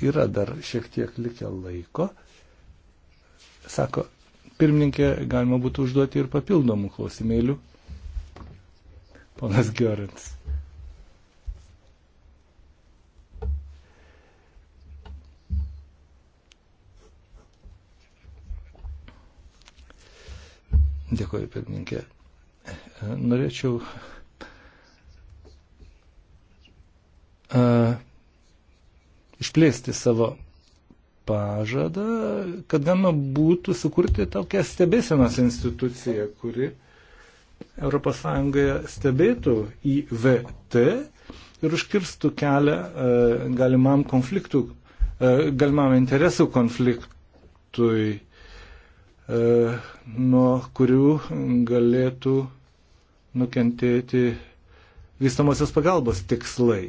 Yra dar šiek tiek likę laiko. Sako, pirmininkė, galima būtų užduoti ir papildomų klausimėlių. Ponas Görins. Dėkuoju, pirmininkė. Norėčiau a, išplėsti savo pažadą, kad galima būtų sukurti tokią stebėsenos instituciją, kuri a, ES stebėtų IVT ir užkirstų kelią e, galimam konfliktų, e, galimam interesų konfliktui, e, nuo kurių galėtų nukentėti vystamosios pagalbos tikslai.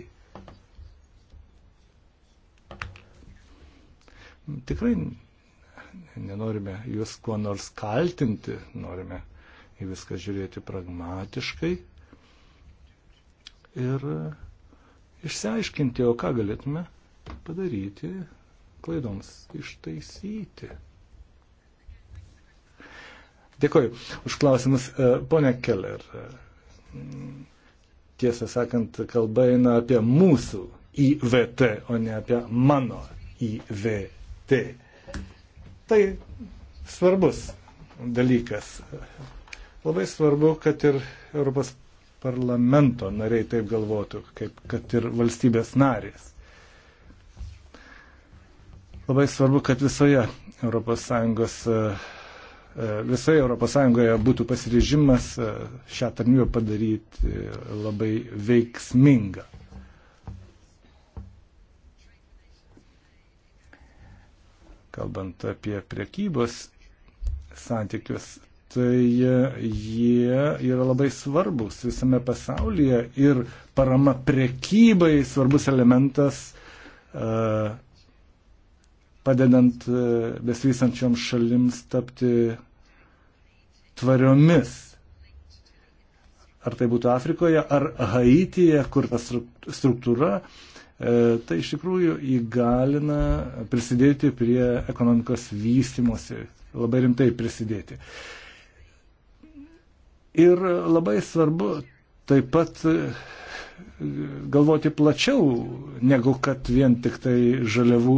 Tikrai nenorime jūs kuo nors kaltinti, norime į viską žiūrėti pragmatiškai ir išsiaiškinti, o ką galėtume padaryti klaidoms ištaisyti. Dėkoju už klausimus. E, Pone Keller, e, tiesą sakant, kalba eina apie mūsų IVT, o ne apie mano IVT. Tai svarbus dalykas. Labai svarbu, kad ir Europos parlamento nariai taip galvotų, kaip kad ir valstybės narės. Labai svarbu, kad visoje ES, e, e, visoje ES būtų pasiryžimas e, šią tarnybę padaryti labai veiksmingą. Kalbant apie priekybos santykius, tai jie yra labai svarbus visame pasaulyje ir parama prekybai svarbus elementas e, padedant e, besvysančioms šalims tapti tvariomis. Ar tai būtų Afrikoje, ar Haityje, kur ta struktūra, e, tai iš tikrųjų įgalina prisidėti prie ekonomikos vystimosi, labai rimtai prisidėti. Uh, Ir labai svarbu taip pat e, galvoti plačiau, negu kad vien tik tai žaliavų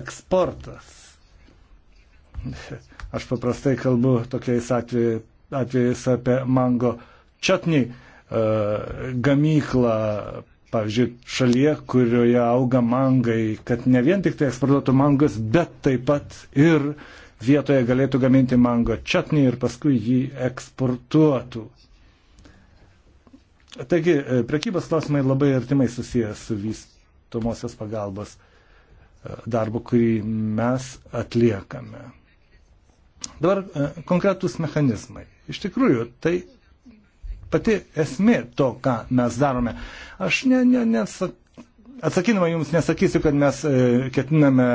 eksportas. Aš paprastai kalbu tokiais atvejais apie mango čatnį e, gamyklą, pavyzdžiui, šalyje, kurioje auga mangai, kad ne vien tik tai eksportuotų mangas, bet taip pat ir uh, vietoje galėtų gaminti mango čatnį ir paskui jį eksportuotų. Taigi, e, prekybos klausimai labai artimai susijęs su vystomosios pagalbos e, darbu, kurį mes atliekame. Dabar e, konkretus mechanizmai. Iš tikrųjų, tai pati esmė to, ką mes darome. Aš ne, ne, nesak, atsakydama jums nesakysiu, kad mes ketiname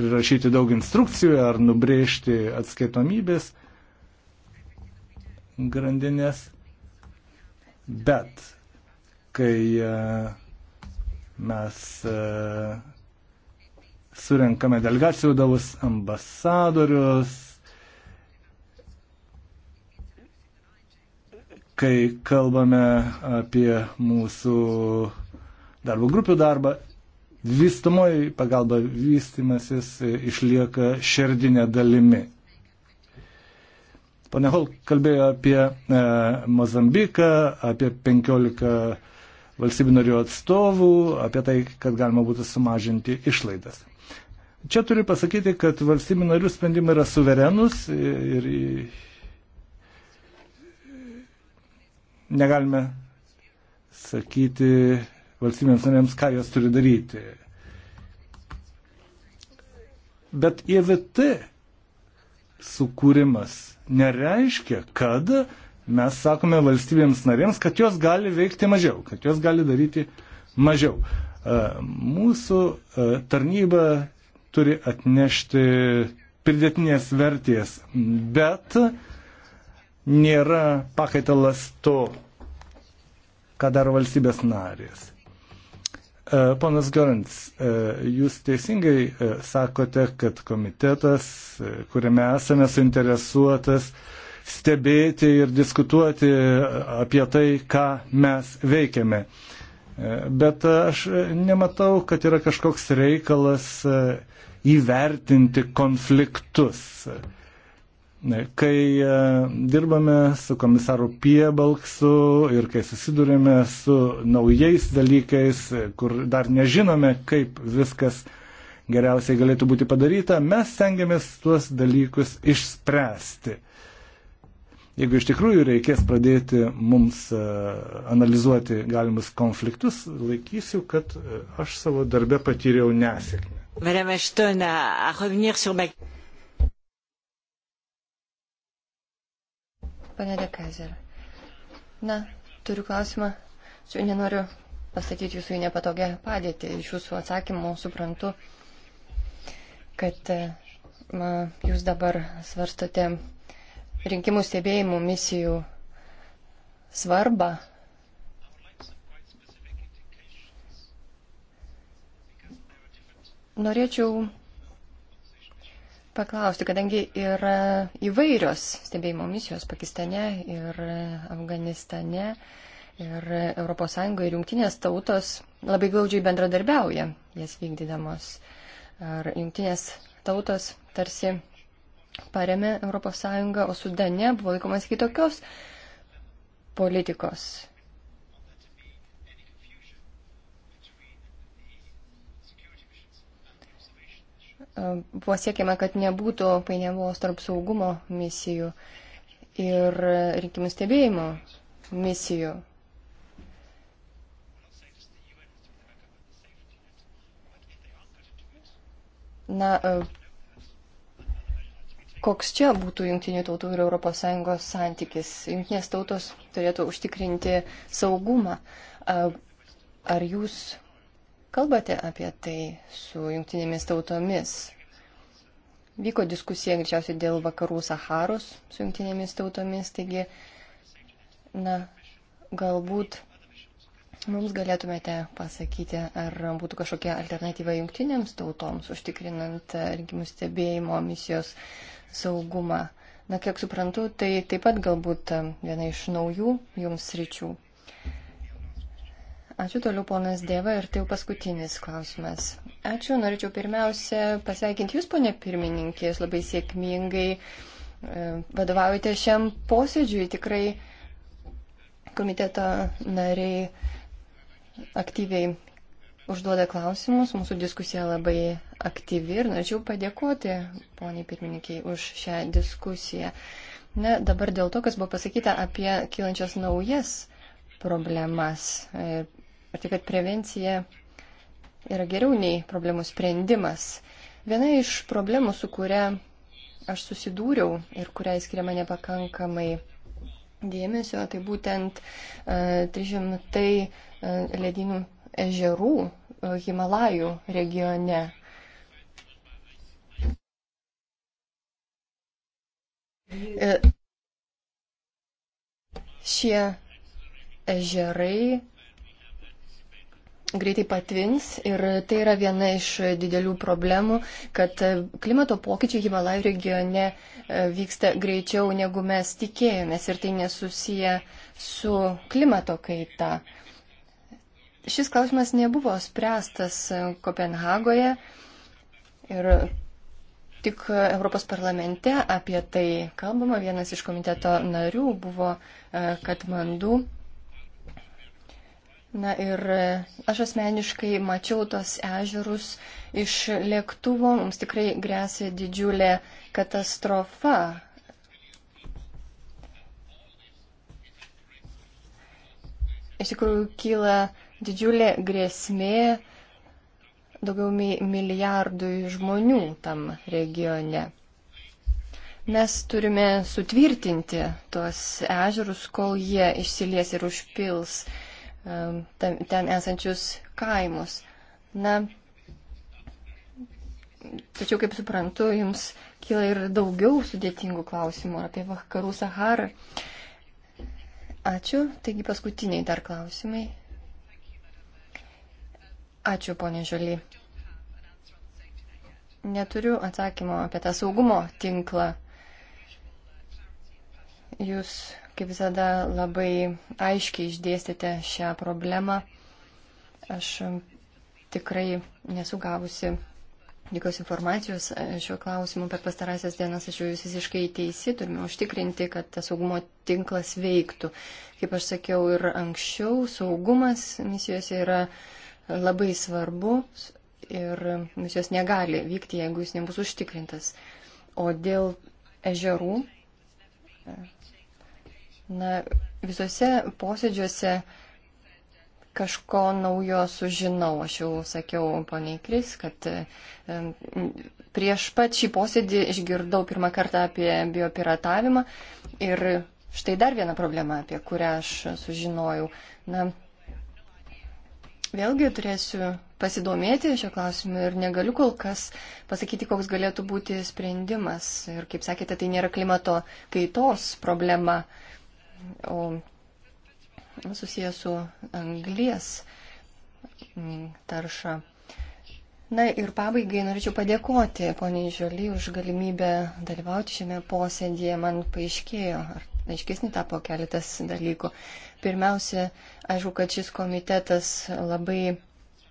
prirašyti daug instrukcijų ar nubrėžti atskaitomybės grandinės. Bet kai e, mes e, surenkame delegacijų vadovus, ambasadorius, kai kalbame apie mūsų darbo grupių darbą vystumoji pagalba vystimasis išlieka šerdinė dalimi. Pane Hol kalbėjo apie e, Mozambiką, apie 15 valstybių narių atstovų, apie tai, kad galima būtų sumažinti išlaidas. Čia turiu pasakyti, kad valstybių narių sprendimai yra suverenus ir negalime sakyti, valstybėms narėms, ką jos turi daryti. Bet IVT sukūrimas nereiškia, kad mes sakome valstybėms narėms, kad jos gali veikti mažiau, kad jos gali daryti mažiau. E, mūsų e, tarnyba turi atnešti pridėtinės vertės, bet nėra pakaitalas to, ką daro valstybės narės. E, ponas Gorants, e, jūs teisingai e, sakote, kad komitetas, kuriame esame suinteresuotas, stebėti ir diskutuoti apie tai, ką mes veikiame. Bet aš nematau, kad yra kažkoks reikalas įvertinti konfliktus. Kai e, dirbame su komisaru Piebalksu ir kai susidurime su naujais dalykais, kur dar nežinome, kaip viskas geriausiai galėtų būti padaryta, mes stengiamės tuos dalykus išspręsti. Jeigu iš tikrųjų reikės pradėti mums e, analizuoti galimus konfliktus, laikysiu, kad e, aš savo darbę patyriau nesėkmę. Pane De Kaiser. Na, turiu klausimą. Čia nenoriu pastatyti jūsų į nepatogią padėtį. Iš jūsų atsakymų suprantu, kad e, ma, jūs dabar svarstote rinkimų stebėjimų misijų svarbą. Norėčiau paklausti, kadangi yra įvairios stebėjimo misijos Pakistane ir Afganistane ir ES ir jungtinės tautos labai glaudžiai bendradarbiauja jas vykdydamos. Ar jungtinės tautos tarsi paremė ES, o Sudane buvo laikomas kitokios politikos. buvo siekiama, kad nebūtų painiavos tarp saugumo misijų ir rinkimų stebėjimo misijų. Na, e, koks čia būtų jungtinių tautų ir ES santykis? Jungtinės tautos turėtų užtikrinti saugumą. Ar jūs kalbate apie tai su jungtinėmis tautomis? Vyko diskusija greičiausiai dėl vakarų Saharos su jungtinėmis tautomis, taigi, na, galbūt mums galėtumėte pasakyti, ar būtų kažkokia alternatyva jungtinėms tautoms, užtikrinant rinkimų stebėjimo misijos saugumą. Na, kiek suprantu, tai taip pat galbūt viena iš naujų jums ryčių. Ačiū toliau, ponas Dėva, ir tai jau paskutinis klausimas. Ačiū, norėčiau pirmiausia pasveikinti Jūs, ponė pirmininkė, Jūs labai sėkmingai e, vadovaujate šiam posėdžiui, tikrai komiteto nariai aktyviai užduoda klausimus, mūsų diskusija labai aktyvi ir norėčiau padėkoti poniai pirmininkiai už šią diskusiją. Na, dabar dėl to, kas buvo pasakyta apie kylančias naujas problemas. E, ir tai, kad prevencija yra geriau nei problemų sprendimas. Viena iš problemų, su kuria aš susidūriau ir kuriai skiriama nepakankamai dėmesio, tai būtent uh, 300 uh, ledinių ežerų uh, Himalajų regione. E, šie ežerai greitai patvins ir tai yra viena iš didelių problemų, kad e, klimato pokyčiai Himalajų regione e, vyksta greičiau negu mes tikėjomės ir tai nesusiję su klimato kaita. Šis klausimas nebuvo spręstas e, Kopenhagoje ir tik Europos parlamente apie tai kalbama. Vienas iš komiteto narių buvo Katmandu. Uh, Na ir e, aš asmeniškai mačiau tos ežerus iš lėktuvo, mums tikrai grėsia didžiulė katastrofa. Iš tikrųjų kyla didžiulė grėsmė daugiau milijardui žmonių tam regione. Mes turime sutvirtinti tuos ežerus, kol jie išsilies ir užpils ten esančius kaimus. Na, tačiau, kaip suprantu, jums kyla ir daugiau sudėtingų klausimų apie vakarų Saharą. Ačiū. Taigi paskutiniai dar klausimai. Ačiū, ponė Žali. Neturiu atsakymo apie tą saugumo tinklą. Jūs kaip visada, labai aiškiai išdėstėte šią problemą. Aš tikrai nesu gavusi jokios informacijos e, šiuo klausimu per pastarąsias dienas, aš jau jūs visiškai teisi, turime užtikrinti, kad tas saugumo tinklas veiktų. Kaip aš sakiau ir anksčiau, saugumas misijose yra labai svarbu ir misijos negali vykti, jeigu jis nebus užtikrintas. O dėl ežerų, Na, visose posėdžiuose kažko naujo sužinau. Aš jau sakiau poniai Kris, kad prieš pat šį posėdį išgirdau pirmą kartą apie biopiratavimą ir štai dar viena problema, apie kurią aš sužinojau. Na, vėlgi turėsiu pasidomėti šio klausimu ir negaliu kol kas pasakyti, koks galėtų būti sprendimas. Ir kaip sakėte, tai nėra klimato kaitos problema. Uh, o susijęs su anglies mm, tarša. Na ir pabaigai norėčiau padėkoti poniai Žiolį už galimybę dalyvauti šiame posėdėje. Man paaiškėjo, ar aiškesni tapo keletas dalykų. Pirmiausia, aišku, kad šis komitetas labai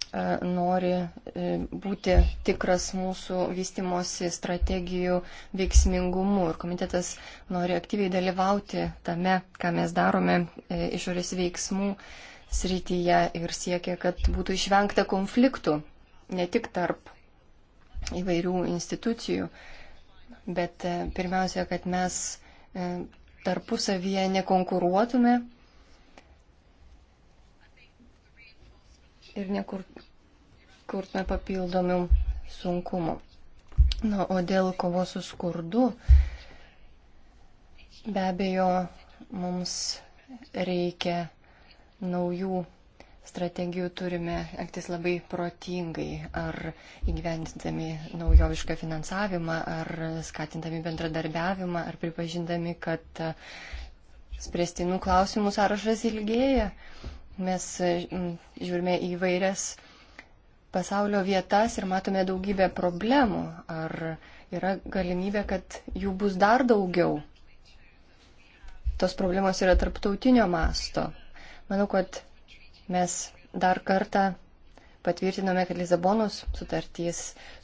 E, nori e, būti tikras mūsų vystimosi strategijų veiksmingumu. Ir komitetas nori aktyviai dalyvauti tame, ką mes darome e, išorės veiksmų srityje ir siekia, kad būtų išvengta konfliktų ne tik tarp įvairių institucijų, bet pirmiausia, kad mes tarpusavyje nekonkuruotume ir nekur kurtume papildomių sunkumų. Na, o dėl kovos su skurdu, be abejo, mums reikia naujų strategijų turime aktis labai protingai, ar įgyvendindami naujovišką finansavimą, ar skatindami bendradarbiavimą, ar pripažindami, kad e, spręstinų klausimų sąrašas ilgėja. Mes žiūrime į vairias pasaulio vietas ir matome daugybę problemų. Ar yra galimybė, kad jų bus dar daugiau? Tos problemos yra tarptautinio masto. Manau, kad mes dar kartą patvirtinome, kad Lisabonos sutartys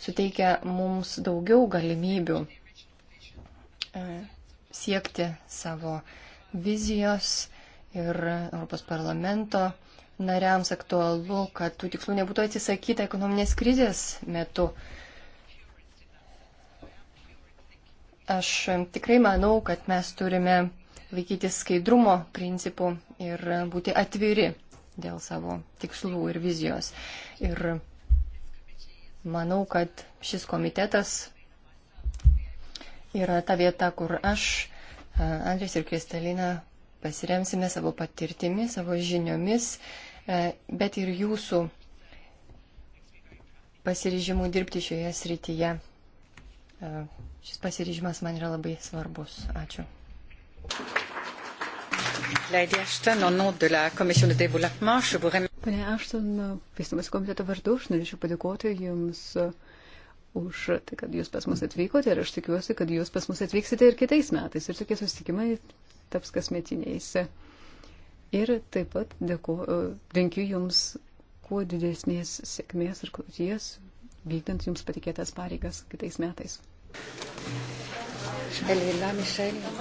suteikia mums daugiau galimybių e, siekti savo vizijos ir Europos parlamento nariams aktualu, kad tų tikslų nebūtų atsisakyta ekonominės krizės metu. Aš tikrai manau, kad mes turime laikytis skaidrumo principų ir būti atviri dėl savo tikslų ir vizijos. Ir manau, kad šis komitetas yra ta vieta, kur aš, Andris ir Kristalina, pasiremsime savo patirtimi, savo žiniomis, e, bet ir jūsų pasiryžimų dirbti šioje srityje. E, šis pasiryžimas man yra labai svarbus. Ačiū. Lady Ashton, au nom de la Commission de développement, je vous remercie. Pane Ashton, vystymas komiteto vardu, aš norėčiau padėkoti Jums e, už tai, kad Jūs pas mus atvykote ir aš tikiuosi, kad Jūs pas mus atvyksite ir kitais metais. Ir tokie susitikimai taps kasmetiniais. Ir taip pat dėku, e, linkiu Jums kuo didesnės sėkmės ir kloties vykdant Jums patikėtas pareigas kitais metais. Elvila Mišelė.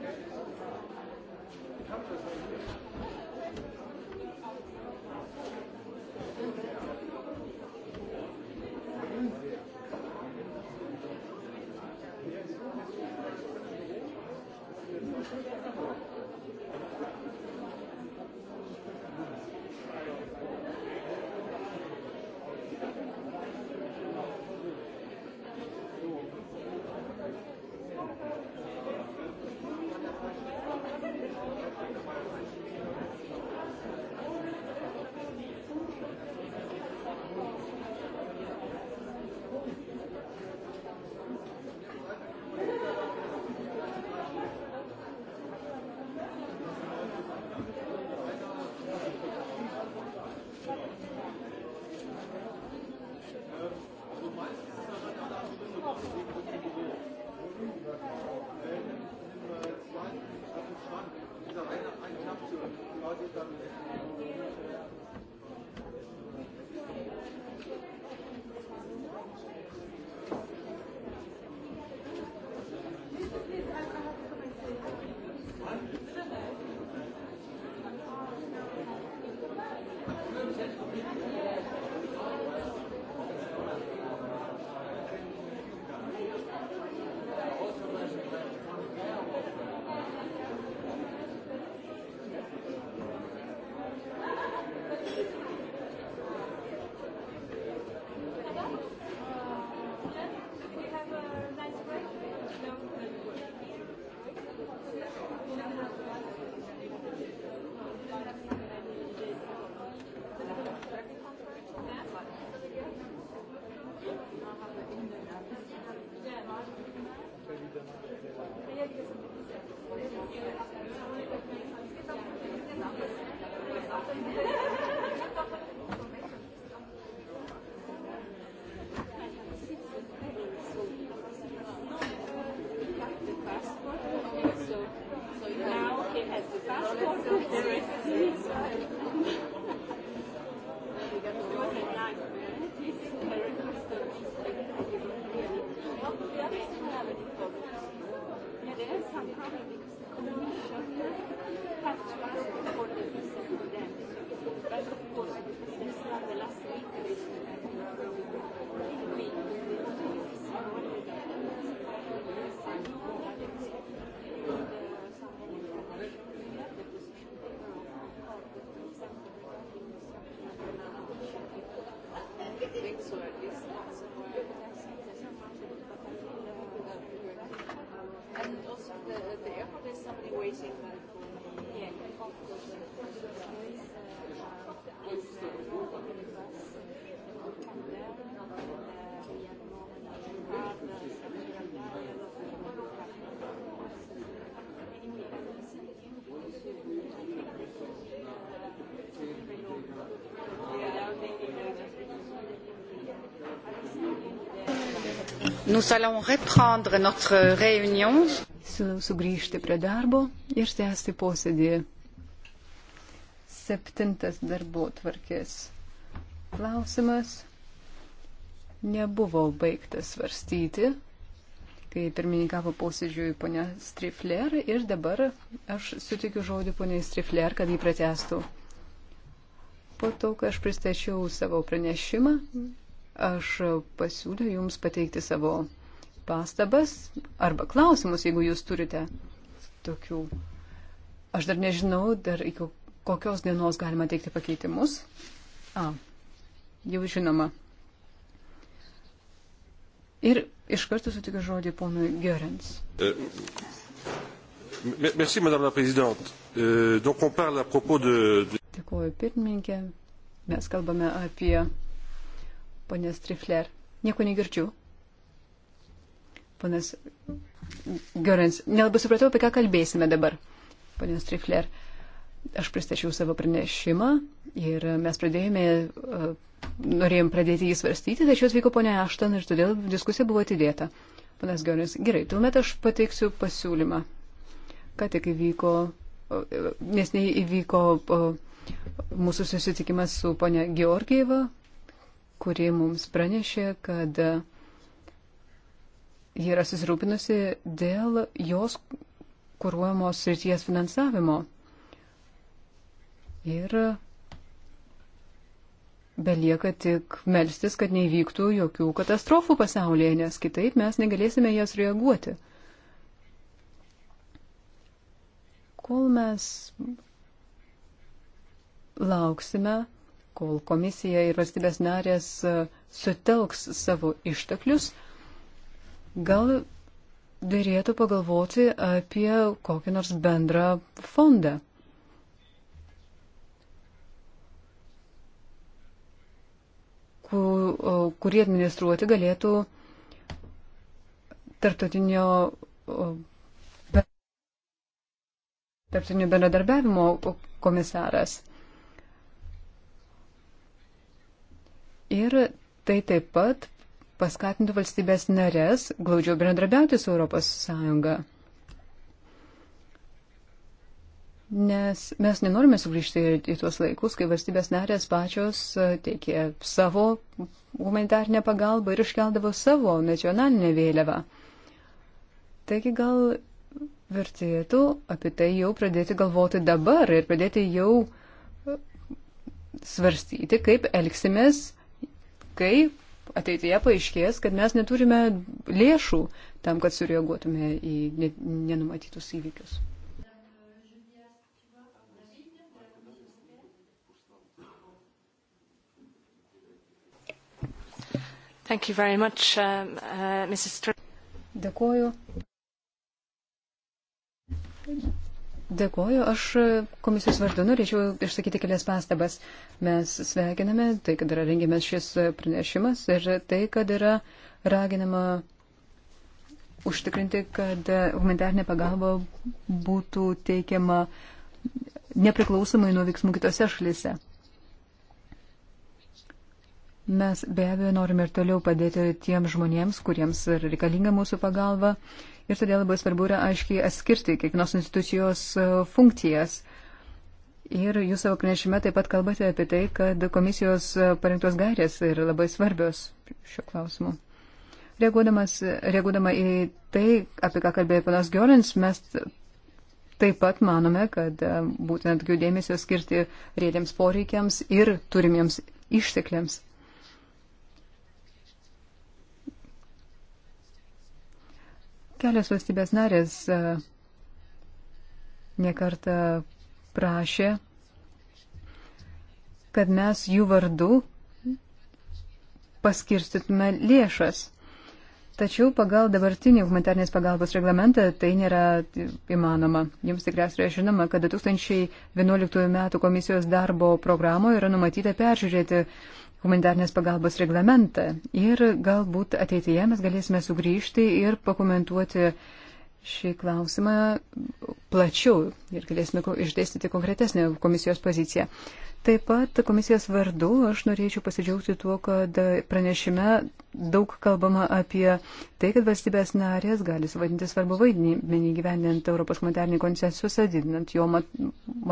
Thank you. Nous allons reprendre notre réunion. Siūlau sugrįžti prie darbo ir tęsti posėdį. Septintas darbo tvarkės klausimas nebuvo baigtas svarstyti, kai pirmininkavo posėdžiui ponia Strifler ir dabar aš sutikiu žodį ponia Strifler, kad jį pratestų. Po to, kai aš pristačiau savo pranešimą, aš pasiūliau jums pateikti savo pastabas arba klausimus, jeigu jūs turite tokių. Aš dar nežinau, dar iki kokios dienos galima teikti pakeitimus. A, jau žinoma, Ir iš karto sutikiu žodį ponui Gerens. Euh, merci, madame la présidente. Euh, donc on parle à propos de... Dėkuoju pirmininkė. Mes kalbame apie ponę Strifler. Nieko negirdžiu. Ponas Gerens, nelabai supratau, apie ką kalbėsime dabar. Ponė Strifler, aš pristačiau savo pranešimą ir mes pradėjome norėjom pradėti jį svarstyti, tačiau atvyko ponia Aštan ir todėl diskusija buvo atidėta. Panas Gionis, gerai, tuomet aš pateiksiu pasiūlymą. Ką tik įvyko, nes neįvyko mūsų susitikimas su ponia Georgieva, kuri mums pranešė, kad ji yra susirūpinusi dėl jos kūruojamos srities finansavimo. Ir Belieka tik melstis, kad nevyktų jokių katastrofų pasaulyje, nes kitaip mes negalėsime jas reaguoti. Kol mes lauksime, kol komisija ir valstybės narės e, sutelks savo išteklius, gal dėrėtų pagalvoti apie kokį nors bendrą fondą. kurį administruoti galėtų tarptautinio, tarptautinio bendradarbiavimo komisaras. Ir tai taip pat paskatintų valstybės narės glaudžiau bendradarbiauti su ES. Nes mes nenorime sugrįžti į tuos laikus, kai valstybės narės pačios e, teikė savo humanitarnę pagalbą ir iškeldavo savo nacionalinę vėliavą. Taigi gal vertėtų apie tai jau pradėti galvoti dabar ir pradėti jau e, svarstyti, kaip elgsimės, kai ateityje paaiškės, kad mes neturime lėšų tam, kad sureaguotume į nenumatytus įvykius. Thank you very much, um, uh, Mrs. Dėkuoju. Dėkuoju. Aš e, komisijos vardu norėčiau išsakyti kelias pastabas. Mes sveikiname tai, kad yra rengiamas šis e, pranešimas ir tai, kad yra raginama užtikrinti, kad e, humanitarnė pagalba būtų teikiama nepriklausomai nuo veiksmų kitose šalyse. Mes be abejo norime ir toliau padėti tiems žmonėms, kuriems reikalinga mūsų pagalba. Ir todėl labai svarbu yra aiškiai atskirti kiekvienos institucijos e, funkcijas. Ir jūs savo pranešime taip pat kalbate apie tai, kad komisijos e, parinktos gairės yra labai svarbios šiuo klausimu. Reaguodamas, reaguodama į tai, apie ką kalbėjo panas Giorins, mes Taip pat manome, kad e, būtent jų dėmesio skirti realiams poreikiams ir turimiems ištekliams. Kelios valstybės narės e, nekarta prašė, kad mes jų vardu paskirstytume lėšas. Tačiau pagal dabartinį humanitarnės pagalbos reglamentą tai nėra įmanoma. Jums tikriausiai yra žinoma, kad 2011 m. komisijos darbo programoje yra numatyta peržiūrėti humanitarnės pagalbos reglamentą. Ir galbūt ateityje mes galėsime sugrįžti ir pakomentuoti šį klausimą plačiau ir galėsime išdėstyti konkretesnę komisijos poziciją. Taip pat komisijos vardu aš norėčiau pasidžiaugti tuo, kad pranešime daug kalbama apie tai, kad valstybės narės gali suvadinti svarbu vaidmenį gyvenant Europos moderninį konsensusą, didinant jo mat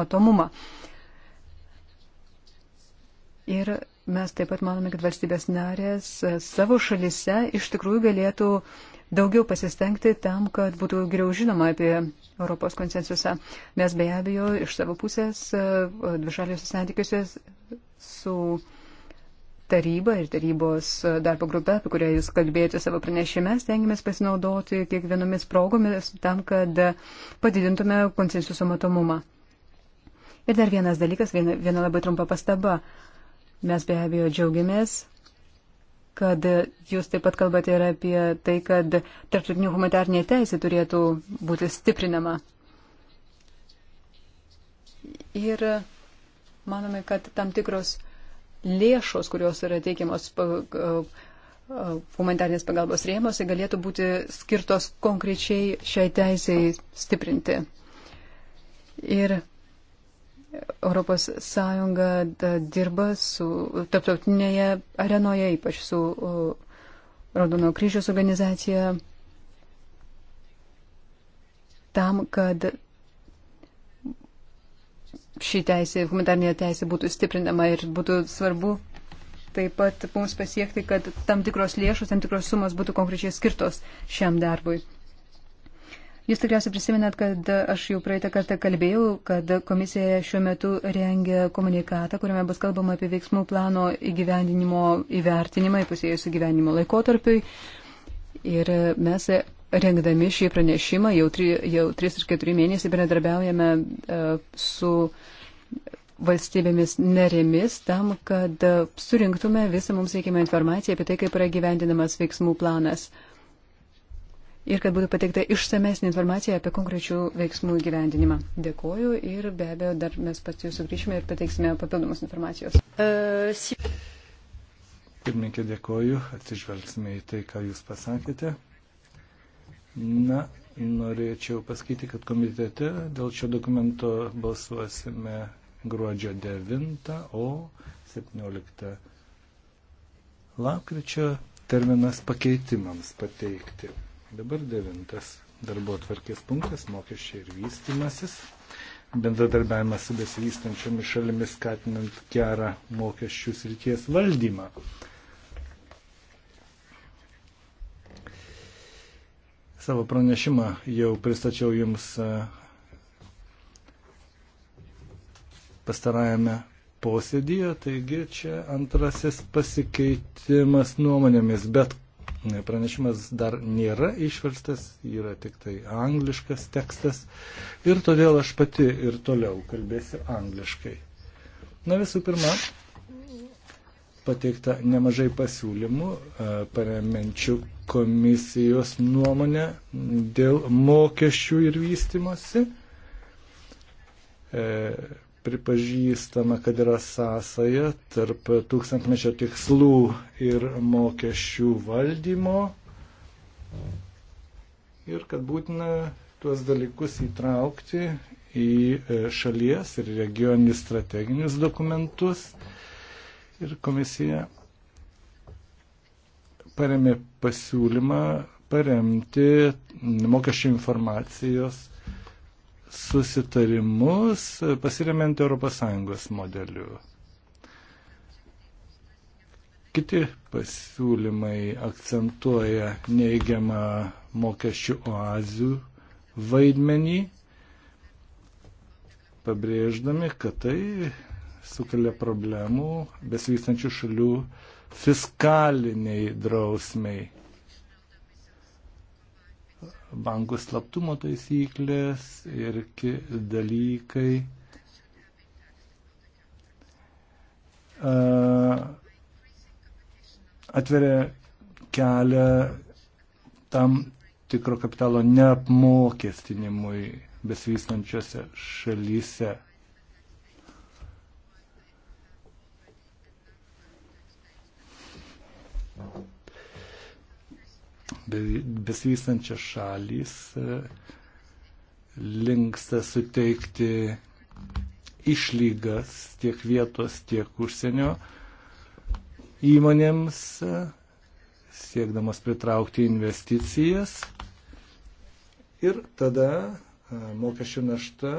matomumą. Ir Mes taip pat manome, kad valstybės narės e, savo šalise iš tikrųjų galėtų daugiau pasistengti tam, kad būtų geriau žinoma apie Europos konsensusą. Mes be abejo iš savo pusės e, dvišaliuose santykiuose su taryba ir tarybos e, darbo grupė, apie kurią jūs kalbėjote savo pranešime, stengiamės pasinaudoti kiekvienomis progomis tam, kad padidintume konsensuso matomumą. Ir dar vienas dalykas, viena, viena labai trumpa pastaba. Uh, Mes be abejo džiaugiamės, kad jūs taip pat kalbate ir apie tai, kad tarptautinių humanitarnė teisė turėtų būti stiprinama. Ir manome, kad tam tikros lėšos, kurios yra teikiamos humanitarnės pagalbos rėmose, galėtų būti skirtos konkrečiai šiai teisėjai stiprinti. Ir Europos Sąjunga e, dirba su taptautinėje arenoje, ypač su e, Raudono kryžiaus organizacija, tam, kad ši teisė, humanitarnė teisė būtų stiprinama ir būtų svarbu taip pat mums pasiekti, kad tam tikros lėšos, tam tikros sumos būtų konkrečiai skirtos šiam darbui. Jūs tikriausiai prisimenat, kad aš jau praeitą kartą kalbėjau, kad komisija šiuo metu rengia komunikatą, kuriame bus kalbama apie veiksmų plano įgyvendinimo įvertinimą įpusėjusio gyvenimo laikotarpiui. Ir mes rengdami šį pranešimą jau, tri, jau 3 ir 4 mėnesiai bendradarbiaujame e, su valstybėmis narėmis tam, kad surinktume visą mums reikiamą informaciją apie tai, kaip yra gyvendinamas veiksmų planas. Uh, ir kad būtų pateikta išsamesnė informacija apie konkrečių veiksmų įgyvendinimą. Dėkoju ir be abejo dar mes pats jūs sugrįšime ir pateiksime papildomos informacijos. Uh, Pirmininkė, dėkoju, atsižvelgsime į tai, ką jūs pasakėte. Na, norėčiau pasakyti, kad komitete dėl šio dokumento balsuosime gruodžio 9, o 17 lapkričio terminas pakeitimams pateikti. Dabar devintas darbo atvarkės punktas - mokesčiai ir vystimasis. Bendradarbiavimas su besivystančiomis šalimis skatinant gerą mokesčių srities valdymą. Savo pranešimą jau pristačiau Jums e, pastarajame posėdyje, taigi čia antrasis pasikeitimas nuomonėmis, bet Pranešimas dar nėra išverstas, yra tik tai angliškas tekstas ir todėl aš pati ir toliau kalbėsiu angliškai. Na visų pirma, pateikta nemažai pasiūlymų e, paremenčių komisijos nuomonę dėl mokesčių ir vystimosi. E, pripažįstama, kad yra sąsaja tarp tūkstantmečio tikslų ir mokesčių valdymo ir kad būtina tuos dalykus įtraukti į e, šalies ir regioninius strateginius dokumentus. Ir komisija paremė pasiūlymą paremti mokesčių informacijos susitarimus e, pasiremiant ES modeliu. Kiti pasiūlymai akcentuoja neigiamą mokesčių oazių vaidmenį, pabrėždami, kad tai sukelia problemų besivystančių šalių fiskaliniai drausmiai bankų slaptumo taisyklės ir dalykai. atveria kelią tam tikro kapitalo neapmokestinimui besivystančiose šalyse. Thank you besivystančios šalys e, linksta suteikti išlygas tiek vietos, tiek užsienio įmonėms, e, siekdamas pritraukti investicijas. Ir tada e, mokesčių našta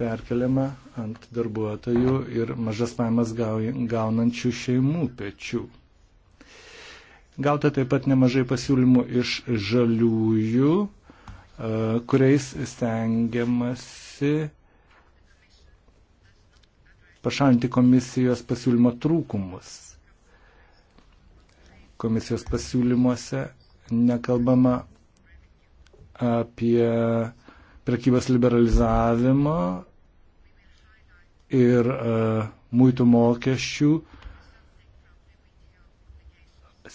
perkeliama ant darbuotojų ir mažas pajamas gaunančių šeimų pečių. Gauta taip pat nemažai pasiūlymų iš žaliųjų, e, kuriais stengiamasi pašalinti komisijos pasiūlymo trūkumus. Komisijos pasiūlymuose nekalbama apie prekybos liberalizavimo ir uh, muitų mokesčių uh,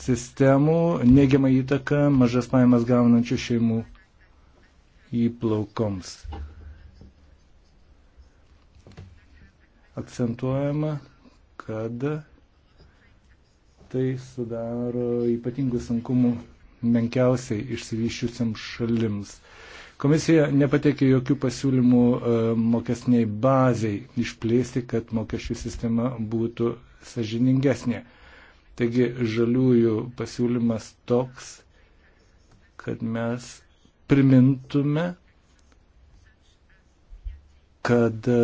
sistemų neigiamą įtaką mažas pajamas gaunančių šeimų įplaukoms. Akcentuojama, kad tai sudaro ypatingų sunkumų menkiausiai išsivyščiusiam šalims. Komisija nepateikė jokių pasiūlymų e, mokesniai baziai išplėsti, kad mokesčių sistema būtų sažiningesnė. Taigi žaliųjų pasiūlymas toks, kad mes primintume, kad e,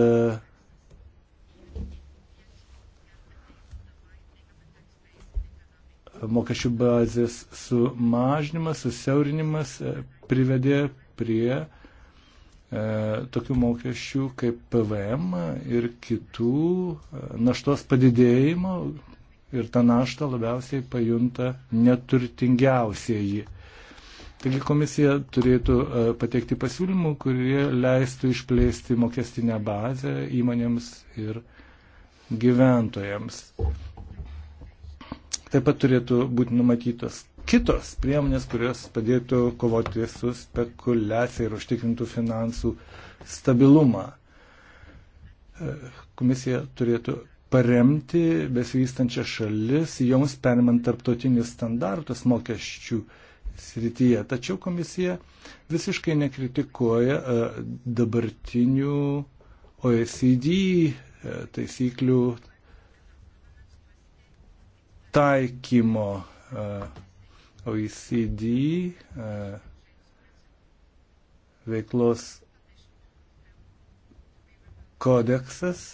mokesčių bazės sumažinimas, susiaurinimas e, privedė prie e, tokių mokesčių kaip PVM ir kitų e, naštos padidėjimo, ir tą naštą labiausiai pajunta neturtingiausieji. Taigi komisija turėtų e, pateikti pasiūlymų, kurie leistų išplėsti mokestinę bazę įmonėms ir gyventojams. Taip pat turėtų būti numatytos kitos priemonės, kurios padėtų kovoti su spekulacija ir užtikrintų finansų stabilumą. E, komisija turėtų paremti besivystančias šalis, joms perimant tarptautinius standartus mokesčių srityje. Tačiau komisija visiškai nekritikuoja e, dabartinių OECD e, taisyklių taikymo. E, OECD veiklos kodeksas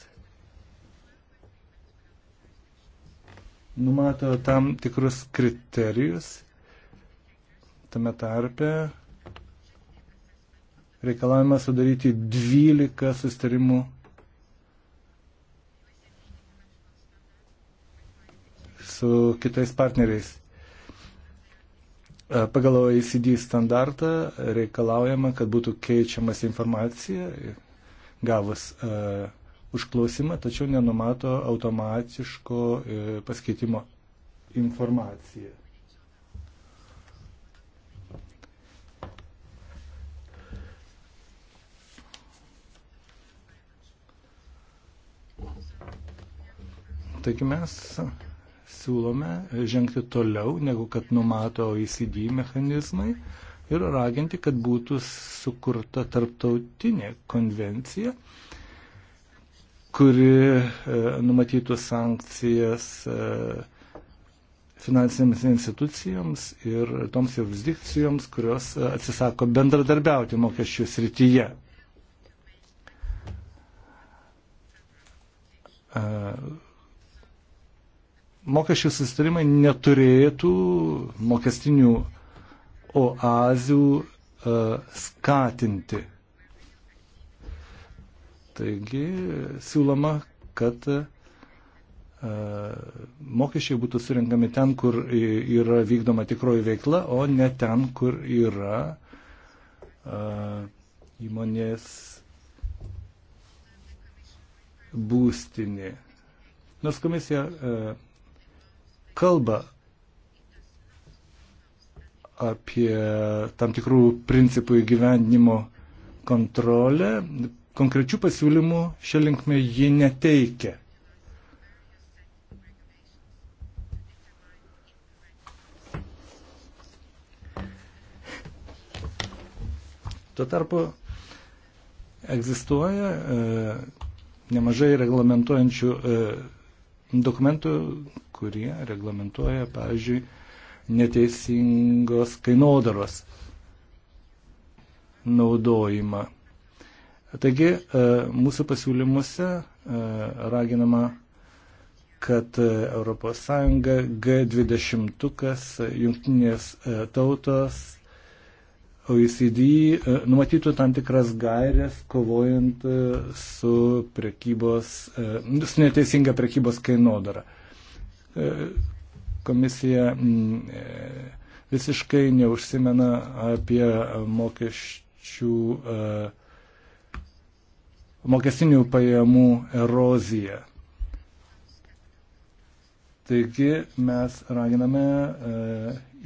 numato tam tikrus kriterijus, tame tarpe reikalavimą sudaryti 12 sustarimų su kitais partneriais. E, pagal OECD standartą reikalaujama, kad būtų keičiamas informacija gavus uh, užklausimą, tačiau nenumato automatiško e, paskeitimo informaciją. Taigi mes siūlome žengti toliau, negu kad numato OECD mechanizmai ir raginti, kad būtų sukurta tarptautinė konvencija, kuri e, numatytų sankcijas e, finansinėms institucijoms ir toms jurisdikcijoms, kurios e, atsisako bendradarbiauti mokesčių srityje. Mokesčių sustarimai neturėtų mokestinių oazių skatinti Taigi siūloma, kad e, mokesčiai būtų surinkami ten, kur yra vykdoma tikroji veikla, o ne ten, kur yra e, įmonės būstinė. Nors komisija e, kalba apie tam tikrų principų įgyvendinimo kontrolę, Konkrečių pasiūlymų šią linkmę ji neteikia. Tuo tarpu egzistuoja e, nemažai reglamentuojančių e, dokumentų, kurie reglamentuoja, pavyzdžiui, neteisingos kainodaros naudojimą. Taigi e, mūsų pasiūlymuose e, raginama, kad ES G20, jungtinės e, tautos, OECD numatytų tam tikras gairias kovojant su, prekybos, su neteisinga prekybos kainodara. Komisija mm, visiškai neužsimena apie mokesčių mokestinių pajamų erozija. Taigi mes raginame e,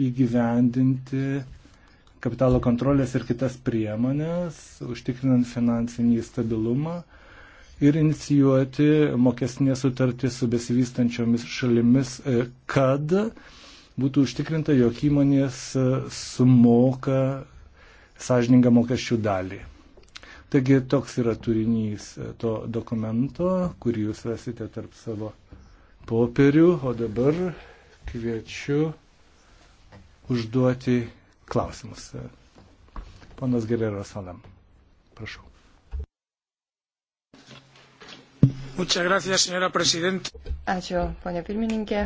įgyvendinti kapitalo kontrolės ir kitas priemonės, užtikrinant finansinį stabilumą ir inicijuoti mokestinę sutartį su besivystančiomis šalimis, e, kad būtų užtikrinta, jog įmonės e, sumoka sąžiningą mokesčių dalį. Taigi toks yra turinys to dokumento, kurį jūs rasite tarp savo popierių, o dabar kviečiu užduoti klausimus. Ponas Gerero Salam, prašau. Gracias, Ačiū, ponia pirmininkė.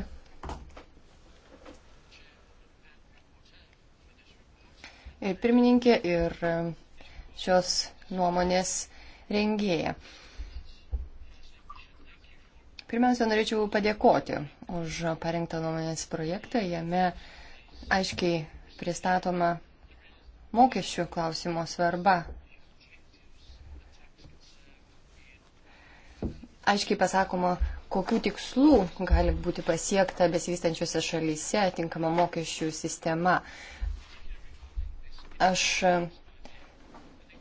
Ir pirmininkė ir šios nuomonės rengėja. Pirmiausia, norėčiau padėkoti už parengtą nuomonės projektą. Jame aiškiai pristatoma mokesčių klausimo svarba. Aiškiai pasakoma, kokių tikslų gali būti pasiekta besivystančiose šalyse tinkama mokesčių sistema. Aš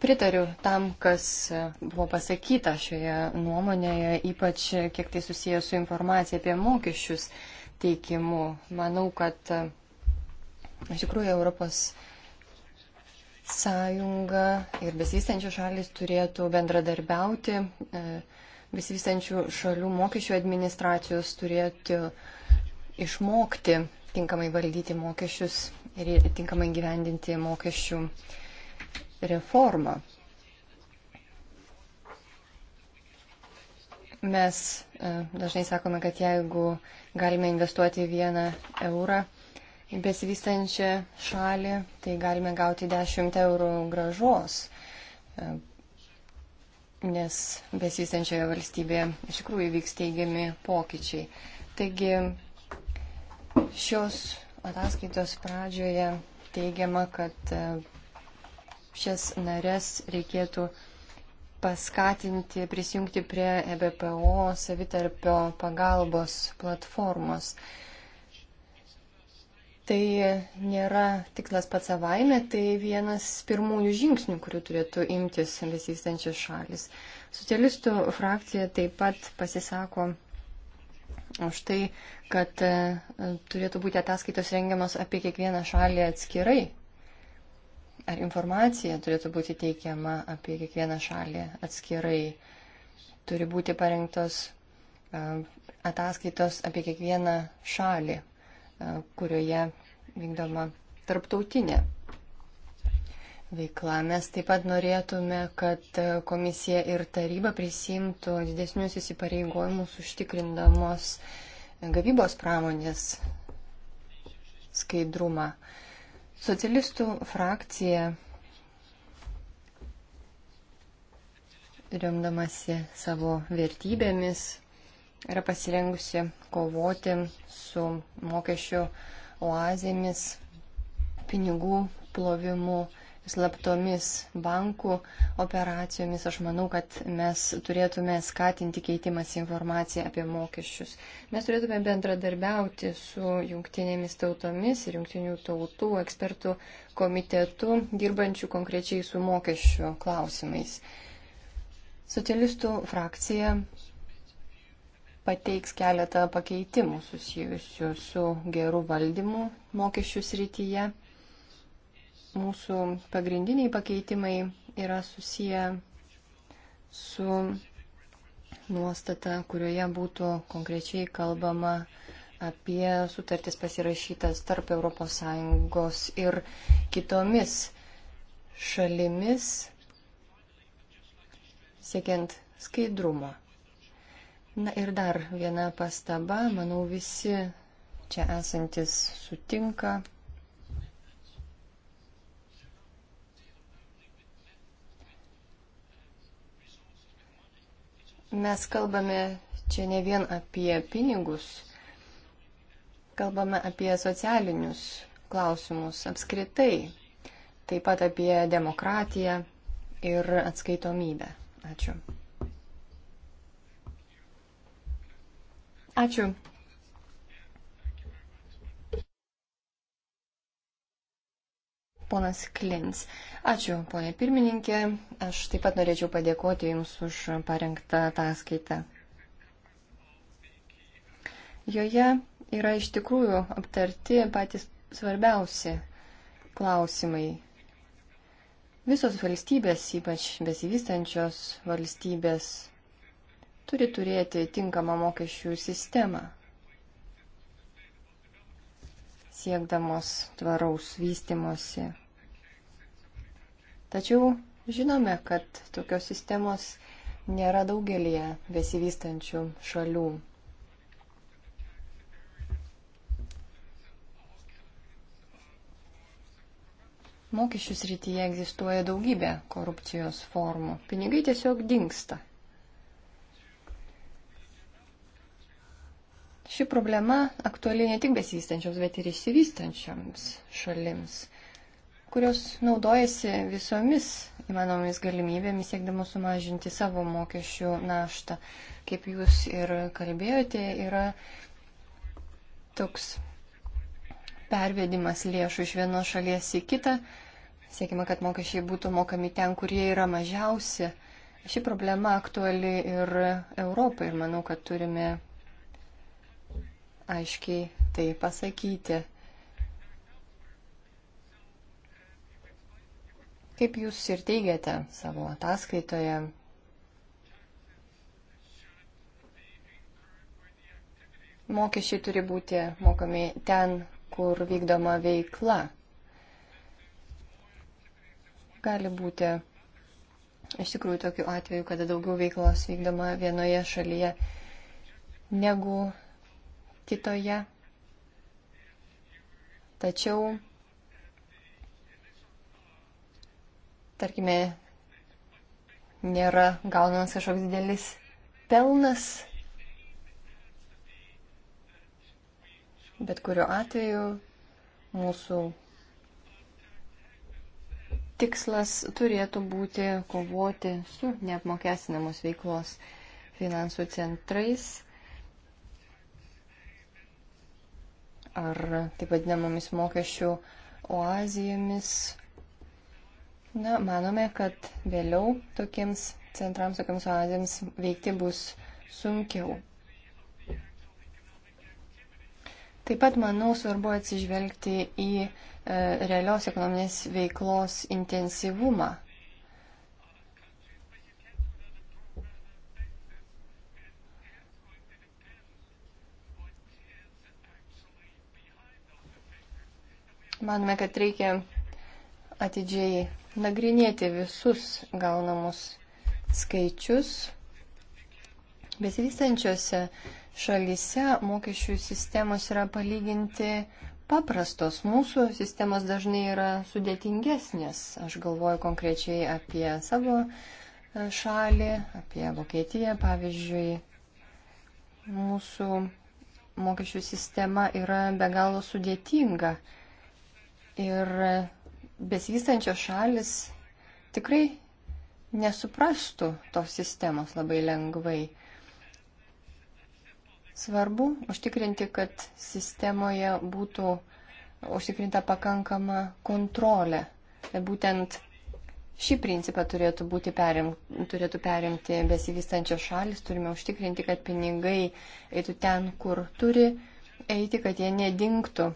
pritariu tam, kas buvo pasakyta šioje nuomonėje, ypač kiek tai susijęs su informacija apie mokesčius teikimu. Manau, kad iš tikrųjų Europos sąjunga ir besivystančių šalis turėtų bendradarbiauti, e, besivystančių šalių mokesčių administracijos turėtų išmokti tinkamai valdyti mokesčius ir tinkamai gyvendinti mokesčių uh, reformą. Mes e, dažnai sakome, kad jeigu galime investuoti vieną eurą į besivystančią šalį, tai galime gauti 10 eurų gražos, e, nes besivystančioje valstybėje iš tikrųjų vyks teigiami pokyčiai. Taigi šios ataskaitos pradžioje teigiama, kad e, šias nares reikėtų paskatinti prisijungti prie EBPO savitarpio pagalbos platformos. Tai nėra tiklas pats savaime, tai vienas pirmųjų žingsnių, kurių turėtų imtis besivystančios šalis. Socialistų frakcija taip pat pasisako už tai, kad e, turėtų būti ataskaitos rengiamas apie kiekvieną šalį atskirai, ar informacija turėtų būti teikiama apie kiekvieną šalį atskirai. Turi būti parengtos ataskaitos apie kiekvieną šalį, kurioje vykdoma tarptautinė veikla. Mes taip pat norėtume, kad komisija ir taryba prisimtų didesnius įsipareigojimus užtikrindamos gavybos pramonės skaidrumą. Socialistų frakcija, remdamasi savo vertybėmis, yra pasirengusi kovoti su mokesčių oazėmis, pinigų plovimu, slaptomis bankų operacijomis, aš manau, kad mes turėtume skatinti keitimas informaciją apie mokesčius. Mes turėtume bendradarbiauti su jungtinėmis tautomis ir jungtinių tautų ekspertų komitetu, dirbančių konkrečiai su mokesčių klausimais. Socialistų frakcija pateiks keletą pakeitimų susijusių su geru valdymu mokesčių srityje mūsų pagrindiniai pakeitimai yra susiję su nuostata, kurioje būtų konkrečiai kalbama apie sutartis pasirašytas tarp ES ir kitomis šalimis, siekiant skaidrumo. Na ir dar viena pastaba, manau visi čia esantis sutinka Mes kalbame čia ne vien apie pinigus, kalbame apie socialinius klausimus apskritai, taip pat apie demokratiją ir atskaitomybę. Ačiū. Ačiū Ponas Klins. Ačiū, ponė pirmininkė. Aš taip pat norėčiau padėkoti Jums už parengtą ataskaitą. Joje yra iš tikrųjų aptarti patys svarbiausi klausimai. Visos valstybės, ypač besivystančios valstybės, turi turėti tinkamą mokesčių sistemą. siekdamos tvaraus vystimosi. Tačiau žinome, kad tokios sistemos nėra daugelie besivystančių šalių. Mokesčių srityje egzistuoja daugybė korupcijos formų. Pinigai tiesiog dinksta Ši problema aktuali ne tik besivystančioms, bet ir išsivystančioms šalims, kurios naudojasi visomis įmanomis galimybėmis siekdamos sumažinti savo mokesčių naštą. Kaip jūs ir kalbėjote, yra toks pervedimas lėšų iš vienos šalies į kitą. Siekime, kad mokesčiai būtų mokami ten, kur jie yra mažiausi. Ši problema aktuali ir Europai ir manau, kad turime aiškiai tai pasakyti. Kaip jūs ir teigiate savo ataskaitoje, mokesčiai turi būti mokami ten, kur vykdoma veikla. Gali būti iš tikrųjų tokių atvejų, kada daugiau veiklos vykdoma vienoje šalyje negu kitoje. Tačiau, tarkime, nėra gaunamas kažkoks didelis pelnas. Bet kuriuo atveju mūsų tikslas turėtų būti kovoti su neapmokestinamos veiklos finansų centrais ar taip vadinamomis mokesčių oazijomis. Na, manome, kad vėliau tokiems centrams, tokiams oazijams veikti bus sunkiau. Taip pat, manau, svarbu atsižvelgti į e, realios ekonominės veiklos intensyvumą. Manome, kad reikia atidžiai nagrinėti visus gaunamus skaičius. Besivystančiose šalyse mokesčių sistemos yra palyginti paprastos. Mūsų sistemos dažnai yra sudėtingesnės. Aš galvoju konkrečiai apie savo e, šalį, apie Vokietiją, pavyzdžiui. Mūsų mokesčių sistema yra be galo sudėtinga. Ir besivystančios šalis tikrai nesuprastų tos sistemos labai lengvai. Svarbu užtikrinti, kad sistemoje būtų užtikrinta pakankama kontrolė. Būtent šį principą turėtų, perim, turėtų perimti besivystančios šalis. Turime užtikrinti, kad pinigai eitų ten, kur turi eiti, kad jie nedingtų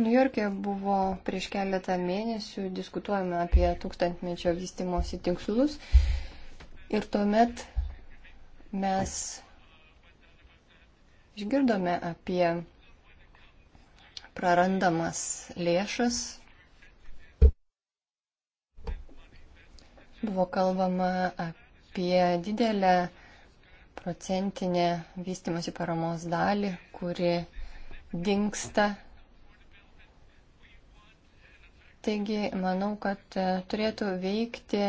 Niujorke buvo prieš keletą mėnesių diskutuojama apie tūkstantmečio vystimosi tikslus ir tuomet mes išgirdome apie prarandamas lėšas. Buvo kalbama apie didelę procentinę vystimosi paramos dalį, kuri dinksta Taigi, manau, kad e, turėtų veikti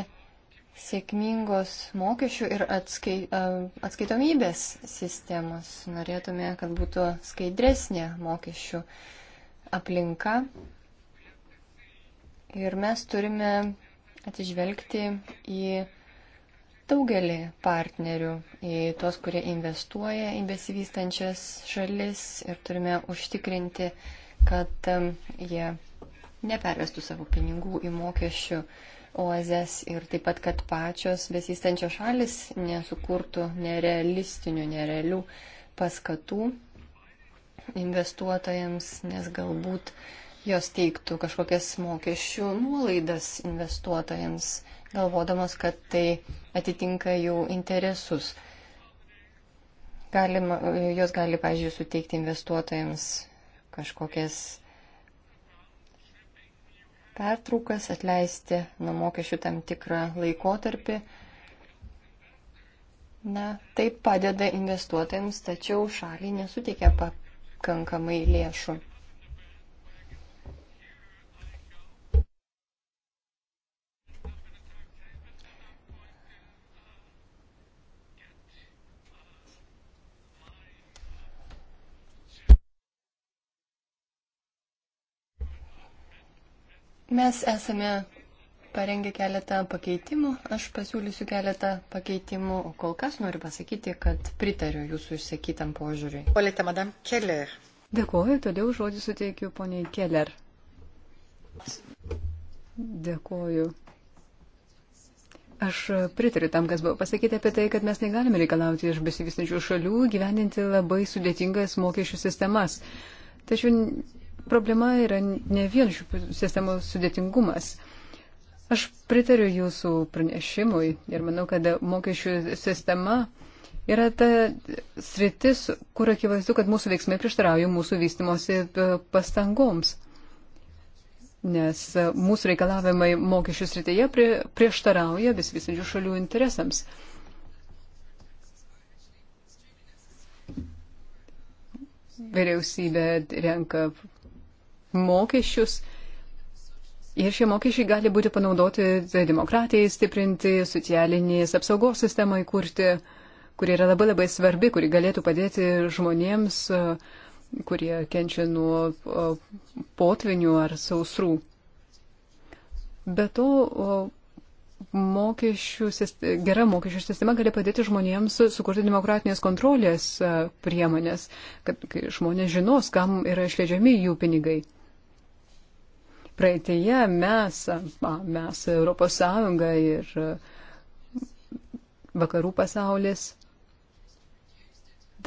sėkmingos mokesčių ir atskai, e, atskaitomybės sistemos. Norėtume, kad būtų skaidresnė mokesčių aplinka. Ir mes turime atsižvelgti į daugelį partnerių, į tuos, kurie investuoja į besivystančias šalis ir turime užtikrinti, kad e, jie nepervestų savo pinigų į mokesčių oazes ir taip pat, kad pačios besistančios šalis nesukurtų nerealistinių, nerealių paskatų investuotojams, nes galbūt jos teiktų kažkokias mokesčių nuolaidas investuotojams, galvodamos, kad tai atitinka jų interesus. Galima, jos gali, pažiūrėjau, suteikti investuotojams kažkokias pertraukas, atleisti nuo mokesčių tam tikrą laikotarpį. Na, tai padeda investuotojams, tačiau šaliai nesuteikia pakankamai lėšų. Mes esame parengė keletą pakeitimų, aš pasiūlysiu keletą pakeitimų, o kol kas noriu pasakyti, kad pritariu jūsų išsakytam požiūriui. Polite, madam Keller. Dėkuoju, todėl žodį suteikiu poniai Keller. Dėkuoju. Aš pritariu tam, kas buvo pasakyti apie tai, kad mes negalime reikalauti iš besivystančių šalių gyveninti labai sudėtingas mokesčių sistemas. Tačiau problema yra ne vien šių sistemų sudėtingumas. Aš pritariu jūsų pranešimui ir manau, kad mokesčių sistema yra ta sritis, kur akivaizdu, kad mūsų veiksmai prieštarauja mūsų vystimosi e, pastangoms. Nes e, mūsų reikalavimai mokesčių srityje prie, prieštarauja besivystančių šalių interesams. Vyriausybė renka mokesčius. Ir šie mokesčiai gali būti panaudoti demokratijai stiprinti, socialinės apsaugos sistemai kurti, kuri yra labai labai svarbi, kuri galėtų padėti žmonėms, kurie kenčia nuo potvinių ar sausrų. Be to, mokesčių, gera mokesčių sistema gali padėti žmonėms sukurti demokratinės kontrolės priemonės, kad žmonės žinos, kam yra išleidžiami jų pinigai praeitėje mes, mes Europos Sąjunga ir e, vakarų pasaulis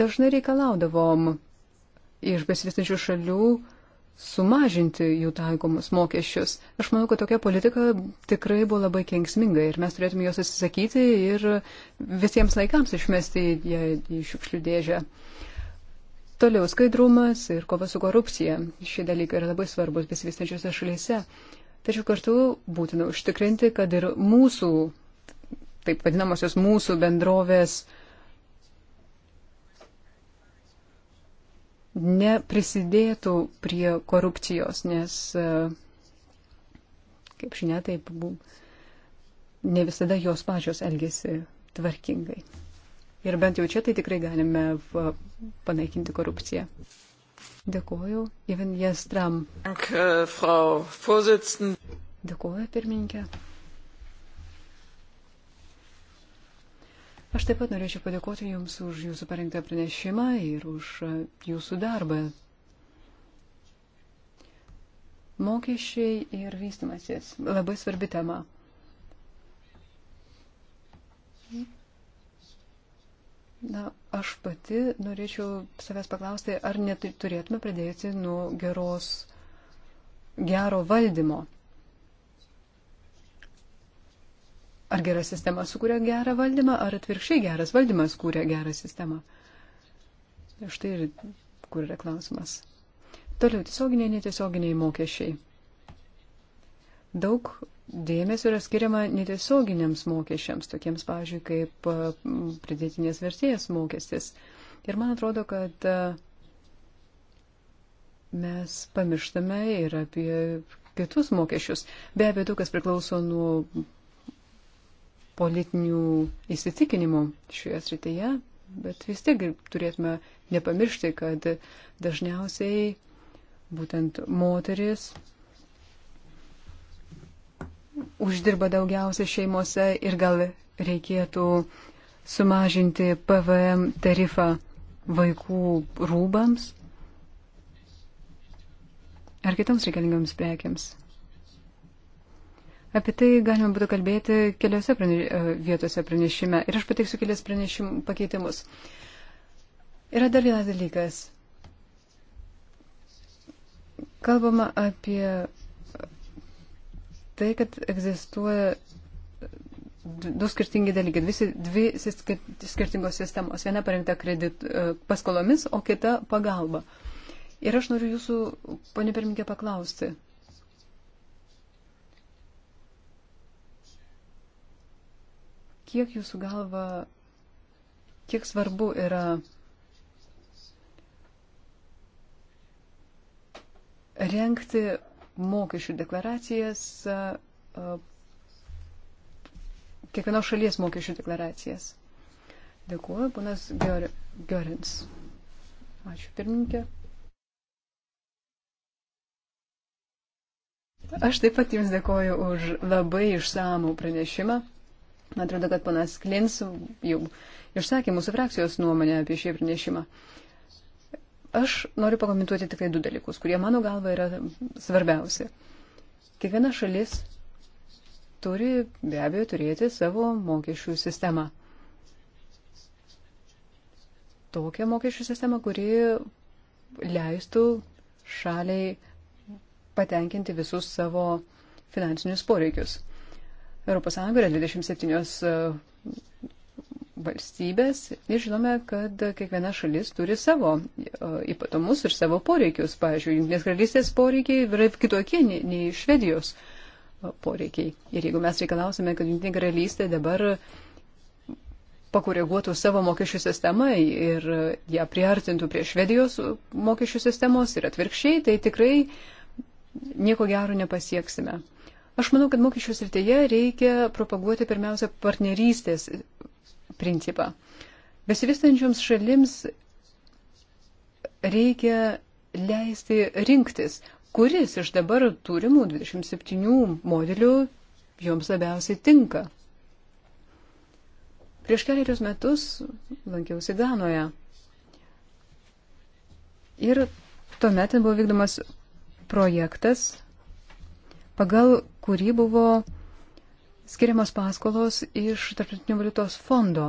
dažnai reikalaudavom iš besivystančių šalių sumažinti jų taikomus mokesčius. Aš manau, kad tokia politika tikrai buvo labai kengsminga ir mes turėtume jos atsisakyti ir visiems laikams išmesti ją į šiukšlių dėžę. Uh, Toliau skaidrumas ir kova su korupcija. Šie dalykai yra labai svarbus besivystančiose šalyse. Tačiau kartu būtina užtikrinti, kad ir mūsų, taip vadinamosios mūsų bendrovės, neprisidėtų prie korupcijos, nes, e, kaip žinia, taip ne visada jos pačios elgesi tvarkingai. Ir bent jau čia tai tikrai galime panaikinti korupciją. Dėkuoju, Ivan Jastram. Äh, Dėkuoju, pirmininkė. Aš taip pat norėčiau padėkoti Jums už Jūsų parengtą pranešimą ir už e, Jūsų darbą. Mokesčiai ir vystimasis. Labai svarbi tema. Na, aš pati norėčiau savęs paklausti, ar neturėtume pradėti nuo geros, gero valdymo. Ar gera sistema sukuria gerą valdymą, ar atvirkščiai geras valdymas kūrė gerą sistemą? Štai ir kur yra klausimas. Toliau tiesioginiai, netiesioginiai mokesčiai. Daug dėmesio yra skiriama netiesioginiams mokesčiams, tokiems, pavyzdžiui, kaip pridėtinės vertėjas mokestis. Ir man atrodo, kad mes pamirštame ir apie kitus mokesčius. Be abejo, daug kas priklauso nuo politinių įsitikinimų šioje srityje, bet vis tiek turėtume nepamiršti, kad dažniausiai būtent moteris uždirba daugiausia šeimose ir gal reikėtų sumažinti PVM tarifą vaikų rūbams ar kitoms reikalingoms prekiams. Apie tai galima būtų kalbėti keliose prane, e, vietose pranešime ir aš pateiksiu kelias pranešimų pakeitimus. Yra dar vienas dalykas. Kalbama apie tai, kad egzistuoja du skirtingi dalykai, visi dvi skirtingos sistemos. Viena parengta kredit e, paskolomis, o kita pagalba. Ir aš noriu jūsų, ponė pirmininkė, paklausti. Kiek jūsų galva, kiek svarbu yra renkti mokesčių deklaracijas, kiekvienos šalies mokesčių deklaracijas. Dėkuoju, ponas Görins. Ačiū, pirmininkė. Aš taip pat Jums dėkoju už labai išsamų pranešimą. Man atrodo, kad panas Klins jau išsakė mūsų frakcijos nuomonę apie šį pranešimą. Uh, Aš noriu pakomentuoti tikrai du dalykus, kurie mano galva yra svarbiausi. Kiekviena šalis turi be abejo turėti savo mokesčių sistemą. Tokią mokesčių sistemą, kuri leistų šaliai patenkinti visus savo finansinius poreikius. ES yra 27 valstybės ir žinome, kad kiekviena šalis turi savo e, ypatumus ir savo poreikius. Pavyzdžiui, Junktinės karalystės poreikiai yra kitokie nei, nei Švedijos e, poreikiai. Ir jeigu mes reikalausime, kad Junktinė karalystė dabar pakoreguotų savo mokesčių sistemą ir ją priartintų prie Švedijos mokesčių sistemos ir atvirkščiai, tai tikrai nieko gero nepasieksime. Aš manau, kad mokesčių srityje reikia propaguoti pirmiausia partnerystės principą. Besivystančioms šalims reikia leisti rinktis, kuris iš dabar turimų 27 modelių joms labiausiai tinka. Prieš keliarius metus lankiausi Ganoje. Ir tuomet ten buvo vykdomas projektas, pagal kurį buvo skiriamas paskolos iš Tarptautinio valiutos fondo.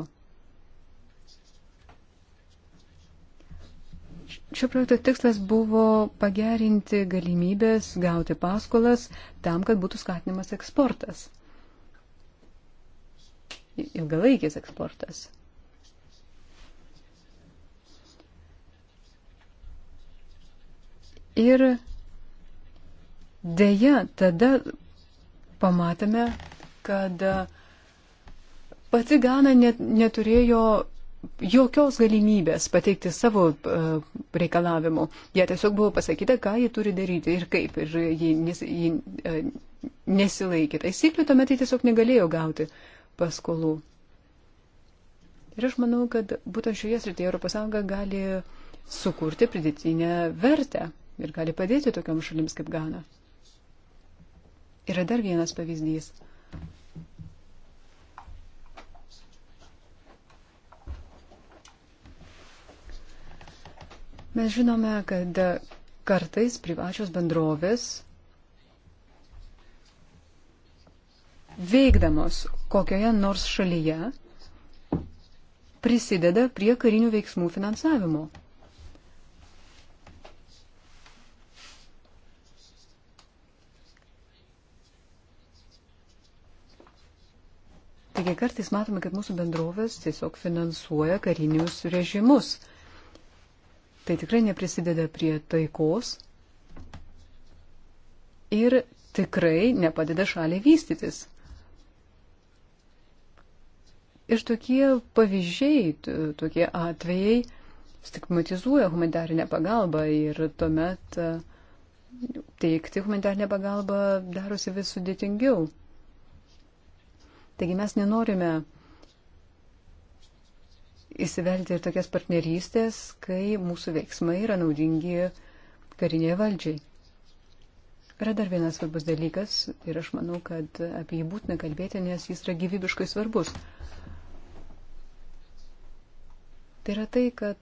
Šio projekto tikslas buvo pagerinti galimybės gauti paskolas tam, kad būtų skatinamas eksportas. Ilgalaikis eksportas. Ir dėja tada pamatėme, kad e, pati Gana net, neturėjo jokios galimybės pateikti savo uh, reikalavimų. Jie tiesiog buvo pasakyta, ką jie turi daryti ir kaip. Ir jie, nes, jie uh, nesilaikė taisyklių, tuomet jie tiesiog negalėjo gauti paskolų. Ir aš manau, kad būtent šioje srityje ES gali sukurti pridėtinę vertę ir gali padėti tokiam šalims kaip Gana. Yra dar vienas pavyzdys. Mes žinome, kad kartais privačios bendrovės veikdamos kokioje nors šalyje prisideda prie karinių veiksmų finansavimo. Taigi kartais matome, kad mūsų bendrovės tiesiog finansuoja karinius režimus. Tai tikrai neprisideda prie taikos ir tikrai nepadeda šaliai vystytis. Ir tokie pavyzdžiai, tokie atvejai stigmatizuoja humanitarinę pagalbą ir tuomet e, teikti humanitarinę pagalbą darosi vis sudėtingiau. Taigi mes nenorime įsivelti ir tokias partnerystės, kai mūsų veiksmai yra naudingi karinėje valdžiai. Yra dar vienas svarbus dalykas ir aš manau, kad apie jį būtina kalbėti, nes jis yra gyvybiškai svarbus. Tai yra tai, kad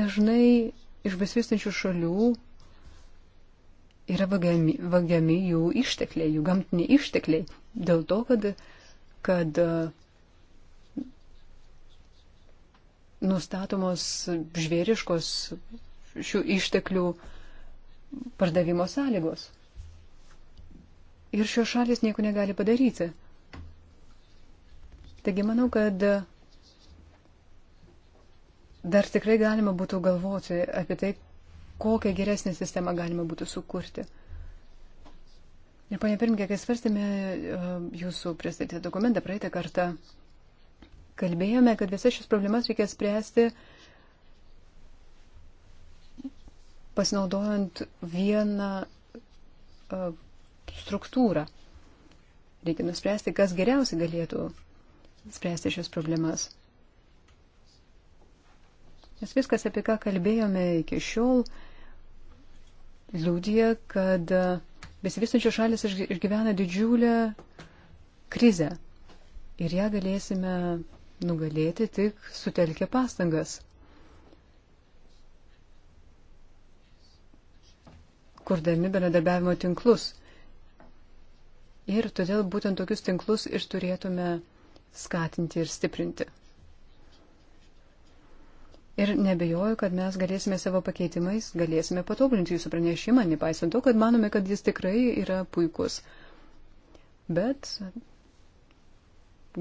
dažnai iš besivystančių šalių yra vagiami, vagiami jų ištekliai, jų gamtiniai ištekliai, dėl to, kad, kad e, nustatomos žvėriškos šių išteklių pardavimo sąlygos. Ir šios šalis nieko negali padaryti. Taigi manau, kad e, dar tikrai galima būtų galvoti apie tai, kokią geresnę sistemą galima būtų sukurti. Ir, panė pirmininkė, kai svarstėme e, jūsų pristatytą dokumentą praeitą kartą, kalbėjome, kad visas šis problemas reikia spręsti pasinaudojant vieną e, struktūrą. Reikia nuspręsti, kas geriausiai galėtų spręsti šias problemas. Nes viskas, apie ką kalbėjome iki šiol, liūdė, kad e, besivystančios šalis išgyvena didžiulę krizę. Ir ją galėsime nugalėti tik sutelkę pastangas. Kurdami bendradarbiavimo tinklus. Ir todėl būtent tokius tinklus ir turėtume skatinti ir stiprinti. Ir nebejoju, kad mes galėsime savo pakeitimais, galėsime patobulinti jūsų pranešimą, nepaisant to, kad manome, kad jis tikrai yra puikus. Bet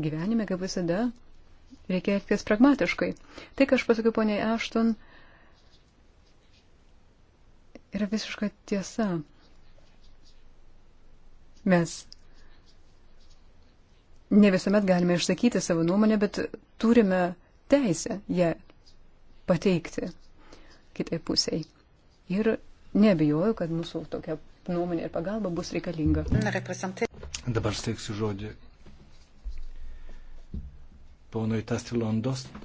gyvenime, kaip visada, reikia elgtis pragmatiškai. Tai, ką aš pasakiau poniai Ashton, yra visiška tiesa. Mes ne visuomet galime išsakyti savo nuomonę, bet turime teisę ją pateikti kitai pusiai. Ir nebejoju, kad mūsų tokia nuomonė ir pagalba bus reikalinga. Dabar steiksiu žodį ponui Tastilu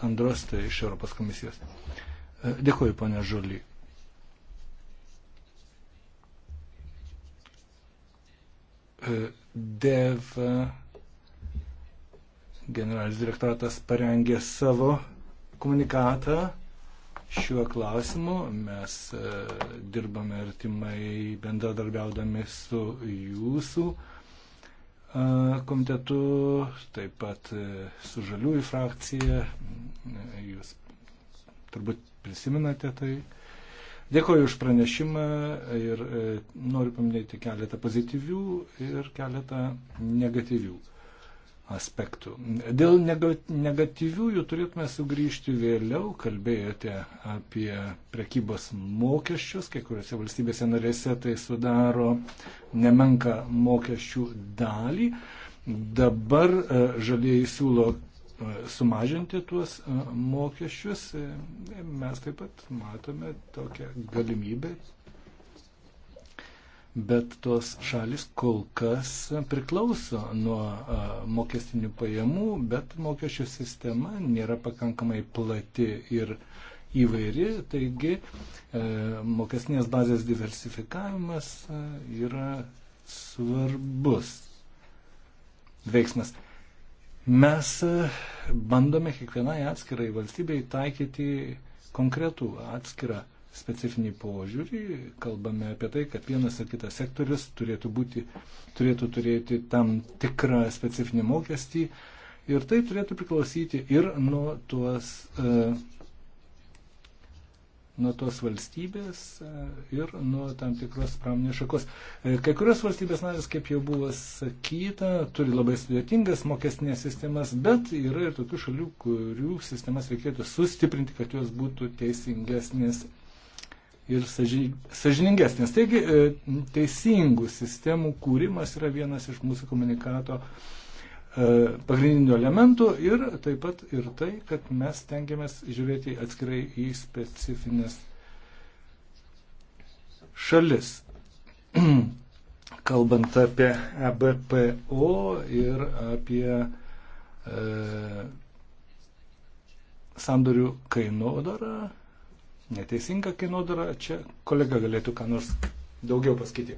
Androstui iš Europos komisijos. E, dėkuoju, ponė Žolį. E, DEV generalinis direktoratas parengė savo komunikatą šiuo klausimu. Mes e, dirbame artimai bendradarbiaudami su jūsų e, komitetu, taip pat e, su žaliųjų frakcija. Jūs turbūt prisiminate tai. Dėkoju už pranešimą ir noriu paminėti keletą pozityvių ir keletą negatyvių aspektų. Dėl negatyviųjų turėtume sugrįžti vėliau, kalbėjote apie prekybos mokesčius, kai kuriuose valstybėse narėse tai sudaro nemenka mokesčių dalį. Dabar e, žalieji siūlo e, sumažinti tuos e, mokesčius. Mes taip pat matome tokią galimybę bet tos šalis kol kas priklauso nuo mokestinių pajamų, bet mokesčių sistema nėra pakankamai plati ir įvairi, taigi e, mokestinės bazės diversifikavimas yra svarbus veiksmas. Mes bandome kiekvienai atskirai valstybei taikyti konkretų atskirą specifinį požiūrį, kalbame apie tai, kad vienas ar kitas sektorius turėtų, būti, turėtų turėti tam tikrą specifinį mokestį ir tai turėtų priklausyti ir nuo tuos, e, nuo tuos valstybės e, ir nuo tam tikros pramonės šakos. E, kai kurios valstybės narės, kaip jau buvo sakyta, turi labai sudėtingas mokestinės sistemas, bet yra ir tokių šalių, kurių sistemas reikėtų sustiprinti, kad jos būtų teisingesnės ir sažiningesnės. Taigi e, teisingų sistemų kūrimas yra vienas iš mūsų komunikato e, pagrindinių elementų ir taip pat ir tai, kad mes tengiamės žiūrėti atskirai į specifines šalis. Kalbant apie EBPO ir apie e, sandorių kainodarą, neteisinga kainodara. Čia kolega galėtų ką nors daugiau pasakyti.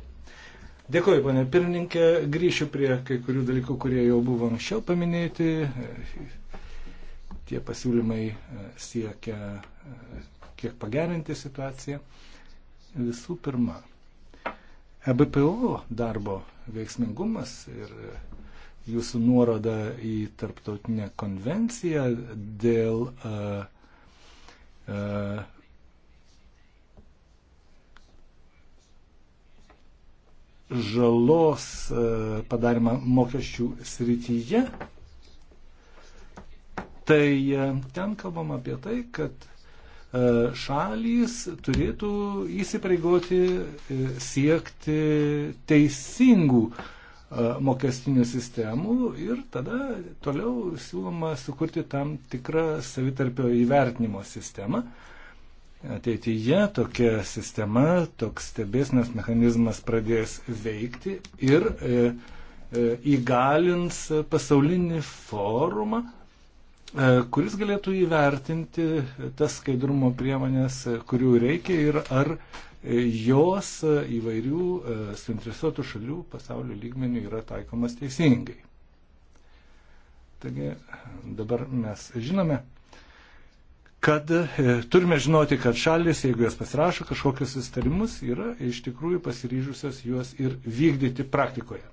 Dėkuoju, ponė pirmininkė. Grįšiu prie kai kurių dalykų, kurie jau buvo anksčiau paminėti. Tie pasiūlymai e, siekia e, kiek pagerinti situaciją. Visų pirma, EBPO darbo veiksmingumas ir e, jūsų nuoroda į tarptautinę konvenciją dėl uh, uh, žalos e, padarimą mokesčių srityje, tai e, ten kalbam apie tai, kad e, šalys turėtų įsipareigoti siekti teisingų mokestinių sistemų ir tada toliau siūloma sukurti tam tikrą savitarpio įvertinimo sistemą, ateityje tokia sistema, toks stebėsnas mechanizmas pradės veikti ir e, e, įgalins pasaulinį forumą, e, kuris galėtų įvertinti tas skaidrumo priemonės, kurių reikia ir ar e, jos įvairių e, suinteresuotų šalių pasaulio lygmenių yra taikomas teisingai. Taigi dabar mes žinome, kad e, turime žinoti, kad šalis, jeigu jos pasirašo kažkokius sustarimus, yra iš tikrųjų pasiryžusios juos ir vykdyti praktikoje.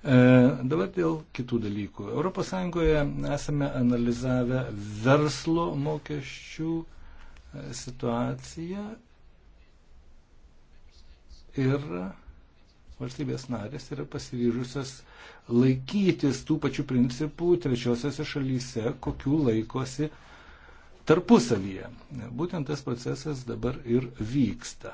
E, dabar dėl kitų dalykų. ES esame analizavę verslo mokesčių e, situaciją ir valstybės narės yra pasiryžusios laikytis tų pačių principų trečiosiose šalyse, kokių laikosi tarpusavyje. Būtent tas procesas dabar ir vyksta.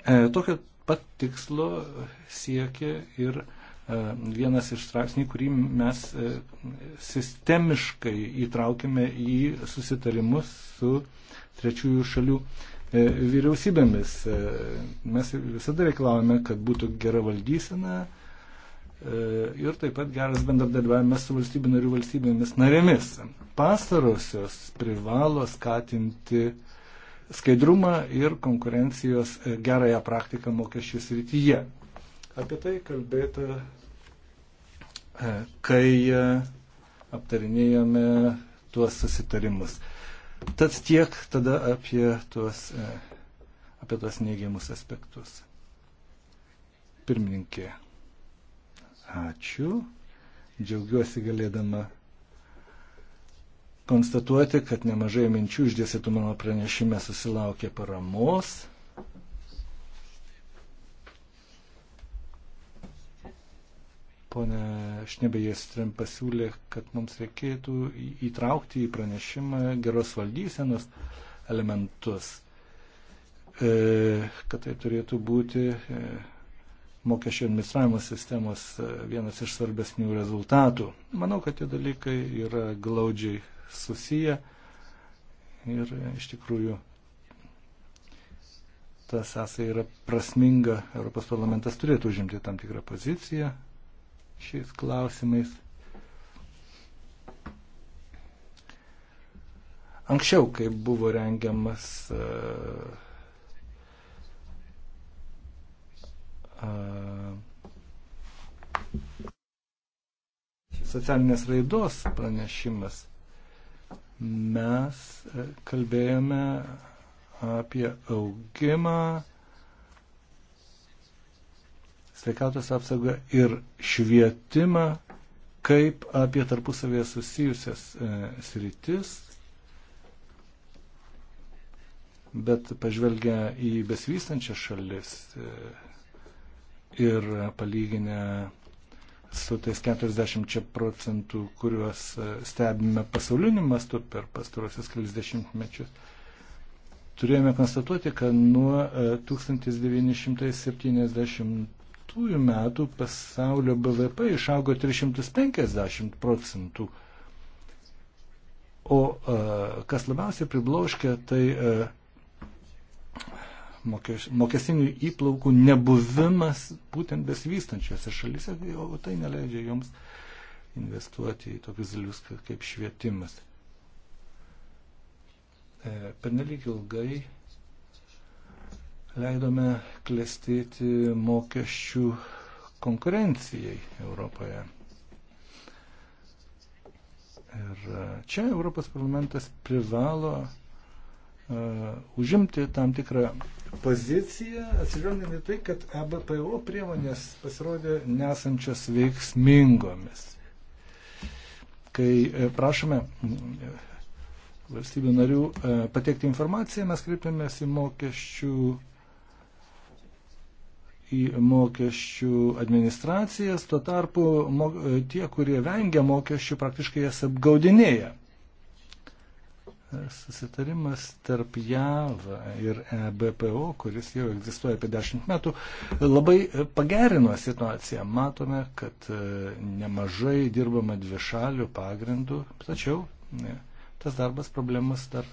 E, tokio pat tikslo siekia ir e, vienas iš straipsnių, kurį mes e, sistemiškai įtraukime į susitarimus su trečiųjų šalių E, vyriausybėmis. E, mes visada reikalavome, kad būtų gera valdysena e, ir taip pat geras bendradarbiavimas su valstybių narių valstybėmis narėmis. Pastarosios privalo skatinti skaidrumą ir konkurencijos gerąją praktiką mokesčių srityje. Apie tai kalbėta, kai aptarinėjome tuos susitarimus. Tad tiek tada apie tuos, e, apie tuos neigiamus aspektus. Pirmininkė, ačiū. Džiaugiuosi galėdama konstatuoti, kad nemažai minčių išdėstytų mano pranešime susilaukė paramos. Pone Šnebėjestrin pasiūlė, kad mums reikėtų įtraukti į pranešimą geros valdysenos elementus, e, kad tai turėtų būti e, mokesčių administravimo sistemos e, vienas iš svarbesnių rezultatų. Manau, kad tie dalykai yra glaudžiai susiję ir iš tikrųjų ta sąsaja yra prasminga. Europos parlamentas turėtų užimti tam tikrą poziciją šiais klausimais. Anksčiau, kai buvo rengiamas e, e, socialinės raidos pranešimas, mes e, kalbėjome apie augimą, sveikatos apsaugą ir švietimą kaip apie tarpusavėje susijusias e, sritis. Bet pažvelgia į besivystančias šalis e, ir palyginę su tais 40 procentų, kuriuos e, stebime pasauliniu mastu per pastarosius kelis dešimtmečius, turėjome konstatuoti, kad nuo 1970 e, 2006 metų pasaulio BVP išaugo 350 procentų. O e, kas labiausiai pribloškia, tai e, mokesinių įplaukų nebuvimas būtent besivystančiose šalyse, o tai neleidžia joms investuoti į tokius dalykus kaip švietimas. E, per nelik ilgai leidome klestėti mokesčių konkurencijai Europoje. Ir e, čia Europos parlamentas privalo uh, užimti tam tikrą poziciją, atsižvelgiant į tai, kad EBPO priemonės pasirodė nesančios veiksmingomis. Kai e, prašome valstybių narių uh, pateikti informaciją, mes kreipiamės į mokesčių į mokesčių administracijas, tuo tarpu mo, tie, kurie vengia mokesčių, praktiškai jas apgaudinėja. Susitarimas tarp JAV ir EBPO, kuris jau egzistuoja apie dešimt metų, labai pagerino situaciją. Matome, kad e, nemažai dirbama dvišalių pagrindų, tačiau ne, tas darbas problemas dar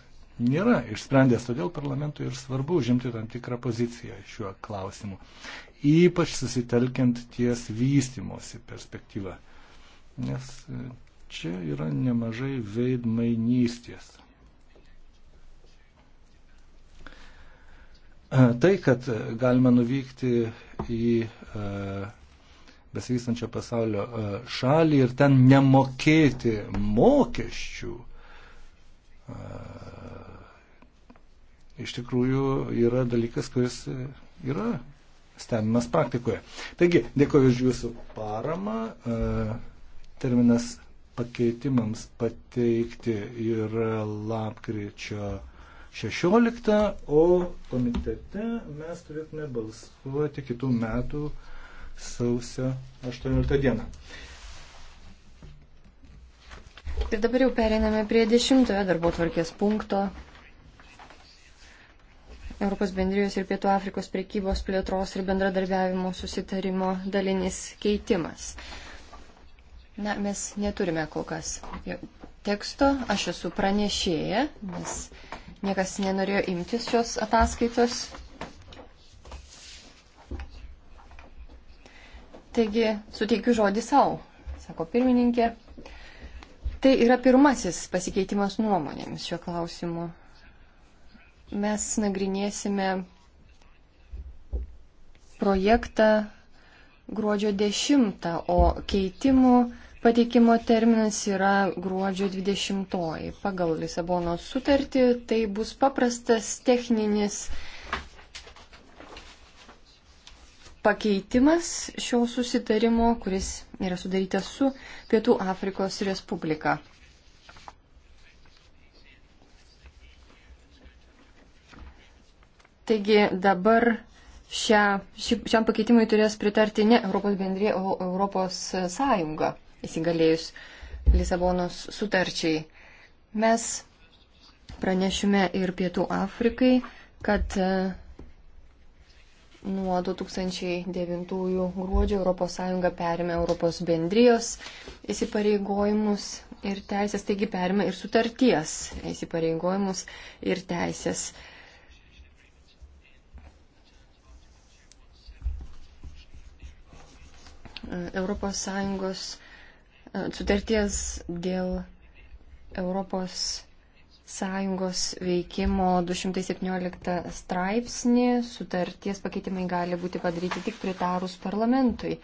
nėra išsprendęs, todėl parlamentui ir svarbu užimti tam tikrą poziciją šiuo klausimu, ypač susitelkiant ties vystimosi perspektyvą, nes e, čia yra nemažai veidmainystės. E, tai, kad galima nuvykti į e, besivystančio pasaulio šalį ir ten nemokėti mokesčių, iš tikrųjų yra dalykas, kuris yra stebimas praktikoje. Taigi, dėkoju už Jūsų paramą. E, terminas pakeitimams pateikti yra lapkričio 16, o komitete mes turėtume balsuoti kitų metų sausio 18 dieną. Ir dabar jau pereiname prie dešimtojo darbo tvarkės punkto. Europos bendrijos ir Pietų Afrikos priekybos plėtros ir bendradarbiavimo susitarimo dalinis keitimas. Na, mes neturime kol kas teksto, aš esu pranešėja, nes niekas nenorėjo imtis šios ataskaitos. Taigi, suteikiu žodį savo, sako pirmininkė. Tai yra pirmasis pasikeitimas nuomonėmis šiuo klausimu mes nagrinėsime projektą gruodžio 10, o keitimų pateikimo terminas yra gruodžio 20. Pagal Lisabonos sutartį tai bus paprastas techninis pakeitimas šio susitarimo, kuris yra sudarytas su Pietų Afrikos Respublika. Taigi dabar šią, ši, šiam pakeitimui turės pritarti ne Europos bendrė, o Europos sąjunga įsigalėjus Lisabonos sutarčiai. Mes pranešime ir Pietų Afrikai, kad e, nuo 2009 gruodžio ES perėmė Europos bendrijos įsipareigojimus ir teisės, taigi perėmė ir sutarties įsipareigojimus ir teisės. ES e, sutarties dėl ES veikimo 217 straipsnį sutarties pakeitimai gali būti padaryti tik pritarus parlamentui.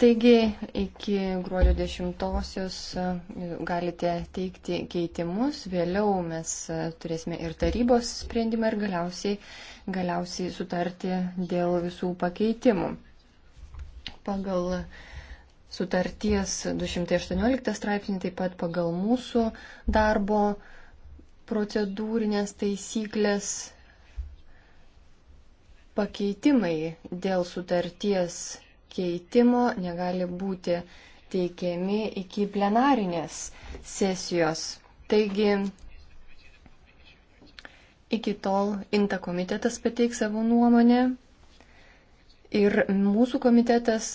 Taigi iki gruodžio 10 e, galite teikti keitimus, vėliau mes e, turėsime ir tarybos sprendimą ir galiausiai, galiausiai sutarti dėl visų pakeitimų. Pagal sutarties 218 straipsnį, taip pat pagal mūsų darbo procedūrinės taisyklės pakeitimai dėl sutarties pakeitimo negali būti teikiami iki plenarinės sesijos. Taigi, iki tol INTA komitetas pateiks savo nuomonę ir mūsų komitetas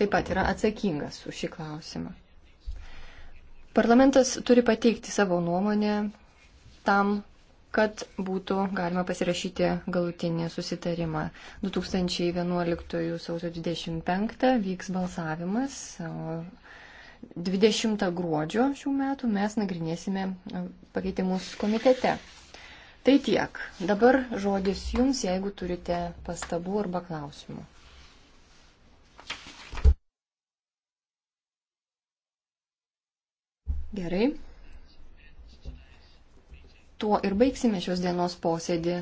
taip pat yra atsakingas už šį klausimą. Parlamentas turi pateikti savo nuomonę tam kad būtų galima pasirašyti galutinį susitarimą. 2011 sausio 25 vyks balsavimas, o 20 gruodžio šių metų mes nagrinėsime pakeitimus komitete. Tai tiek. Dabar žodis jums, jeigu turite pastabų arba klausimų. Gerai, tuo ir baigsime šios dienos posėdį.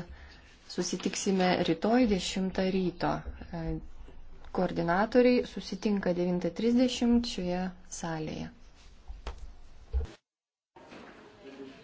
Susitiksime rytoj 10 ryto. E, koordinatoriai susitinka 9.30 šioje salėje.